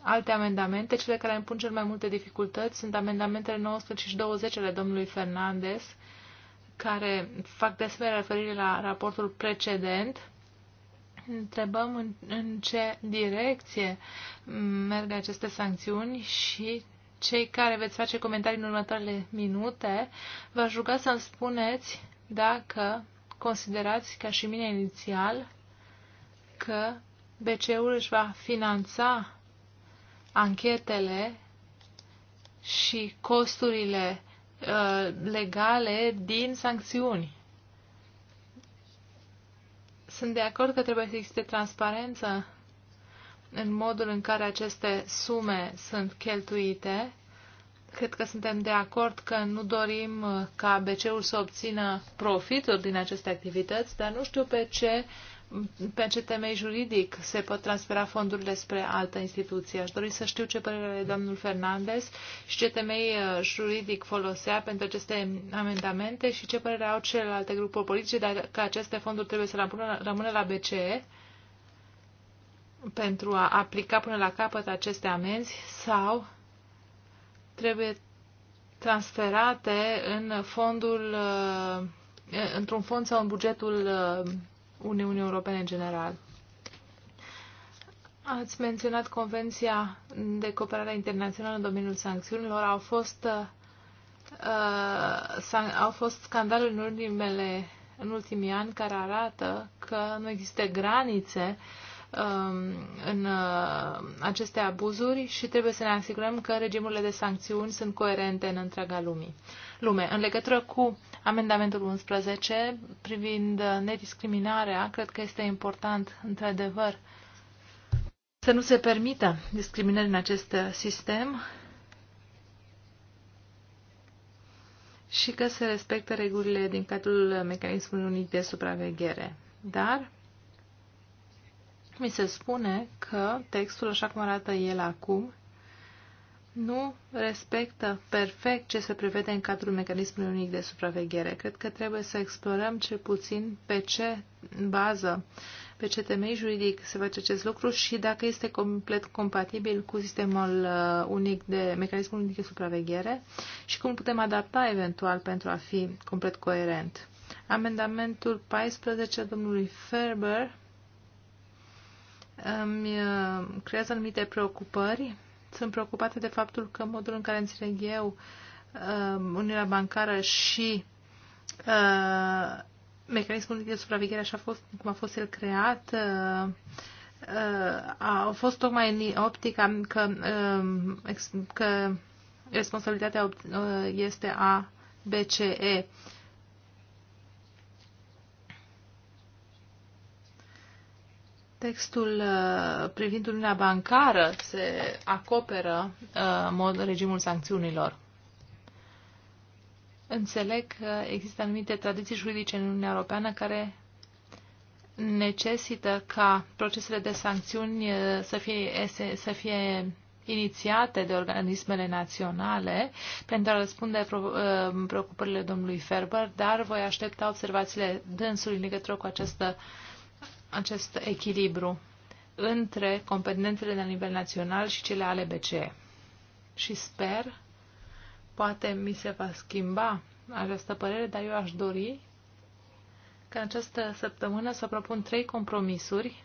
alte amendamente. Cele care impun cel mai multe dificultăți sunt amendamentele 19 și 20 ale domnului Fernandez, care fac de asemenea referire la raportul precedent. Întrebăm în, în ce direcție mm, merg aceste sancțiuni și cei care veți face comentarii în următoarele minute, v-aș ruga să-mi spuneți dacă considerați, ca și mine inițial, că BCE-ul își va finanța anchetele și costurile uh, legale din sancțiuni. Sunt de acord că trebuie să existe transparență în modul în care aceste sume sunt cheltuite. Cred că suntem de acord că nu dorim uh, ca BC-ul să obțină profituri din aceste activități, dar nu știu pe ce, pe ce temei juridic se pot transfera fondurile spre altă instituție. Aș dori să știu ce părere are domnul Fernandez și ce temei uh, juridic folosea pentru aceste amendamente și ce părere au celelalte grupuri politice dacă aceste fonduri trebuie să rămână la BCE pentru a aplica până la capăt aceste amenzi sau trebuie transferate în fondul, uh, într-un fond sau în bugetul uh, Uniunii Europene în general. Ați menționat Convenția de Cooperare Internațională în domeniul sancțiunilor. Au fost, uh, uh au fost scandaluri în, ultimele, în ultimii ani care arată că nu există granițe uh, Um, în uh, aceste abuzuri și trebuie să ne asigurăm că regimurile de sancțiuni sunt coerente în întreaga lumii. lume. În legătură cu amendamentul 11 privind uh, nediscriminarea, cred că este important, într-adevăr, să nu se permită discriminări în acest uh, sistem și că se respectă regulile din cadrul mecanismului unic de supraveghere. Dar mi se spune că textul, așa cum arată el acum, nu respectă perfect ce se prevede în cadrul mecanismului unic de supraveghere. Cred că trebuie să explorăm cel puțin pe ce bază, pe ce temei juridic se face acest lucru și dacă este complet compatibil cu sistemul uh, unic de mecanismul unic de supraveghere și cum putem adapta eventual pentru a fi complet coerent. Amendamentul 14 domnului Ferber îmi uh, creează anumite preocupări. Sunt preocupată de faptul că modul în care înțeleg eu uh, Uniunea Bancară și uh, mecanismul de supraveghere așa fost, cum a fost el creat, a fost tocmai în optica că, că responsabilitatea este a BCE textul uh, privind uniunea bancară se acoperă uh, mod, regimul sancțiunilor. Înțeleg că există anumite tradiții juridice în Uniunea Europeană care necesită ca procesele de sancțiuni uh, să fie, să fie inițiate de organismele naționale pentru a răspunde preocupările domnului Ferber, dar voi aștepta observațiile dânsului în legătură cu această uh, acest echilibru între competențele la nivel național și cele ale BCE. Și sper, poate mi se va schimba această părere, dar eu aș dori ca această săptămână să propun trei compromisuri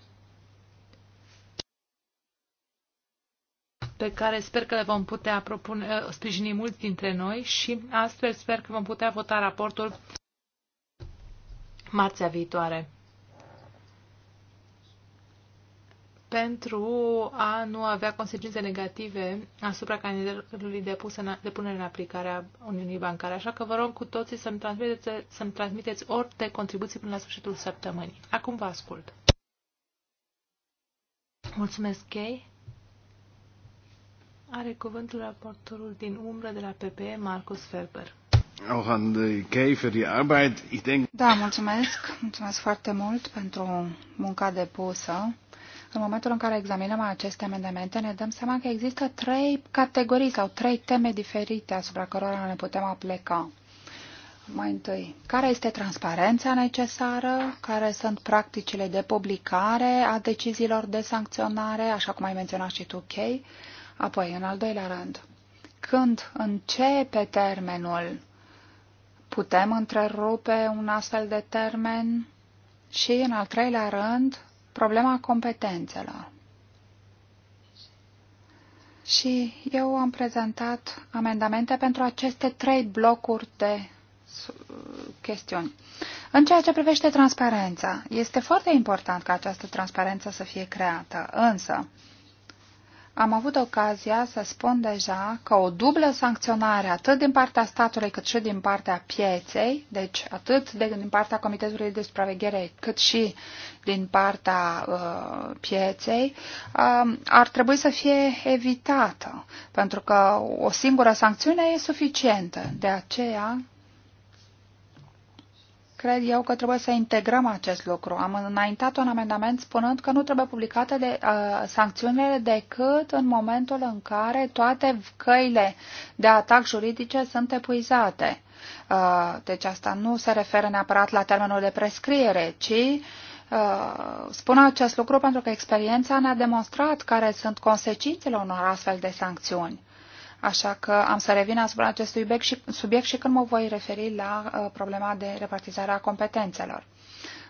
pe care sper că le vom putea propune, uh, sprijini mulți dintre noi și astfel sper că vom putea vota raportul marțea viitoare. pentru a nu avea consecințe negative asupra candidatului depus în, de punere în aplicare a Uniunii Bancare. Așa că vă rog cu toții să-mi transmiteți, să transmiteți orice contribuții până la sfârșitul săptămânii. Acum vă ascult. Mulțumesc, Kay. Are cuvântul raportorul din umbră de la PPE, Marcus Ferber. Da, mulțumesc. Mulțumesc foarte mult pentru munca depusă. În momentul în care examinăm aceste amendamente, ne dăm seama că există trei categorii sau trei teme diferite asupra cărora ne putem apleca. Mai întâi, care este transparența necesară, care sunt practicile de publicare a deciziilor de sancționare, așa cum ai menționat și tu, Kay. Apoi, în al doilea rând, când începe termenul, putem întrerupe un astfel de termen? Și, în al treilea rând, problema competențelor. Și eu am prezentat amendamente pentru aceste trei blocuri de chestiuni. În ceea ce privește transparența, este foarte important ca această transparență să fie creată, însă am avut ocazia să spun deja că o dublă sancționare atât din partea statului cât și din partea pieței, deci atât de, din partea Comitetului de Supraveghere cât și din partea uh, pieței, uh, ar trebui să fie evitată, pentru că o singură sancțiune e suficientă. De aceea Cred eu că trebuie să integrăm acest lucru. Am înaintat un amendament spunând că nu trebuie publicate de, uh, sancțiunile decât în momentul în care toate căile de atac juridice sunt epuizate. Uh, deci asta nu se referă neapărat la termenul de prescriere, ci uh, spun acest lucru pentru că experiența ne-a demonstrat care sunt consecințele unor astfel de sancțiuni. Așa că am să revin asupra acestui subiect și, când mă voi referi la uh, problema de repartizare a competențelor.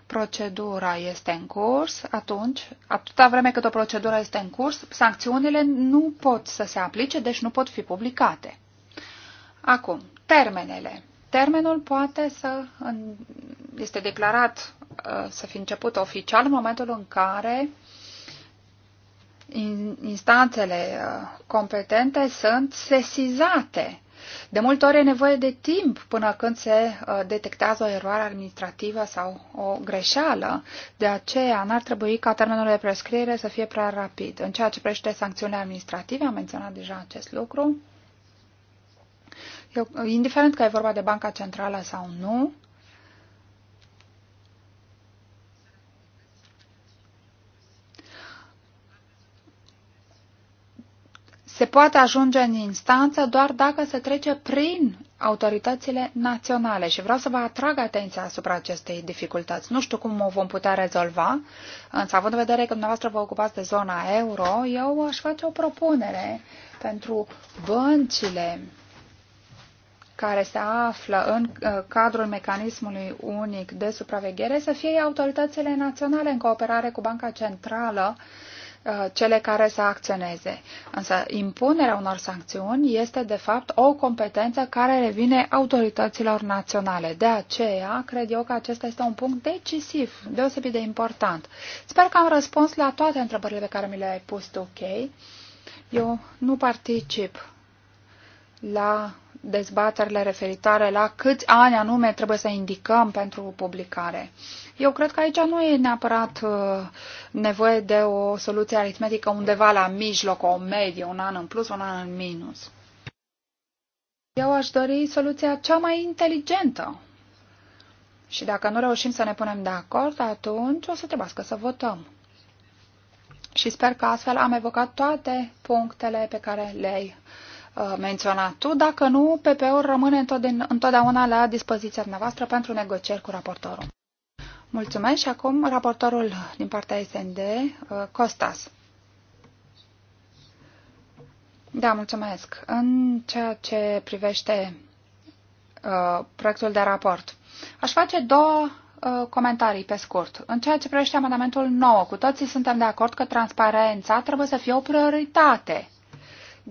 Procedura este în curs, atunci, atâta vreme cât o procedură este în curs, sancțiunile nu pot să se aplice, deci nu pot fi publicate. Acum, termenele. Termenul poate să este declarat uh, să fi început oficial în momentul în care instanțele uh, competente sunt sesizate. De multe ori e nevoie de timp până când se uh, detectează o eroare administrativă sau o greșeală, de aceea n-ar trebui ca termenul de prescriere să fie prea rapid. În ceea ce privește sancțiunile administrative, am menționat deja acest lucru. Eu, indiferent că e vorba de Banca Centrală sau nu, se poate ajunge în instanță doar dacă se trece prin autoritățile naționale și vreau să vă atrag atenția asupra acestei dificultăți. Nu știu cum o vom putea rezolva, însă având în vedere că dumneavoastră vă ocupați de zona euro, eu aș face o propunere pentru băncile care se află în uh, cadrul mecanismului unic de supraveghere să fie autoritățile naționale în cooperare cu Banca Centrală uh, Uh, cele care să acționeze. Însă impunerea unor sancțiuni este de fapt o competență care revine autorităților naționale. De aceea, cred eu că acesta este un punct decisiv, deosebit de important. Sper că am răspuns la toate întrebările pe care mi le-ai pus tu, ok? Eu nu particip la dezbaterile referitoare la câți ani anume trebuie să indicăm pentru publicare. Eu cred că aici nu e neapărat uh, nevoie de o soluție aritmetică undeva la mijloc, o medie, un an în plus, un an în minus. Eu aș dori soluția cea mai inteligentă. Și dacă nu reușim să ne punem de acord, atunci o să trebuiască să votăm. Și sper că astfel am evocat toate punctele pe care le-ai uh, Uh, menționat tu. Dacă nu, ppo ul rămâne întotdeauna la dispoziția dumneavoastră pentru negocieri cu raportorul. Mulțumesc și acum raportorul din partea SND, uh, Costas. Da, mulțumesc. În ceea ce privește uh, proiectul de raport, aș face două uh, comentarii pe scurt. În ceea ce privește amendamentul 9, cu toții suntem de acord că transparența trebuie să fie o prioritate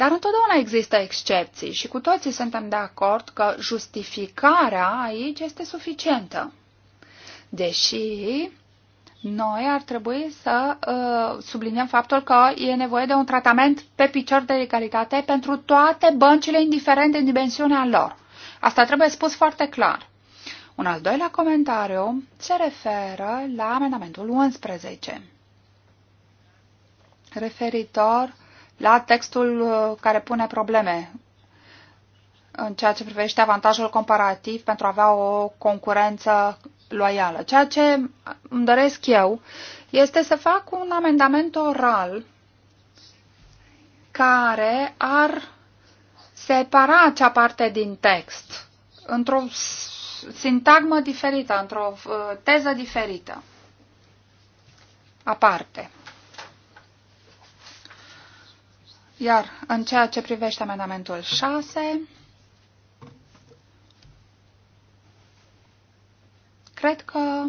dar întotdeauna există excepții și cu toții suntem de acord că justificarea aici este suficientă. Deși noi ar trebui să uh, subliniem faptul că e nevoie de un tratament pe picior de egalitate pentru toate băncile, indiferent de dimensiunea lor. Asta trebuie spus foarte clar. Un al doilea comentariu se referă la amendamentul 11, referitor uh, la textul uh, care pune probleme în ceea ce privește avantajul comparativ pentru a avea o concurență loială. Ceea ce îmi doresc eu este să fac un amendament oral care ar separa acea parte din text într-o sintagmă diferită, într-o uh, teză diferită, aparte. Iar în ceea ce privește amendamentul 6, cred că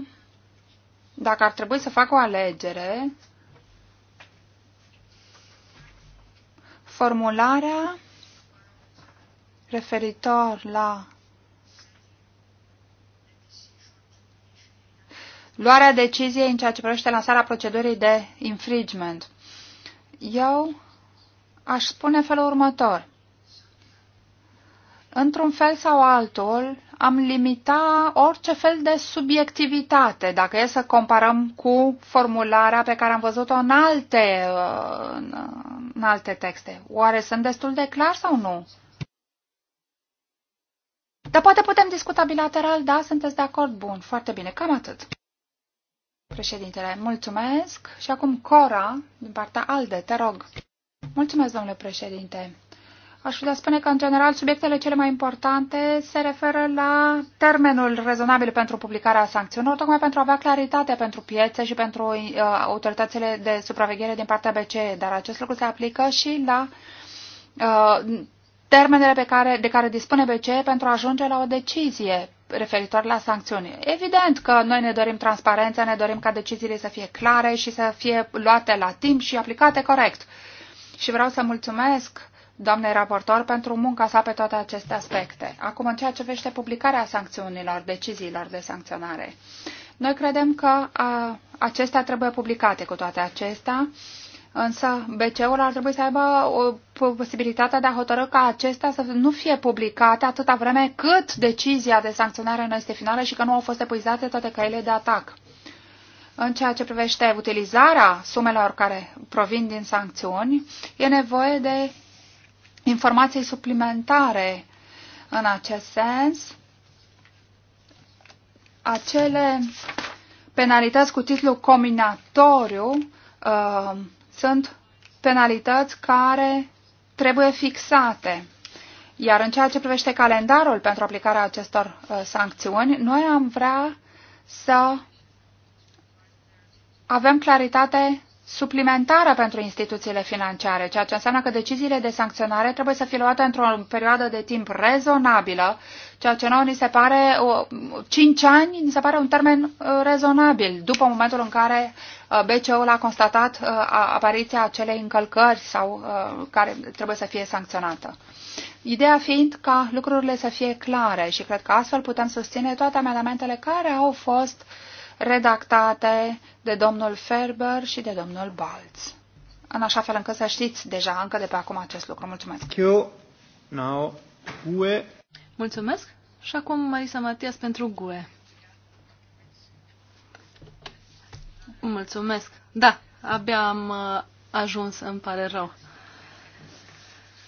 dacă ar trebui să fac o alegere, formularea referitor la luarea deciziei în ceea ce privește lansarea procedurii de infringement. Eu aș spune felul următor. Într-un fel sau altul, am limita orice fel de subiectivitate, dacă e să comparăm cu formularea pe care am văzut-o în alte, în alte texte. Oare sunt destul de clar sau nu? Dar poate putem discuta bilateral, da, sunteți de acord? Bun, foarte bine, cam atât. Președintele, mulțumesc. Și acum Cora, din partea ALDE, te rog. Mulțumesc, domnule președinte. Aș putea spune că, în general, subiectele cele mai importante se referă la termenul rezonabil pentru publicarea sancțiunilor, tocmai pentru a avea claritate pentru piețe și pentru uh, autoritățile de supraveghere din partea BCE, dar acest lucru se aplică și la uh, termenele pe care, de care dispune BCE pentru a ajunge la o decizie referitor la sancțiuni. Evident că noi ne dorim transparență, ne dorim ca deciziile să fie clare și să fie luate la timp și aplicate corect și vreau să mulțumesc doamnei raportor pentru munca sa pe toate aceste aspecte. Acum, în ceea ce vește publicarea sancțiunilor, deciziilor de sancționare, noi credem că a, acestea trebuie publicate cu toate acestea, însă BCE-ul ar trebui să aibă o posibilitatea de a hotărâ ca acestea să nu fie publicate atâta vreme cât decizia de sancționare nu este finală și că nu au fost epuizate toate căile de atac. În ceea ce privește utilizarea sumelor care provin din sancțiuni, e nevoie de informații suplimentare în acest sens. Acele penalități cu titlu combinatoriu uh, sunt penalități care trebuie fixate. Iar în ceea ce privește calendarul pentru aplicarea acestor uh, sancțiuni, noi am vrea să avem claritate suplimentară pentru instituțiile financiare, ceea ce înseamnă că deciziile de sancționare trebuie să fie luate într-o perioadă de timp rezonabilă, ceea ce nouă ni se pare, 5 ani, ni se pare un termen uh, rezonabil, după momentul în care uh, bco ul a constatat uh, apariția acelei încălcări sau care trebuie să fie sancționată. Ideea fiind ca lucrurile să fie clare și cred că astfel putem susține toate amendamentele care au fost uh, redactate de domnul Ferber și de domnul Balz. În așa fel încât să știți deja încă de pe acum acest lucru. Mulțumesc. now, Mulțumesc. Și acum Marisa Matias pentru GUE. Mulțumesc. Da, abia am uh, ajuns, îmi pare rău.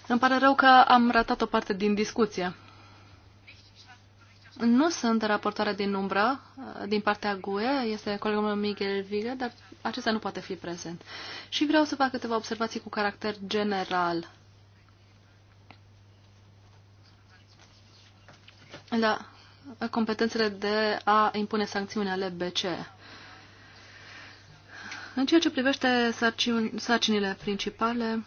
Îmi pare rău că am ratat o parte din discuție. Nu sunt raportoare din umbră, uh, din partea GUE, este colegul meu Miguel Vigă, dar acesta nu poate fi prezent. Și vreau să fac câteva observații cu caracter general. La competențele de a impune sancțiuni ale B.C. În ceea ce privește sarcinile principale,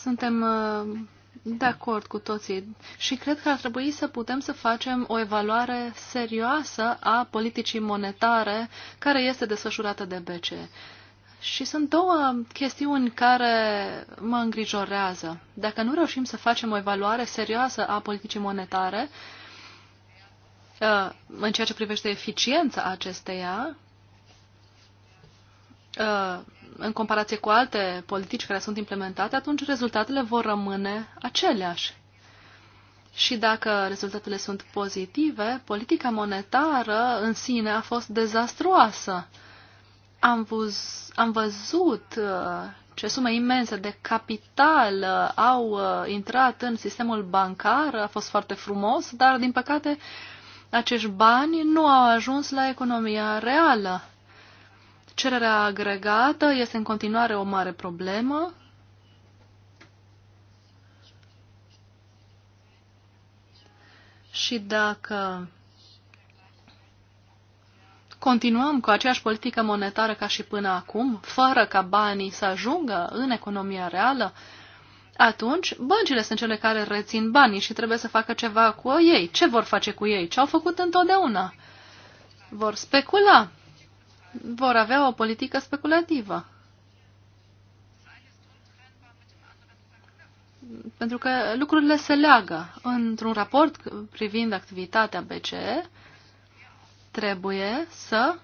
suntem uh, de acord cu toții și cred că ar trebui să putem să facem o evaluare serioasă a politicii monetare care este desfășurată de BCE. Și sunt două chestiuni care mă îngrijorează. Dacă nu reușim să facem o evaluare serioasă a politicii monetare, uh, în ceea ce privește eficiența acesteia, uh, în comparație cu alte politici care sunt implementate, atunci rezultatele vor rămâne aceleași. Și dacă rezultatele sunt pozitive, politica monetară în sine a fost dezastruoasă. Am, vuz, am văzut uh, ce sume imense de capital uh, au uh, intrat în sistemul bancar, a fost foarte frumos, dar din păcate acești bani nu au ajuns la economia reală. Cererea agregată este în continuare o mare problemă. Și dacă continuăm cu aceeași politică monetară ca și până acum, fără ca banii să ajungă în economia reală, atunci băncile sunt cele care rețin banii și trebuie să facă ceva cu ei. Ce vor face cu ei? Ce au făcut întotdeauna? Vor specula vor avea o politică speculativă. Pentru că lucrurile se leagă. Într-un raport privind activitatea BCE, trebuie să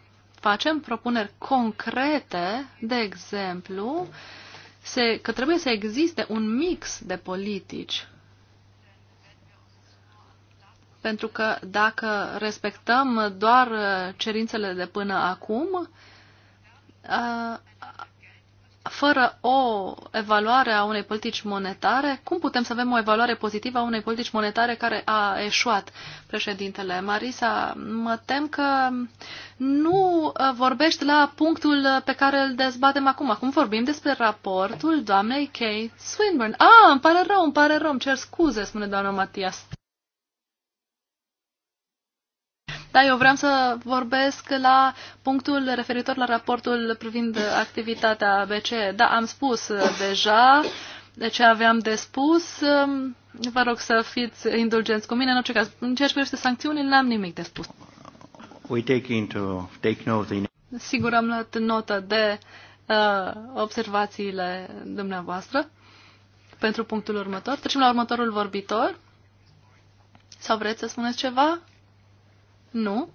facem propuneri concrete, de exemplu, se, că trebuie să existe un mix de politici pentru că dacă respectăm doar uh, cerințele de până acum, uh, fără o evaluare a unei politici monetare, cum putem să avem o evaluare pozitivă a unei politici monetare care a eșuat președintele? Marisa, mă tem că nu uh, vorbești la punctul pe care îl dezbatem acum. Acum vorbim despre raportul doamnei Kate Swinburne. Ah, îmi pare rău, îmi pare rău, îmi cer scuze, spune doamna Matias. Da, eu vreau să vorbesc la punctul referitor la raportul privind activitatea BCE. Da, am spus uh, deja ce aveam de spus. Um, vă rog să fiți indulgenți cu mine. În orice caz, în ceea ce privește sancțiunile, n-am nimic de spus. We take into, take note in... Sigur, am luat notă de uh, observațiile dumneavoastră pentru punctul următor. Trecem la următorul vorbitor. Sau vreți să spuneți ceva? Nu.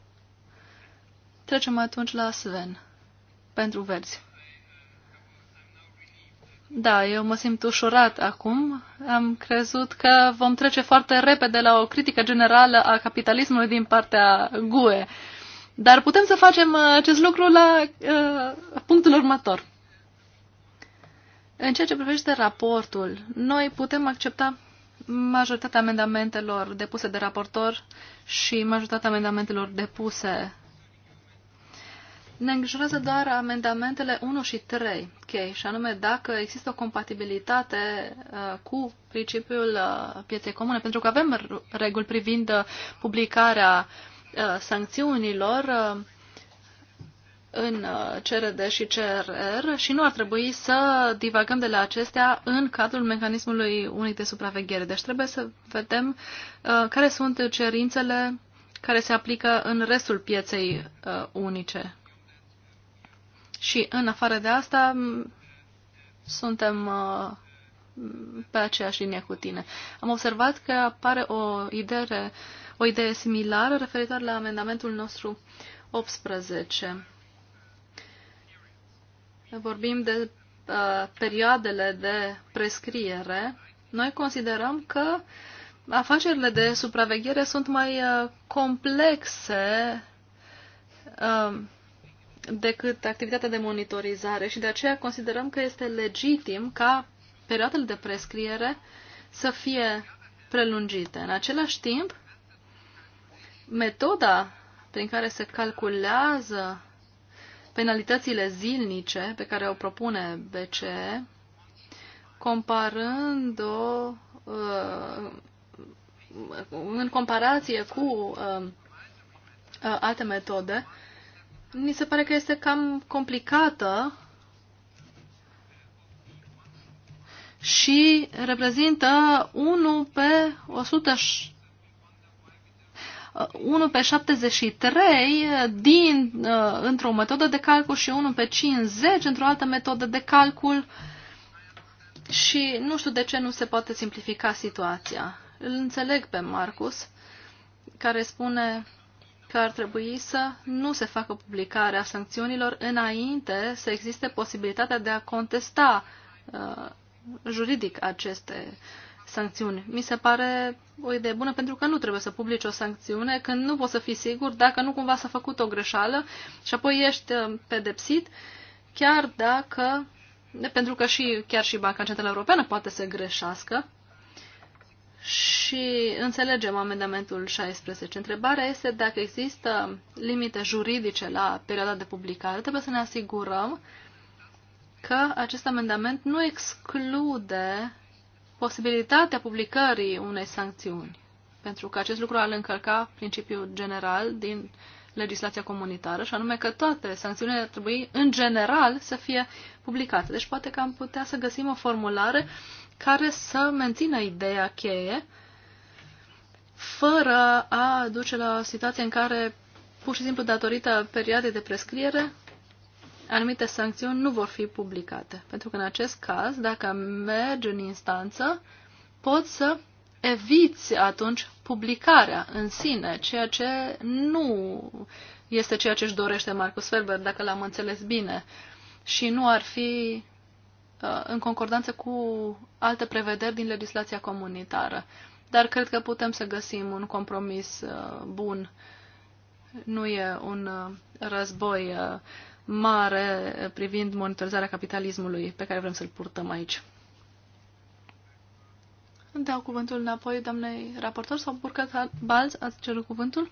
Trecem atunci la Sven. Pentru verzi. Da, eu mă simt ușurat acum. Am crezut că vom trece foarte repede la o critică generală a capitalismului din partea GUE. Dar putem să facem uh, acest lucru la uh, punctul următor. În ceea ce privește raportul, noi putem accepta majoritatea amendamentelor depuse de raportor și majoritatea amendamentelor depuse. Ne îngrijorează doar amendamentele 1 și 3, okay, și anume dacă există o compatibilitate uh, cu principiul uh, pieței comune, pentru că avem reguli privind uh, publicarea uh, sancțiunilor. Uh, în uh, CRD și CRR și nu ar trebui să divagăm de la acestea în cadrul mecanismului unic de supraveghere. Deci trebuie să vedem uh, care sunt cerințele care se aplică în restul pieței uh, unice. Și în afară de asta suntem pe aceeași linie cu tine. Am observat că apare o idee, o idee similară referitor la amendamentul nostru 18 vorbim de uh, perioadele de prescriere, noi considerăm că afacerile de supraveghere sunt mai uh, complexe uh, decât activitatea de monitorizare și de aceea considerăm că este legitim ca perioadele de prescriere să fie prelungite. În același timp, metoda prin care se calculează penalitățile zilnice pe care o propune BCE, comparând-o uh, în comparație cu uh, uh, alte metode, mi se pare că este cam complicată și reprezintă 1 pe 100 1 uh, pe 73 uh, din, uh, într-o metodă de calcul și 1 pe 50 într-o altă metodă de calcul și nu știu de ce nu se poate simplifica situația. Îl înțeleg pe Marcus, care spune că ar trebui să nu se facă publicarea sancțiunilor înainte să existe posibilitatea de a contesta uh, juridic aceste sancțiuni. Mi se pare o idee bună pentru că nu trebuie să publici o sancțiune când nu poți să fii sigur dacă nu cumva s-a făcut o greșeală și apoi ești uh, pedepsit chiar dacă, pentru că și, chiar și Banca Centrală Europeană poate să greșească și înțelegem amendamentul 16. Întrebarea este dacă există limite juridice la perioada de publicare. Trebuie să ne asigurăm că acest amendament nu exclude posibilitatea publicării unei sancțiuni, pentru că acest lucru ar încălca principiul general din legislația comunitară, și anume că toate sancțiunile ar trebui, în general, să fie publicate. Deci poate că am putea să găsim o formulare care să mențină ideea cheie, fără a duce la o situație în care, pur și simplu datorită perioadei de prescriere, anumite sancțiuni nu vor fi publicate. Pentru că în acest caz, dacă mergi în instanță, poți să eviți atunci publicarea în sine, ceea ce nu este ceea ce își dorește Marcus Felber, dacă l-am înțeles bine, și nu ar fi uh, în concordanță cu alte prevederi din legislația comunitară. Dar cred că putem să găsim un compromis uh, bun. Nu e un uh, război mare privind monitorizarea capitalismului pe care vrem să-l purtăm aici. Dau cuvântul înapoi doamnei raportor sau Burcat Balz, ați cerut cuvântul?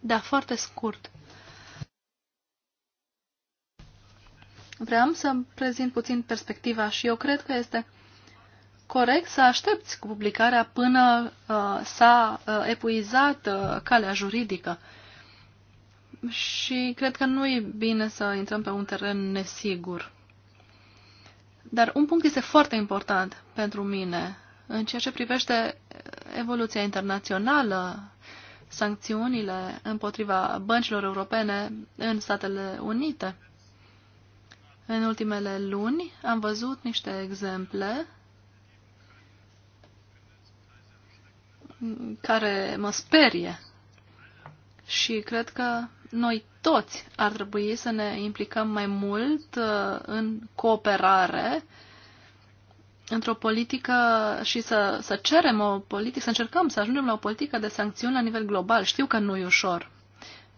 Da, foarte scurt. Vreau să prezint puțin perspectiva și eu cred că este corect să aștepți cu publicarea până uh, s-a uh, epuizat uh, calea juridică. Uh, și cred că nu e bine să intrăm pe un teren nesigur. Dar un punct este foarte important pentru mine în ceea ce privește evoluția internațională, sancțiunile împotriva băncilor europene în Statele Unite. În ultimele luni am văzut niște exemple care mă sperie și cred că noi toți ar trebui să ne implicăm mai mult uh, în cooperare într-o politică și să, să cerem o politică, să încercăm să ajungem la o politică de sancțiuni la nivel global. Știu că nu e ușor.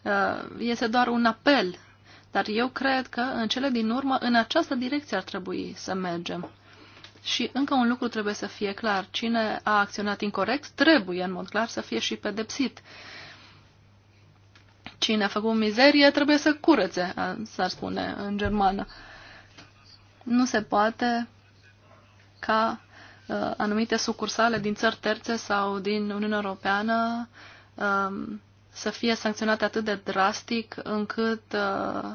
Uh, este doar un apel, dar eu cred că în cele din urmă în această direcție ar trebui să mergem. Și încă un lucru trebuie să fie clar. Cine a acționat incorrect trebuie în mod clar să fie și pedepsit. Uh, Cine a făcut mizerie trebuie să curățe, s-ar spune în germană. Nu se poate ca uh, anumite sucursale din țări terțe sau din Uniunea Europeană uh, să fie sancționate atât de drastic încât uh,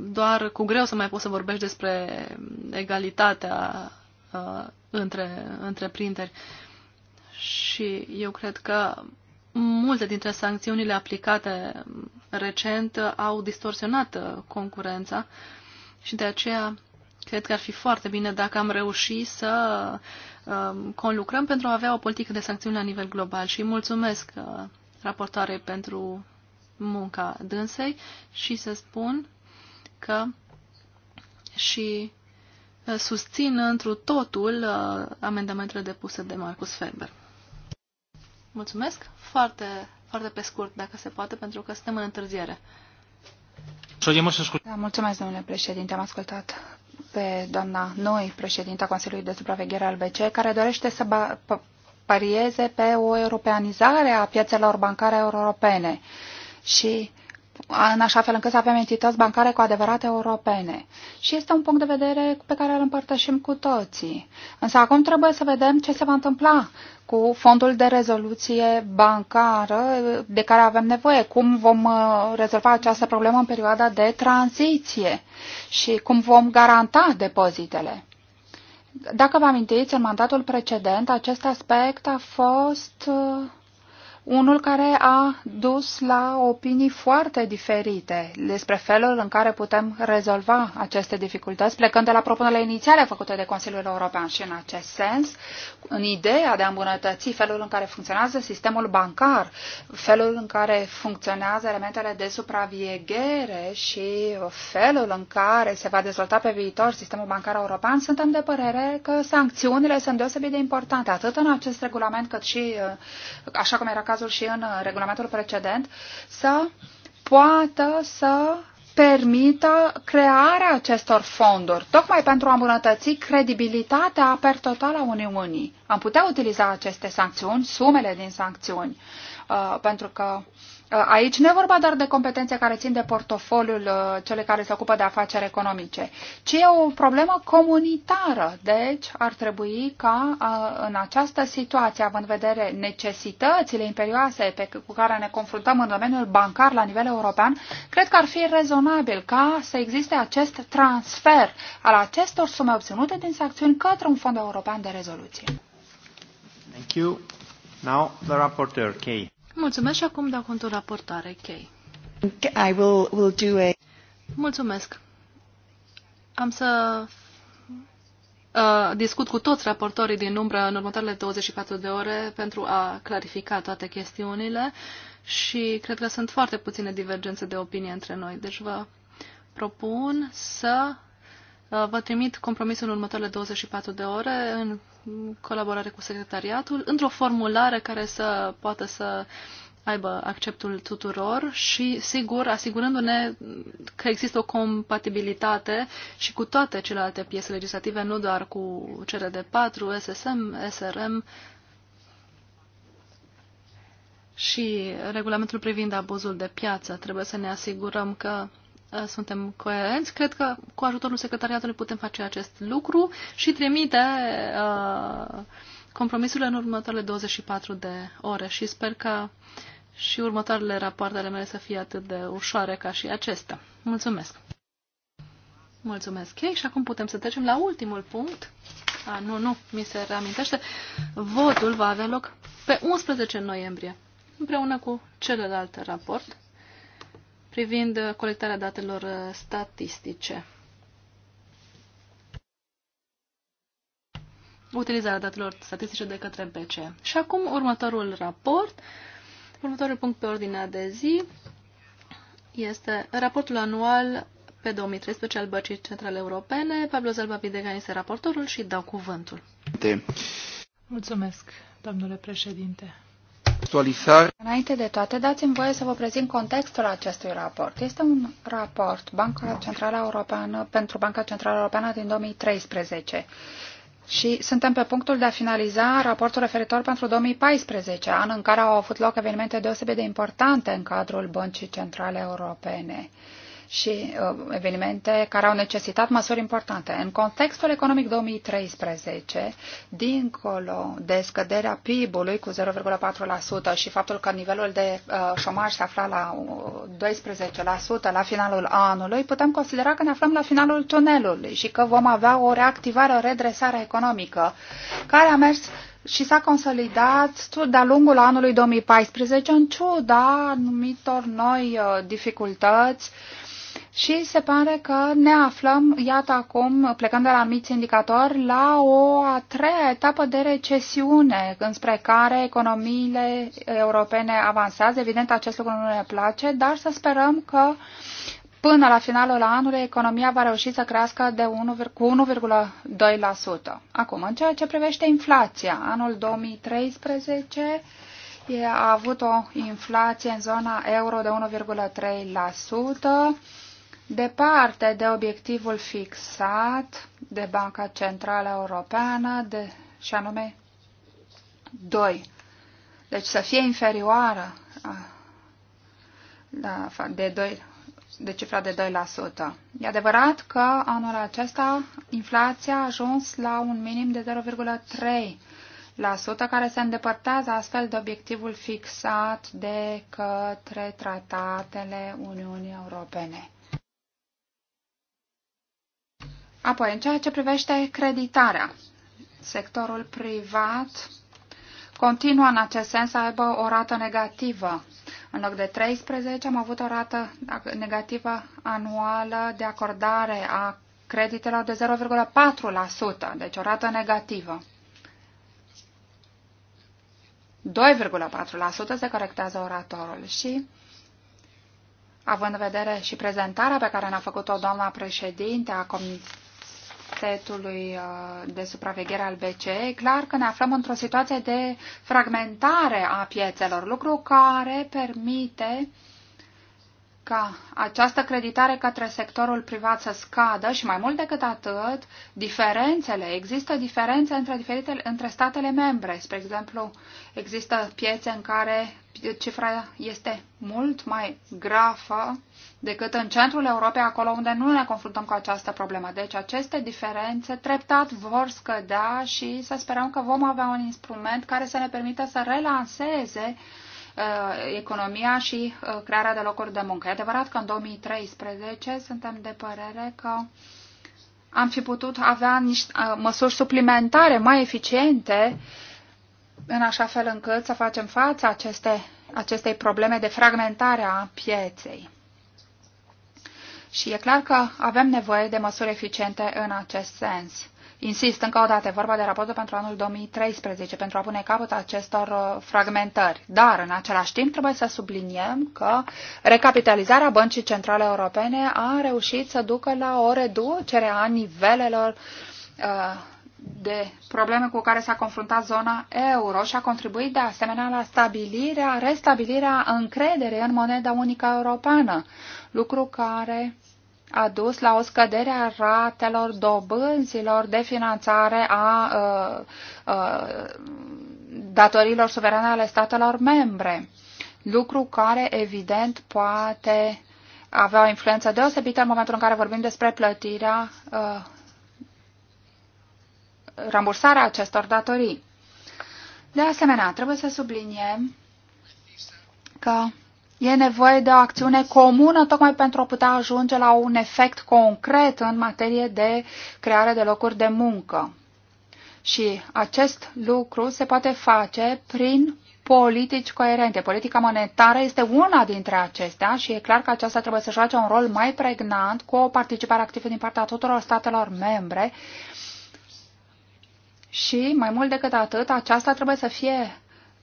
doar cu greu să mai poți să vorbești despre egalitatea uh, între întreprinderi. Și eu cred că multe dintre sancțiunile aplicate recent au distorsionat uh, concurența și de aceea cred că ar fi foarte bine dacă am reușit să uh, conlucrăm pentru a avea o politică de sancțiuni la nivel global. Și mulțumesc uh, raportoare pentru munca dânsei și să spun că și susțin întru totul amendamentele depuse de Marcus Ferber. Mulțumesc. Foarte, foarte pe scurt, dacă se poate, pentru că suntem în întârziere. Da, mulțumesc, domnule președinte. Am ascultat pe doamna Noi, președinta Consiliului de Supraveghere al BC, care dorește să parieze pe o europeanizare a piațelor bancare europene. Și în așa fel încât să avem entități bancare cu adevărat europene. Și este un punct de vedere pe care îl împărtășim cu toții. Însă acum trebuie să vedem ce se va întâmpla cu fondul de rezoluție bancară de care avem nevoie, cum vom uh, rezolva această problemă în perioada de tranziție și cum vom garanta depozitele. Dacă vă amintiți, în mandatul precedent, acest aspect a fost uh, unul care a dus la opinii foarte diferite despre felul în care putem rezolva aceste dificultăți, plecând de la propunerile inițiale făcute de Consiliul European și în acest sens, în ideea de a îmbunătăți felul în care funcționează sistemul bancar, felul în care funcționează elementele de supraveghere și felul în care se va dezvolta pe viitor sistemul bancar european, suntem de părere că sancțiunile sunt deosebit de importante, atât în acest regulament cât și, uh, așa cum era cazul și în uh, regulamentul precedent, să poată să permită crearea acestor fonduri, tocmai pentru a îmbunătăți credibilitatea per total a Uniunii. Am putea utiliza aceste sancțiuni, sumele din sancțiuni, uh, pentru că Uh, aici nu e vorba doar de competențe care țin de portofoliul uh, celor care se ocupă de afaceri economice, ci e o problemă comunitară. Deci ar trebui ca uh, în această situație, având în vedere necesitățile imperioase pe, cu care ne confruntăm în domeniul bancar la nivel european, cred că ar fi rezonabil ca să existe acest transfer al acestor sume obținute din sancțiuni către un fond european de rezoluție. Thank you. Now the rapporteur, Kay. Mulțumesc și acum dau contul raportare, Okay. I will, will do a... Mulțumesc. Am să uh, discut cu toți raportorii din umbră în următoarele 24 de ore pentru a clarifica toate chestiunile și cred că sunt foarte puține divergențe de opinie între noi. Deci vă propun să uh, Vă trimit compromisul în următoarele 24 de ore în colaborare cu secretariatul, într-o formulare care să poată să aibă acceptul tuturor și, sigur, asigurându-ne că există o compatibilitate și cu toate celelalte piese legislative, nu doar cu CRD4, SSM, SRM și regulamentul privind abuzul de piață. Trebuie să ne asigurăm că Uh, suntem coerenți. Cred că cu ajutorul secretariatului putem face acest lucru și trimite uh, compromisurile în următoarele 24 de ore și sper că și următoarele rapoartele mele să fie atât de ușoare ca și acestea. Mulțumesc! Mulțumesc ei și acum putem să trecem la ultimul punct. A, nu, nu, mi se reamintește. Votul va avea loc pe 11 noiembrie, împreună cu celălalt raport privind uh, colectarea datelor uh, statistice. Utilizarea datelor statistice de către BC. Și acum următorul raport, următorul punct pe ordinea de zi este raportul anual pe 2013 al Băcii Centrale Europene. Pablo Zalba Videgan este raportorul și dau cuvântul. De. Mulțumesc, domnule președinte contextualizar. Înainte de toate, dați-mi voie să vă prezint contextul acestui raport. Este un raport Banca Centrală Europeană, pentru Banca Centrală Europeană din 2013 și suntem pe punctul de a finaliza raportul referitor pentru 2014, an în care au avut loc evenimente deosebit de importante în cadrul Băncii Centrale Europene. Uh, și uh, evenimente care au necesitat măsuri importante. În contextul economic 2013, dincolo de scăderea PIB-ului cu 0,4% și faptul că nivelul de uh, șomaj se afla la 12% uh, la finalul anului, putem considera că ne aflăm la finalul tunelului și că vom avea o reactivare, o redresare economică care a mers și s-a consolidat de-a lungul anului 2014 în ciuda anumitor noi uh, dificultăți uh, și se pare că ne aflăm, iată acum, plecând de la mici indicatori, la o a treia etapă de recesiune, înspre care economiile europene avansează. Evident, acest lucru nu ne place, dar să sperăm că până la finalul anului economia va reuși să crească de 1, cu 1,2%. Acum, în ceea ce privește inflația, anul 2013 a avut o inflație în zona euro de 1,3%, departe de obiectivul fixat de Banca Centrală Europeană, de, și anume 2. Deci să fie inferioară la, da, de 2, de cifra de 2%. E adevărat că anul acesta inflația a ajuns la un minim de 0,3%, care se îndepărtează astfel de obiectivul fixat de către tratatele Uniunii Europene. Apoi, în ceea ce privește creditarea, sectorul privat continuă în acest sens să aibă o rată negativă. În loc de 13 am avut o rată negativă anuală de acordare a creditelor de 0,4%, deci o rată negativă. 2,4% se corectează oratorul și, având în vedere și prezentarea pe care ne-a făcut-o doamna președinte a Comisiei, setului uh, de Supraveghere al BCE, clar că ne aflăm într-o situație de fragmentare a piețelor, lucru care permite uh, ca această creditare către sectorul privat să scadă și mai mult decât atât, diferențele, există diferențe între, diferite, între statele membre. Spre exemplu, există piețe în care cifra este mult mai grafă decât în centrul Europei, acolo unde nu ne confruntăm cu această problemă. Deci aceste diferențe treptat vor scădea și să sperăm că vom avea un instrument care să ne permită să relanseze uh, Uh, economia și uh, crearea de locuri de muncă. E adevărat că în 2013 suntem de părere că am fi putut avea niște uh, măsuri suplimentare mai eficiente în așa fel încât să facem față aceste, acestei probleme de fragmentare a pieței. Și e clar că avem nevoie de măsuri eficiente în acest sens. Insist încă o dată, e vorba de raportul pentru anul 2013, pentru a pune capăt acestor uh, fragmentări. Dar, în același timp, trebuie să subliniem că recapitalizarea Băncii Centrale Europene a reușit să ducă la o reducere a nivelelor uh, de probleme cu care s-a confruntat zona euro și a contribuit de asemenea la stabilirea, restabilirea încrederii în moneda unică europeană, lucru care a dus la o scădere a ratelor dobânzilor de finanțare a uh, uh, datorilor suverane ale statelor membre, lucru care, evident, poate avea o influență deosebită în momentul în care vorbim despre plătirea, uh, rambursarea acestor datorii. De asemenea, trebuie să subliniem că E nevoie de o acțiune comună tocmai pentru a putea ajunge la un efect concret în materie de creare de locuri de muncă. Și acest lucru se poate face prin politici coerente. Politica monetară este una dintre acestea și e clar că aceasta trebuie să joace un rol mai pregnant cu o participare activă din partea tuturor statelor membre. Și mai mult decât atât, aceasta trebuie să fie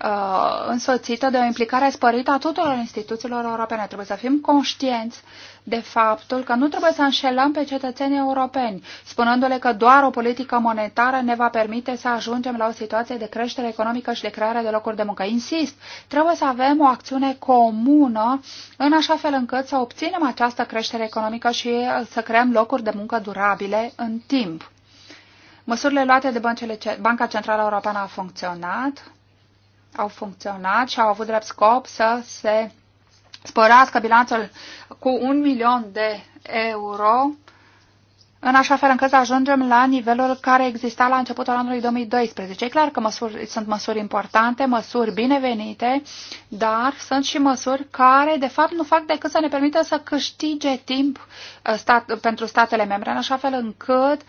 uh, însoțită de o implicare spărită a tuturor instituțiilor europene. Trebuie să fim conștienți de faptul că nu trebuie să înșelăm pe cetățenii europeni, spunându-le că doar o politică monetară ne va permite să ajungem la o situație de creștere economică și de creare de locuri de muncă. Insist, trebuie să avem o acțiune comună în așa fel încât să obținem această creștere economică și uh, să creăm locuri de muncă durabile în timp. Măsurile luate de Banca Centrală Europeană au funcționat, au funcționat și au avut drept scop să se sporească bilanțul cu un milion de euro, în așa fel încât să ajungem la nivelul care exista la începutul anului 2012. E clar că măsuri, sunt măsuri importante, măsuri binevenite, dar sunt și măsuri care, de fapt, nu fac decât să ne permită să câștige timp ă, stat, pentru statele membre, în așa fel încât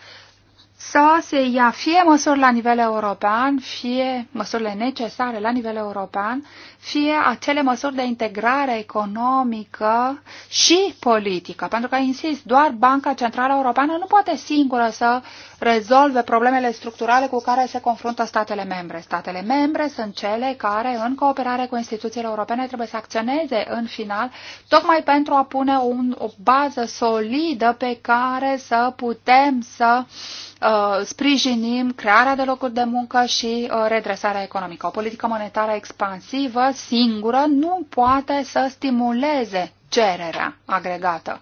să se ia fie măsuri la nivel european, fie măsurile necesare la nivel european, fie acele măsuri de integrare economică și politică. Pentru că, insist, doar Banca Centrală Europeană nu poate singură să rezolve problemele structurale cu care se confruntă statele membre. Statele membre sunt cele care, în cooperare cu instituțiile europene, trebuie să acționeze în final, tocmai pentru a pune un, o bază solidă pe care să putem să uh, Uh, sprijinim crearea de locuri de muncă și uh, redresarea economică. O politică monetară expansivă singură nu poate să stimuleze cererea agregată.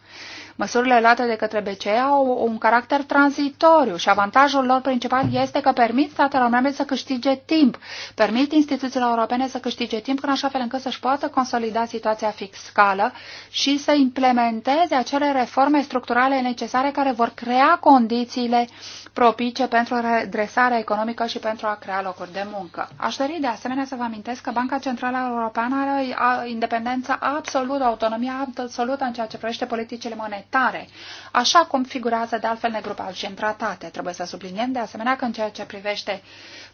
Măsurile luate de către BCE au un caracter tranzitoriu și avantajul lor principal este că permit statelor membre să câștige timp, permit instituțiilor europene să câștige timp în așa fel încât să-și poată consolida situația fiscală și să implementeze acele reforme structurale necesare care vor crea condițiile propice pentru redresarea economică și pentru a crea locuri de muncă. Aș dori de asemenea să vă amintesc că Banca Centrală Europeană are independența absolută, autonomia absolută în ceea ce privește politicile monetare, așa cum figurează de altfel negrupal și în tratate. Trebuie să subliniem de asemenea că în ceea ce privește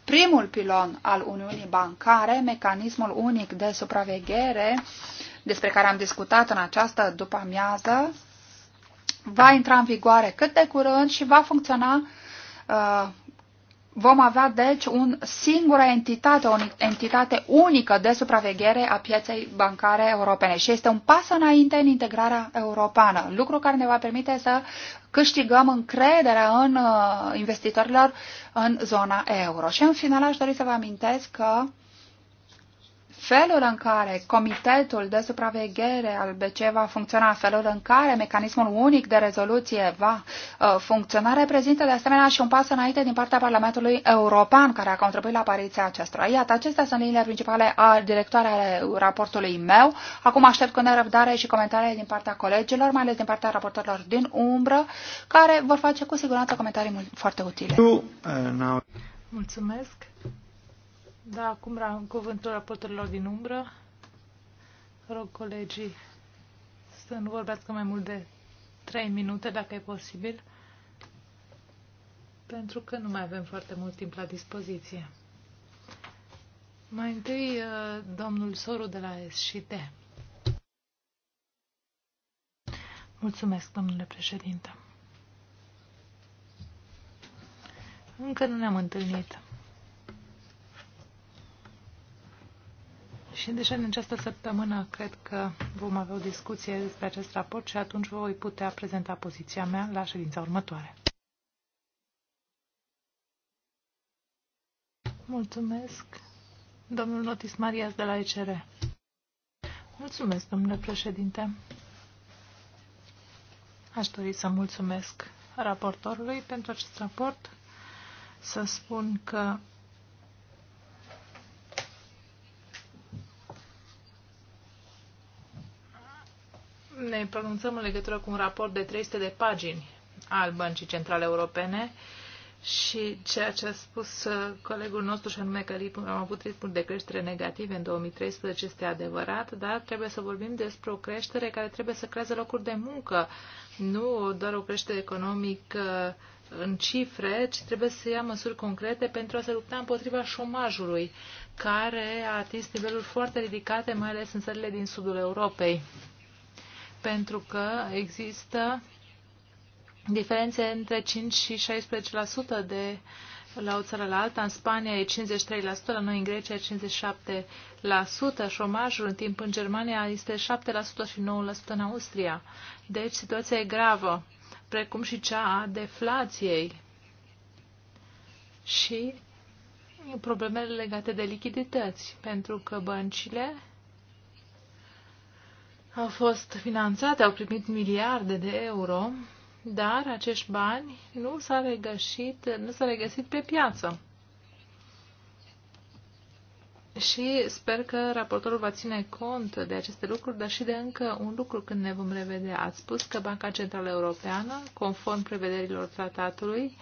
primul pilon al Uniunii Bancare, mecanismul unic de supraveghere, despre care am discutat în această după amiază, va intra în vigoare cât de curând și va funcționa Uh, vom avea, deci, un singură entitate, o entitate unică de supraveghere a pieței bancare europene și este un pas înainte în integrarea europeană, lucru care ne va permite să câștigăm încrederea în uh, investitorilor în zona euro. Și în final aș dori să vă amintesc că felul în care Comitetul de Supraveghere al BC va funcționa, felul în care mecanismul unic de rezoluție va uh, funcționa, reprezintă de asemenea și un pas înainte din partea Parlamentului European, care a contribuit la apariția acestora. Iată, acestea sunt liniile principale a directoare ale raportului meu. Acum aștept cu nerăbdare și comentarii din partea colegilor, mai ales din partea raportorilor din umbră, care vor face cu siguranță comentarii foarte utile. Uh, Mulțumesc. Da, acum cuvântul raportorilor din umbră. Rog colegii să nu vorbească mai mult de 3 minute, dacă e posibil, pentru că nu mai avem foarte mult timp la dispoziție. Mai întâi, uh, domnul Soru de la SCT. Mulțumesc, domnule președinte. Încă nu ne-am întâlnit. Și deja în această săptămână cred că vom avea o discuție despre acest raport și atunci voi putea prezenta poziția mea la ședința următoare. Mulțumesc. Domnul Notis Marias de la ECR. Mulțumesc, domnule președinte. Aș dori să mulțumesc raportorului pentru acest raport, să spun că ne pronunțăm în legătură cu un raport de 300 de pagini al Băncii Centrale Europene și ceea ce a spus uh, colegul nostru, și anume că am avut ritmuri de creștere negative în 2013, este adevărat, dar trebuie să vorbim despre o creștere care trebuie să creeze locuri de muncă, nu doar o creștere economică uh, în cifre, ci trebuie să ia măsuri concrete pentru a se lupta împotriva șomajului, care a atins niveluri foarte ridicate, mai ales în țările din sudul Europei pentru că există diferențe între 5 și 16% de la o țară la alta. În Spania e 53%, la noi în Grecia e 57%, șomajul în timp în Germania este 7% și 9% în Austria. Deci situația e gravă, precum și cea a deflației și problemele legate de lichidități, pentru că băncile au fost finanțate, au primit miliarde de euro, dar acești bani nu s-au regăsit, nu s-au regăsit pe piață. Și sper că raportorul va ține cont de aceste lucruri, dar și de încă un lucru când ne vom revedea. Ați spus că Banca Centrală Europeană, conform prevederilor tratatului,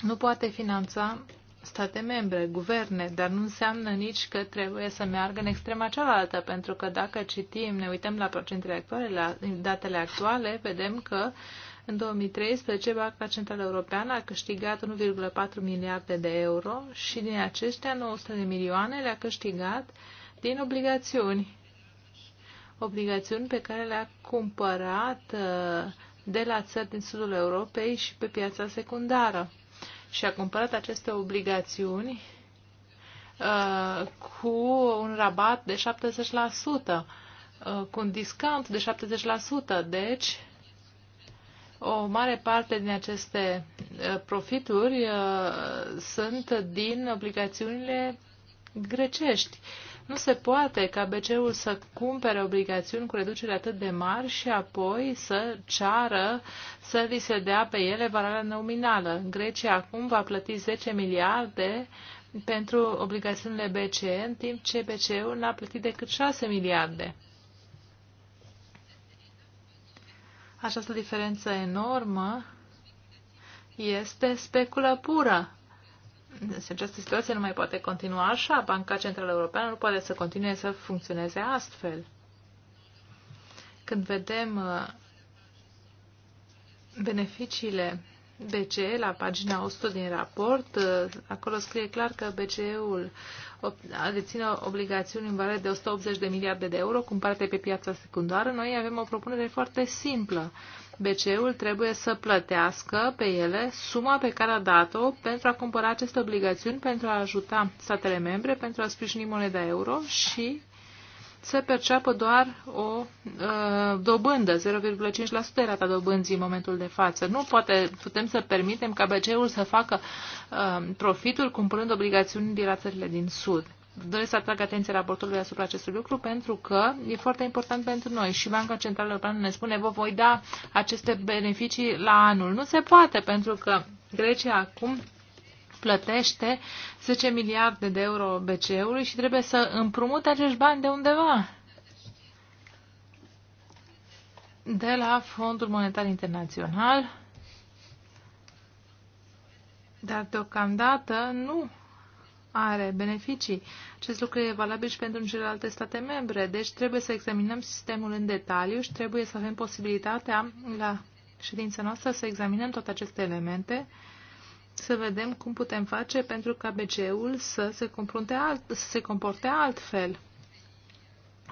nu poate finanța state membre, guverne, dar nu înseamnă nici că trebuie să meargă în extrema cealaltă, pentru că dacă citim, ne uităm la procentele actuale, la datele actuale, vedem că în 2013 Banca Centrală Europeană a câștigat 1,4 miliarde de euro și din aceștia 900 de milioane le-a câștigat din obligațiuni. Obligațiuni pe care le-a cumpărat uh, de la țări din sudul Europei și pe piața secundară și a cumpărat aceste obligațiuni uh, cu un rabat de 70%, uh, cu un discount de 70%. Deci, o mare parte din aceste uh, profituri uh, sunt din obligațiunile grecești. Uh, nu se poate ca BCE-ul să cumpere obligațiuni cu reducere atât de mari și apoi să ceară să li se dea pe ele valoarea nominală. Grecia acum va plăti 10 miliarde pentru obligațiunile BCE, în timp ce BCE-ul n-a plătit decât 6 miliarde. Această diferență enormă este speculă pură Însă deci această situație nu mai poate continua așa. Banca Centrală Europeană nu poate să continue să funcționeze astfel. Când vedem uh, beneficiile BCE la pagina 100 din raport, uh, acolo scrie clar că BCE-ul deține obligațiuni în valoare de 180 de miliarde de euro cumpărate pe piața secundară. Noi avem o propunere foarte simplă. BCE-ul trebuie să plătească pe ele suma pe care a dat-o pentru a cumpăra aceste obligațiuni, pentru a ajuta statele membre, pentru a sprijini moneda euro și se perceapă doar o uh, dobândă, 0,5% rata dobânzii în momentul de față. Nu poate, putem să permitem ca BCE-ul să facă uh, profitul cumpărând obligațiuni din țările din Sud doresc să atrag atenția raportului asupra acestui lucru pentru că e foarte important pentru noi și Banca Centrală Europeană ne spune vă voi da aceste beneficii la anul. Nu se poate pentru că Grecia acum plătește 10 miliarde de euro BCE-ului și trebuie să împrumute acești bani de undeva. De la Fondul Monetar Internațional, dar deocamdată nu are beneficii. Acest lucru e valabil și pentru celelalte state membre, deci trebuie să examinăm sistemul în detaliu și trebuie să avem posibilitatea la ședința noastră să examinăm toate aceste elemente, să vedem cum putem face pentru ca BCE-ul să alt, să se comporte altfel,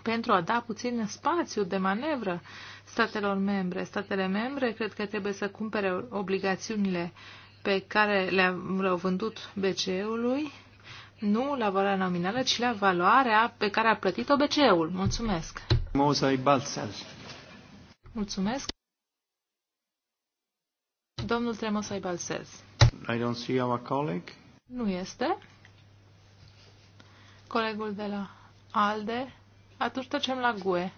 pentru a da puțin spațiu de manevră statelor membre. Statele membre cred că trebuie să cumpere obligațiunile pe care le-au vândut BCE-ului nu la valoarea nominală, ci la valoarea pe care a plătit obc ul Mulțumesc. Mozai Balțel. Mulțumesc. Domnul Tremosai Balsez. I don't see our colleague. Nu este. Colegul de la ALDE. Atunci trecem la GUE.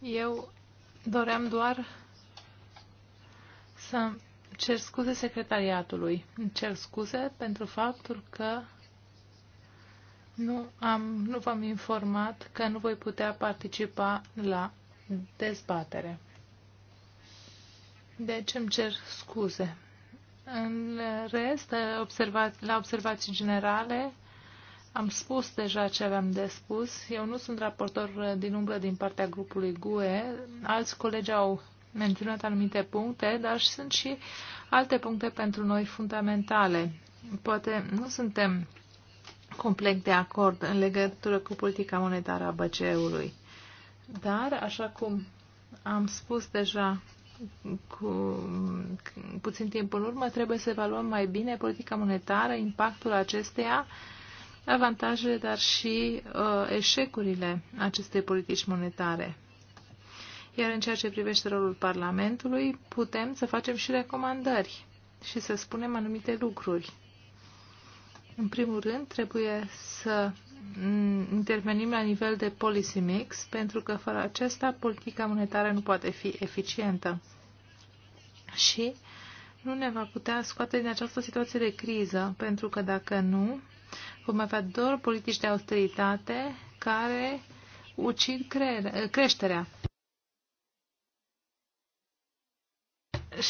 Eu Doream doar să cer scuze secretariatului. cer scuze pentru faptul că nu, am, nu v-am informat că nu voi putea participa la dezbatere. Deci îmi cer scuze. În rest, observa la observații generale, am spus deja ce aveam de spus. Eu nu sunt raportor din umbră din partea grupului GUE. Alți colegi au menționat anumite puncte, dar sunt și alte puncte pentru noi fundamentale. Poate nu suntem complet de acord în legătură cu politica monetară a BCE-ului. Dar, așa cum am spus deja cu puțin timp în urmă, trebuie să evaluăm mai bine politica monetară, impactul acesteia avantajele, dar și uh, eșecurile acestei politici monetare. Iar în ceea ce privește rolul Parlamentului, putem să facem și recomandări și să spunem anumite lucruri. În primul rând, trebuie să mm, intervenim la nivel de policy mix, pentru că fără acesta politica monetară nu poate fi eficientă. Și nu ne va putea scoate din această situație de criză, pentru că dacă nu, Vom avea doar politici de austeritate care ucid creșterea.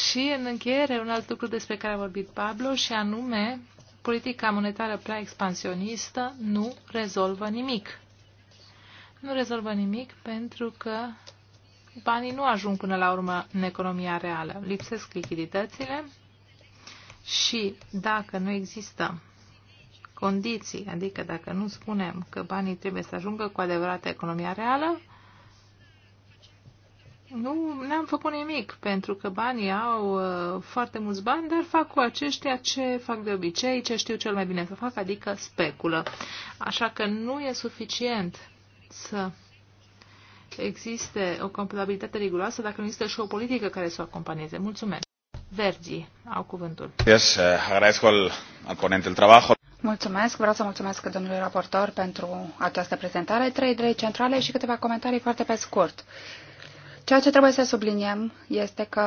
Și în încheiere, un alt lucru despre care a vorbit Pablo, și anume, politica monetară prea expansionistă nu rezolvă nimic. Nu rezolvă nimic pentru că banii nu ajung până la urmă în economia reală. Lipsesc lichiditățile și dacă nu există condiții, adică dacă nu spunem că banii trebuie să ajungă cu adevărat economia reală, nu ne-am făcut nimic, pentru că banii au uh, foarte mulți bani, dar fac cu aceștia ce fac de obicei, ce știu cel mai bine să fac, adică speculă. Așa că nu e suficient să existe o compatibilitate riguroasă dacă nu există și o politică care să o acompanieze. Mulțumesc. Verzi au cuvântul. Yes, uh, al, al ponente el trabajo. Mulțumesc, vreau să mulțumesc domnului raportor pentru această prezentare. Trei idei centrale și câteva comentarii foarte pe scurt. Uh, Ceea ce trebuie să subliniem este că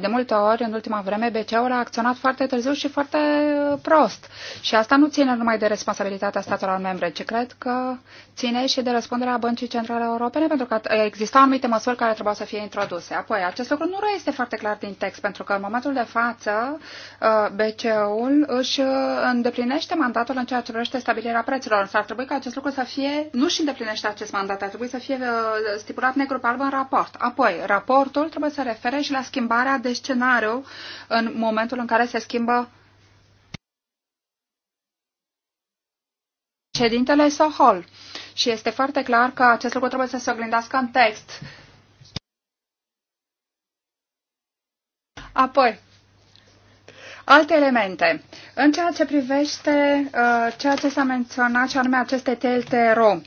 de multe ori în ultima vreme BCE-ul a acționat foarte târziu și foarte prost. Și asta nu ține numai de responsabilitatea statelor membre, ci cred că ține și de răspunderea Băncii Centrale Europene, pentru că existau anumite măsuri care trebuiau să fie introduse. Apoi, acest lucru nu este foarte clar din text, pentru că în momentul de față BCE-ul își îndeplinește mandatul în ceea ce privește stabilirea prețurilor. Însă ar trebui ca acest lucru să fie, nu și îndeplinește acest mandat, ar trebui să fie stipulat negru pe alb în raport raport. Apoi, raportul trebuie să refere și la schimbarea de scenariu în momentul în care se schimbă ședintele Sohol. Și este foarte clar că acest lucru trebuie să se oglindească în text. Apoi, Alte elemente. În ceea ce privește uh, ceea ce s-a menționat și anume aceste TLTRO, uh,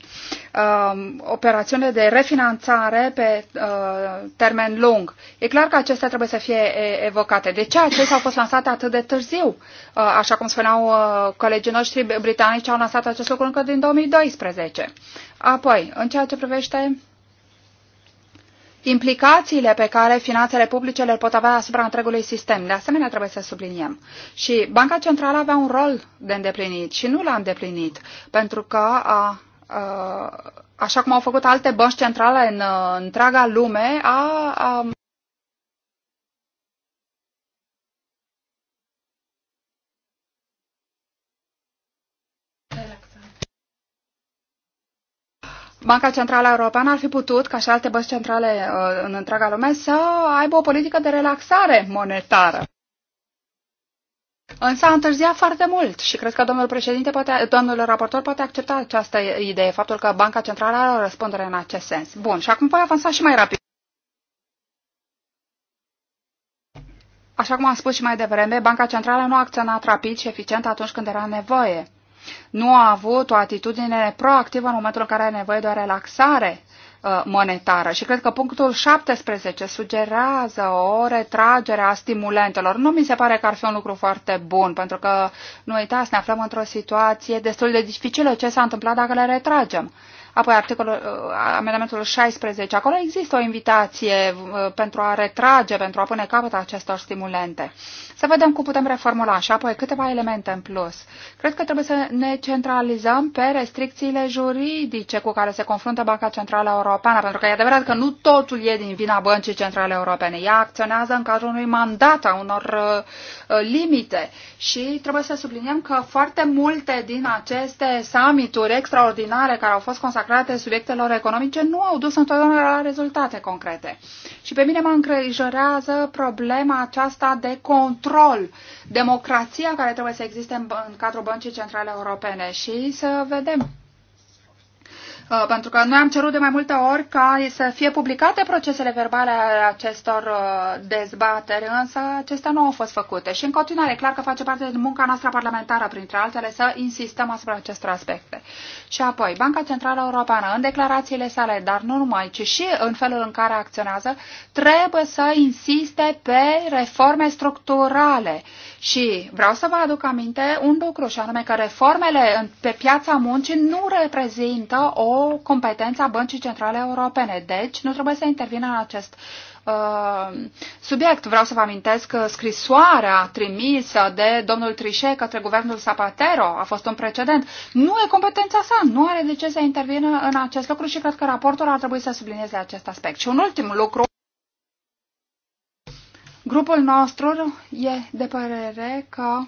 um, operațiune de refinanțare pe uh, termen lung, e clar că acestea trebuie să fie evocate. De ce acestea au fost lansate atât de târziu? Uh, așa cum spuneau uh, colegii noștri britanici, au lansat acest lucru încă din 2012. Apoi, în ceea ce privește implicațiile pe care finanțele publice le pot avea asupra întregului sistem. De asemenea, trebuie să subliniem. Și Banca Centrală avea un rol de îndeplinit și nu l-a îndeplinit, pentru că a, a, așa cum au făcut alte bănci centrale în uh, întreaga lume, a, a Banca Centrală Europeană ar fi putut, ca și alte bănci centrale uh, în întreaga lume, să aibă o politică de relaxare monetară. Însă a întârziat foarte mult și cred că domnul președinte, poate, domnul raportor poate accepta această idee, faptul că Banca Centrală are o răspundere în acest sens. Bun, și acum voi avansa și mai rapid. Așa cum am spus și mai devreme, Banca Centrală nu a acționat rapid și eficient atunci când era nevoie nu a avut o atitudine proactivă în momentul în care are nevoie de o relaxare uh, monetară. Și cred că punctul 17 sugerează o retragere a stimulentelor. Nu mi se pare că ar fi un lucru foarte bun, pentru că, nu uitați, ne aflăm într-o situație destul de dificilă ce s-a întâmplat dacă le retragem. Apoi articolul, uh, amendamentul 16, acolo există o invitație uh, pentru a retrage, pentru a pune capăt acestor stimulente. Să vedem cum putem reformula și apoi câteva elemente în plus. Cred că trebuie să ne centralizăm pe restricțiile juridice cu care se confruntă Banca Centrală Europeană, pentru că e adevărat că nu totul e din vina Băncii Centrale Europene. Ea acționează în cadrul unui mandat, a unor uh, limite și trebuie să subliniem că foarte multe din aceste summituri extraordinare care au fost consacrate subiectelor economice nu au dus întotdeauna la rezultate concrete. Și pe mine mă îngrijorează problema aceasta de control control, democrația care trebuie să existe în cadrul Băncii Centrale Europene și să vedem Uh, pentru că noi am cerut de mai multe ori ca să fie publicate procesele verbale ale acestor uh, dezbateri, însă acestea nu au fost făcute. Și în continuare, clar că face parte din munca noastră parlamentară, printre altele, să insistăm asupra acestor aspecte. Și apoi, Banca Centrală Europeană, în declarațiile sale, dar nu numai, ci și în felul în care acționează, trebuie să insiste pe reforme structurale și vreau să vă aduc aminte un lucru, și anume că reformele pe piața muncii nu reprezintă o competență a Băncii Centrale Europene. Deci, nu trebuie să intervină în acest uh, subiect. Vreau să vă amintesc că scrisoarea trimisă de domnul Trichet către guvernul Zapatero a fost un precedent. Nu e competența sa, nu are de ce să intervină în acest lucru și cred că raportul ar trebui să sublinieze acest aspect. Și un ultim lucru. Grupul nostru e de părere că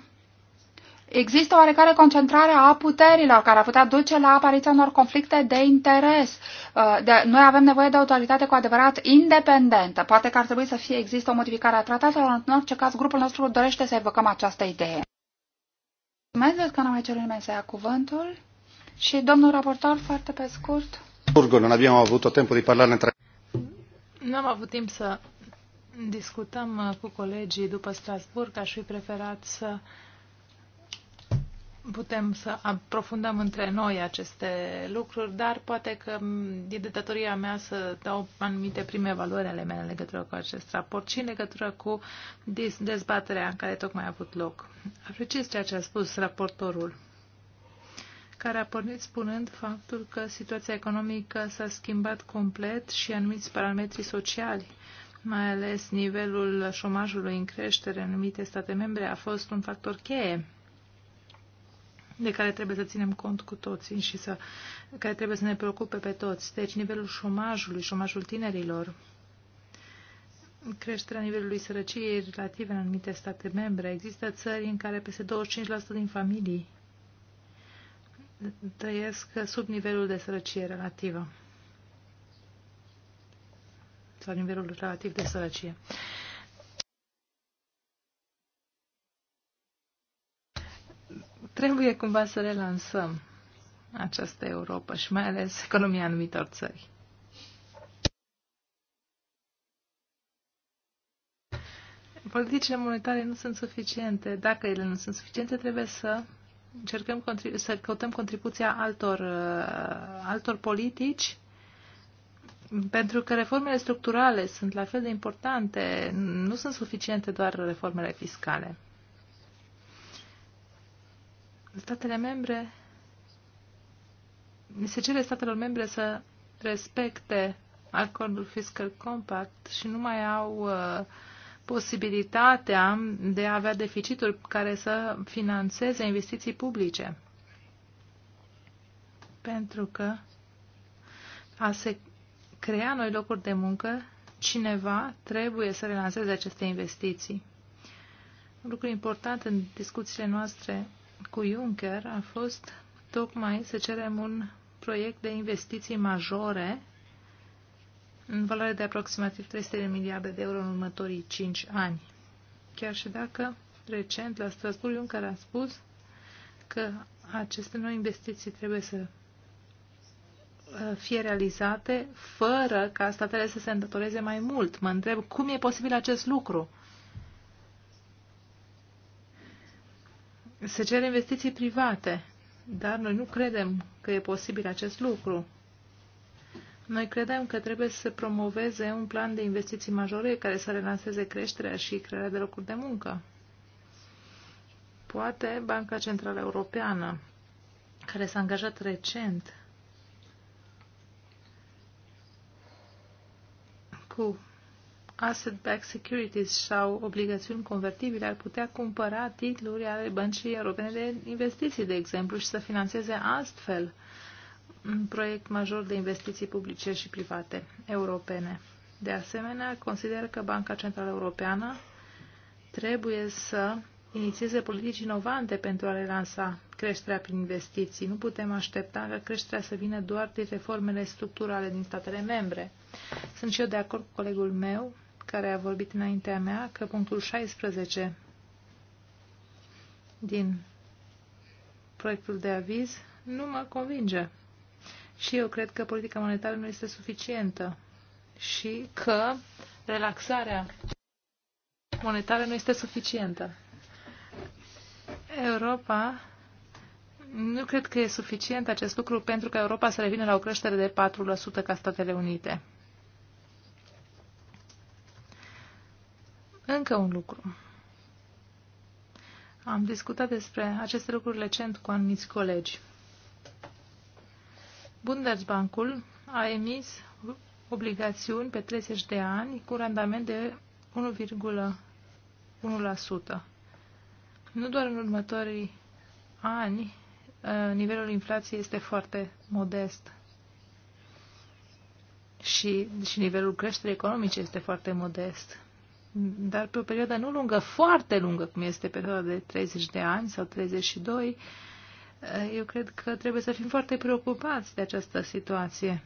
există oarecare concentrare a puterilor care ar putea duce la apariția unor conflicte de interes. Uh, de, noi avem nevoie de autoritate cu adevărat independentă. Poate că ar trebui să fie există o modificare a tratatelor. În orice caz, grupul nostru dorește să evocăm această idee. Mulțumesc că n-am mai cerut nimeni să ia cuvântul. Și domnul raportor, foarte pe scurt. Nu non parlare am avut timp să discutăm uh, cu colegii după Strasburg, aș fi preferat să putem să aprofundăm între noi aceste lucruri, dar poate că mm, e de datoria mea să dau anumite prime valori ale mele în legătură cu acest raport și în legătură cu dezbaterea în care tocmai a avut loc. Apreciez ceea ce a spus raportorul care a pornit spunând faptul că situația economică s-a schimbat complet și anumiți parametri sociali mai ales nivelul șomajului în creștere în anumite state membre, a fost un factor cheie de care trebuie să ținem cont cu toții și să, care trebuie să ne preocupe pe toți. Deci nivelul șomajului, șomajul tinerilor, creșterea nivelului sărăciei relative în anumite state membre. Există țări în care peste 25% din familii trăiesc sub nivelul de sărăcie relativă la nivelul relativ de sărăcie. Trebuie cumva să relansăm această Europa și mai ales economia anumitor țări. Politicile monetare nu sunt suficiente. Dacă ele nu sunt suficiente, trebuie să încercăm să căutăm contribuția altor, uh, altor politici pentru că reformele structurale sunt la fel de importante, nu sunt suficiente doar reformele fiscale. Statele membre, mi se cere statelor membre să respecte acordul fiscal compact și nu mai au uh, posibilitatea de a avea deficituri care să financeze investiții publice. Pentru că a se crea noi locuri de muncă, cineva trebuie să relanseze aceste investiții. Un lucru important în discuțiile noastre cu Juncker a fost tocmai să cerem un proiect de investiții majore în valoare de aproximativ 300 de miliarde de euro în următorii 5 ani. Chiar și dacă recent la Strasbourg Juncker a spus că aceste noi investiții trebuie să fie realizate fără ca statele să se îndătoreze mai mult. Mă întreb cum e posibil acest lucru. Se cer investiții private, dar noi nu credem că e posibil acest lucru. Noi credem că trebuie să promoveze un plan de investiții majore care să relanseze creșterea și crearea de locuri de muncă. Poate Banca Centrală Europeană, care s-a angajat recent cu asset-backed securities sau obligațiuni convertibile ar putea cumpăra titluri ale băncii europene de investiții, de exemplu, și să financeze astfel un proiect major de investiții publice și private europene. De asemenea, consider că Banca Centrală Europeană trebuie să inițieze politici inovante pentru a relansa creșterea prin investiții. Nu putem aștepta ca creșterea să vină doar din reformele structurale din statele membre. Sunt și eu de acord cu colegul meu, care a vorbit înaintea mea, că punctul 16 din proiectul de aviz nu mă convinge. Și eu cred că politica monetară nu este suficientă și că relaxarea monetară nu este suficientă. Europa nu cred că e suficient acest lucru pentru că Europa să revină la o creștere de 4% ca Statele Unite. Încă un lucru. Am discutat despre aceste lucruri recent cu anumiți colegi. Bundesbankul a emis obligațiuni pe 30 de ani cu randament de 1,1%. Nu doar în următorii ani, ă, nivelul inflației este foarte modest și, și nivelul creșterii economice este foarte modest dar pe o perioadă nu lungă, foarte lungă, cum este perioada de 30 de ani sau 32, eu cred că trebuie să fim foarte preocupați de această situație.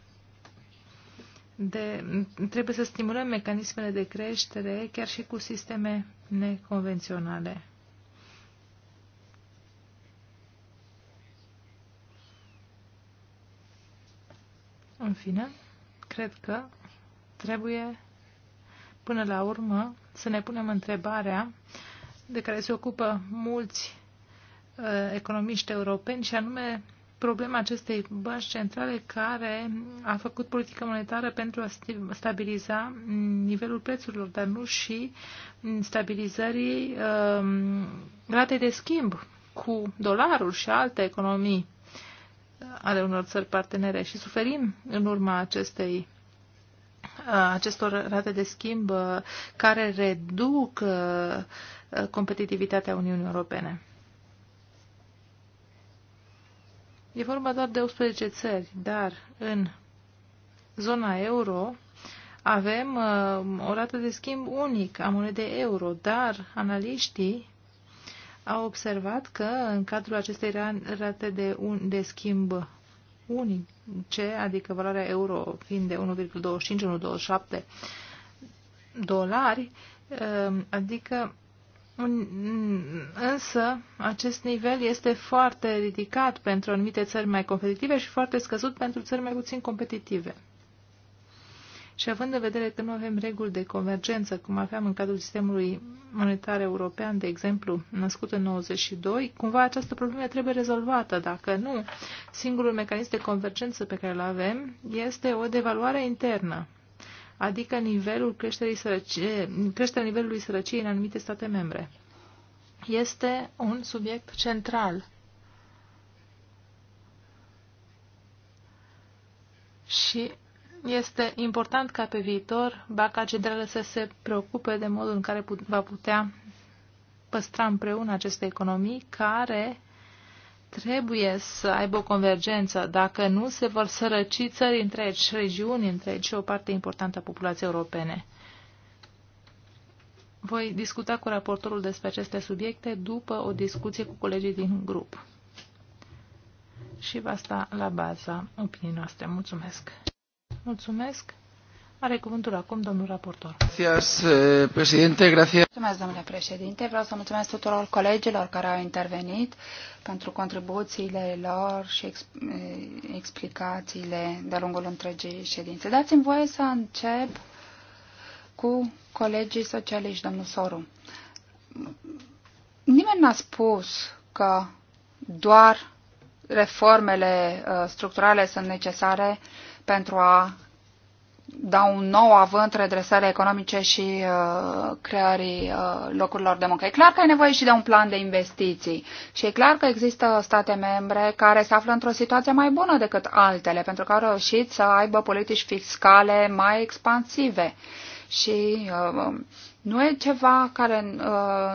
De, trebuie să stimulăm mecanismele de creștere chiar și cu sisteme neconvenționale. În fine, cred că trebuie până la urmă să ne punem întrebarea de care se ocupă mulți uh, economiști europeni și anume problema acestei bănci centrale care a făcut politică monetară pentru a stabiliza nivelul prețurilor, dar nu și stabilizării uh, um, ratei de schimb cu dolarul și alte economii uh, ale unor țări partenere și suferim în urma acestei acestor rate de schimb care reduc competitivitatea Uniunii Europene. E vorba doar de 18 țări, dar în zona euro avem o rată de schimb unic a monedei euro, dar analiștii au observat că în cadrul acestei rate de, un, de schimb unic adică valoarea euro fiind de 1,25-1,27 dolari, um, adică Însă, acest nivel este foarte ridicat pentru anumite țări mai competitive și foarte scăzut pentru țări mai puțin competitive. Și având în vedere că nu avem reguli de convergență, cum aveam în cadrul sistemului monetar european, de exemplu, născut în 92, cumva această problemă trebuie rezolvată. Dacă nu, singurul mecanism de convergență pe care îl avem este o devaluare internă adică nivelul creșterii, sărăcie, creșterea nivelului sărăciei în anumite state membre. Este un subiect central. Și este important ca pe viitor Banca Centrală să se preocupe de modul în care va putea păstra împreună aceste economii care trebuie să aibă o convergență. Dacă nu, se vor sărăci țări întregi, regiuni întregi și o parte importantă a populației europene. Voi discuta cu raportorul despre aceste subiecte după o discuție cu colegii din grup. Și va sta la baza opinii noastre. Mulțumesc! Mulțumesc. Are cuvântul acum domnul raportor. Gracias, eh, președinte. Gracias. Mulțumesc, domnule președinte. Vreau să mulțumesc tuturor colegilor care au intervenit pentru contribuțiile lor și eh, explicațiile de-a lungul întregii ședințe. Dați-mi voie să încep cu colegii socialiști, domnul Soru. Nimeni n-a spus că doar reformele eh, structurale sunt necesare uh, pentru a da un nou avânt redresării economice și uh, creării uh, locurilor de muncă. E clar că e nevoie și de un plan de investiții și e clar că există state membre care se află într-o situație mai bună decât altele, pentru că au reușit să aibă politici fiscale mai expansive. Și uh, nu e ceva care uh,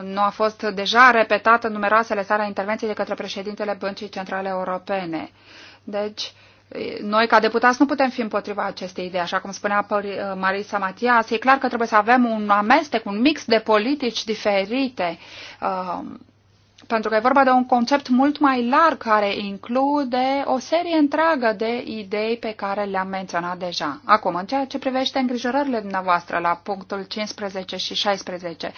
nu a fost deja repetat în numeroasele sale intervenții de către președintele Băncii Centrale Europene. Deci, uh, noi, ca deputați, nu putem fi împotriva acestei idei. Așa cum spunea uh, Marisa Matias, e clar că trebuie să avem un amestec, un mix de politici diferite, uh, pentru că e vorba de un concept mult mai larg care include o serie întreagă de idei pe care le-am menționat deja. Acum, în ceea ce privește îngrijorările dumneavoastră la punctul 15 și 16,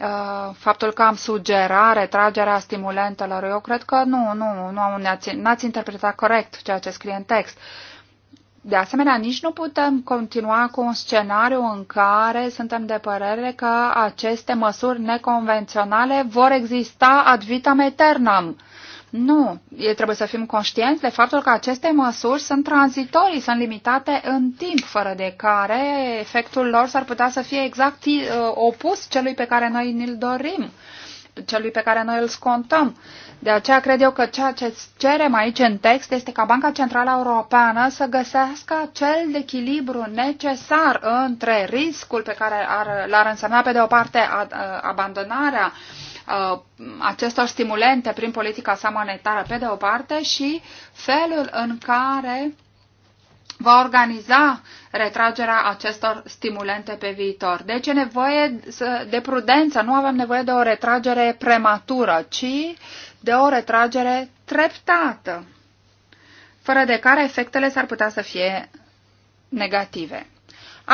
Uh, faptul că am sugera retragerea stimulentelor. Eu cred că nu, nu, nu n-ați interpretat corect ceea ce scrie în text. De asemenea, nici nu putem continua cu un scenariu în care suntem de părere că aceste măsuri neconvenționale vor exista ad vitam aeternam. Nu, e, trebuie să fim conștienți de faptul că aceste măsuri sunt tranzitorii, sunt limitate în timp, fără de care efectul lor s-ar putea să fie exact ă, opus celui pe care noi ni-l dorim, celui pe care noi îl scontăm. De aceea cred eu că ceea ce cerem aici în text este ca Banca Centrală Europeană să găsească cel de echilibru necesar între riscul pe care l-ar însemna pe de o parte ă, abandonarea uh, Uh, acestor stimulente prin politica sa monetară pe de o parte și felul în care va organiza retragerea acestor stimulente pe viitor. Deci e nevoie de prudență, nu avem nevoie de o retragere prematură, ci de o retragere treptată, fără de care efectele s-ar putea să fie negative.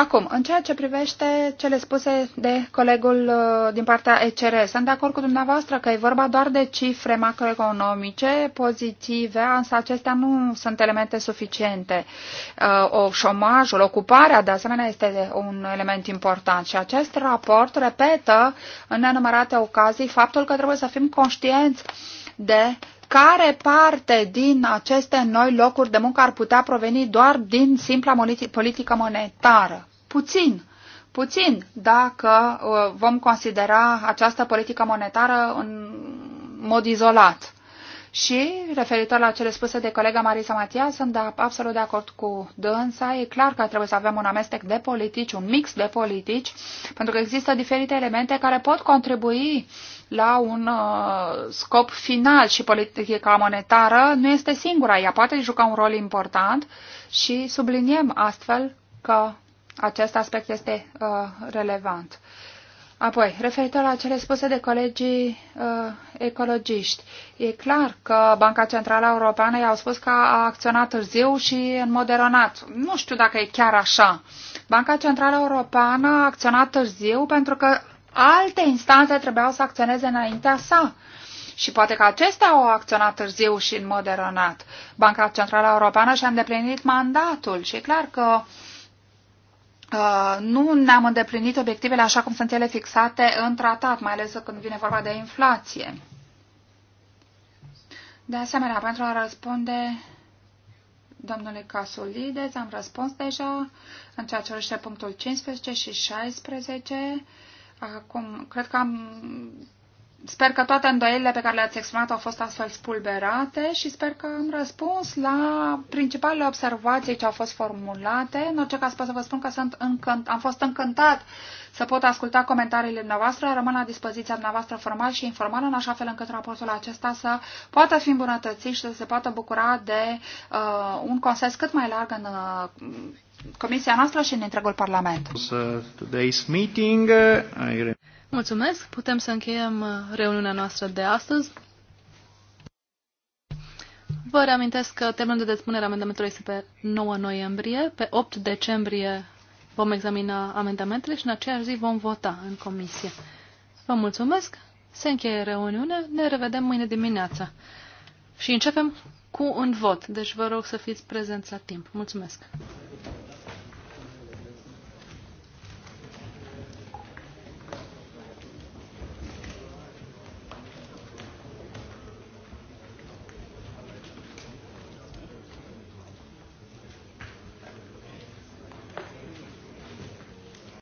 Acum, în ceea ce privește cele spuse de colegul uh, din partea ECR, sunt de acord cu dumneavoastră că e vorba doar de cifre macroeconomice pozitive, însă acestea nu sunt elemente suficiente. Uh, o șomajul, ocuparea, de asemenea, este un element important și acest raport repetă în nenumărate ocazii faptul că trebuie să fim conștienți de care parte din aceste noi locuri de muncă ar putea proveni doar din simpla politică monetară puțin. Puțin dacă uh, vom considera această politică monetară în mod izolat. Și, referitor la cele spuse de colega Marisa Matia, sunt absolut de acord cu dânsa. E clar că trebuie să avem un amestec de politici, un mix de politici, pentru că există diferite elemente care pot contribui la un uh, scop final și politica monetară nu este singura. Ea poate juca un rol important și subliniem astfel că acest aspect este uh, relevant. Apoi, referitor la cele spuse de colegii uh, ecologiști, e clar că Banca Centrală Europeană i-au spus că a acționat târziu și în mod eronat. Nu știu dacă e chiar așa. Banca Centrală Europeană a acționat târziu pentru că alte instanțe trebuiau să acționeze înaintea sa. Și poate că acestea au acționat târziu și în mod eronat. Banca Centrală Europeană și-a îndeplinit mandatul și e clar că uh, Uh, nu ne-am îndeplinit obiectivele așa cum sunt ele fixate în tratat, mai ales când vine vorba de inflație. De asemenea, pentru a răspunde domnului Casolides, am răspuns deja în ceea ce privește punctul 15 și 16. Acum, cred că am Sper că toate îndoielile pe care le-ați exprimat au fost astfel spulberate și sper că am răspuns la principalele observații ce au fost formulate. În orice caz pot să vă spun că sunt încânt, am fost încântat să pot asculta comentariile noastre, rămân la dispoziția noastră formal și informal, în așa fel încât raportul acesta să poată fi îmbunătățit și să se poată bucura de uh, un consens cât mai larg în uh, comisia noastră și în întregul Parlament. Mulțumesc! Putem să încheiem uh, reuniunea noastră de astăzi. Vă reamintesc că termenul de depunere a amendamentului este pe 9 noiembrie. Pe 8 decembrie vom examina amendamentele și în aceeași zi vom vota în comisie. Vă mulțumesc! Se încheie reuniunea, ne revedem mâine dimineața și începem cu un vot. Deci vă rog să fiți prezenți la timp. Mulțumesc!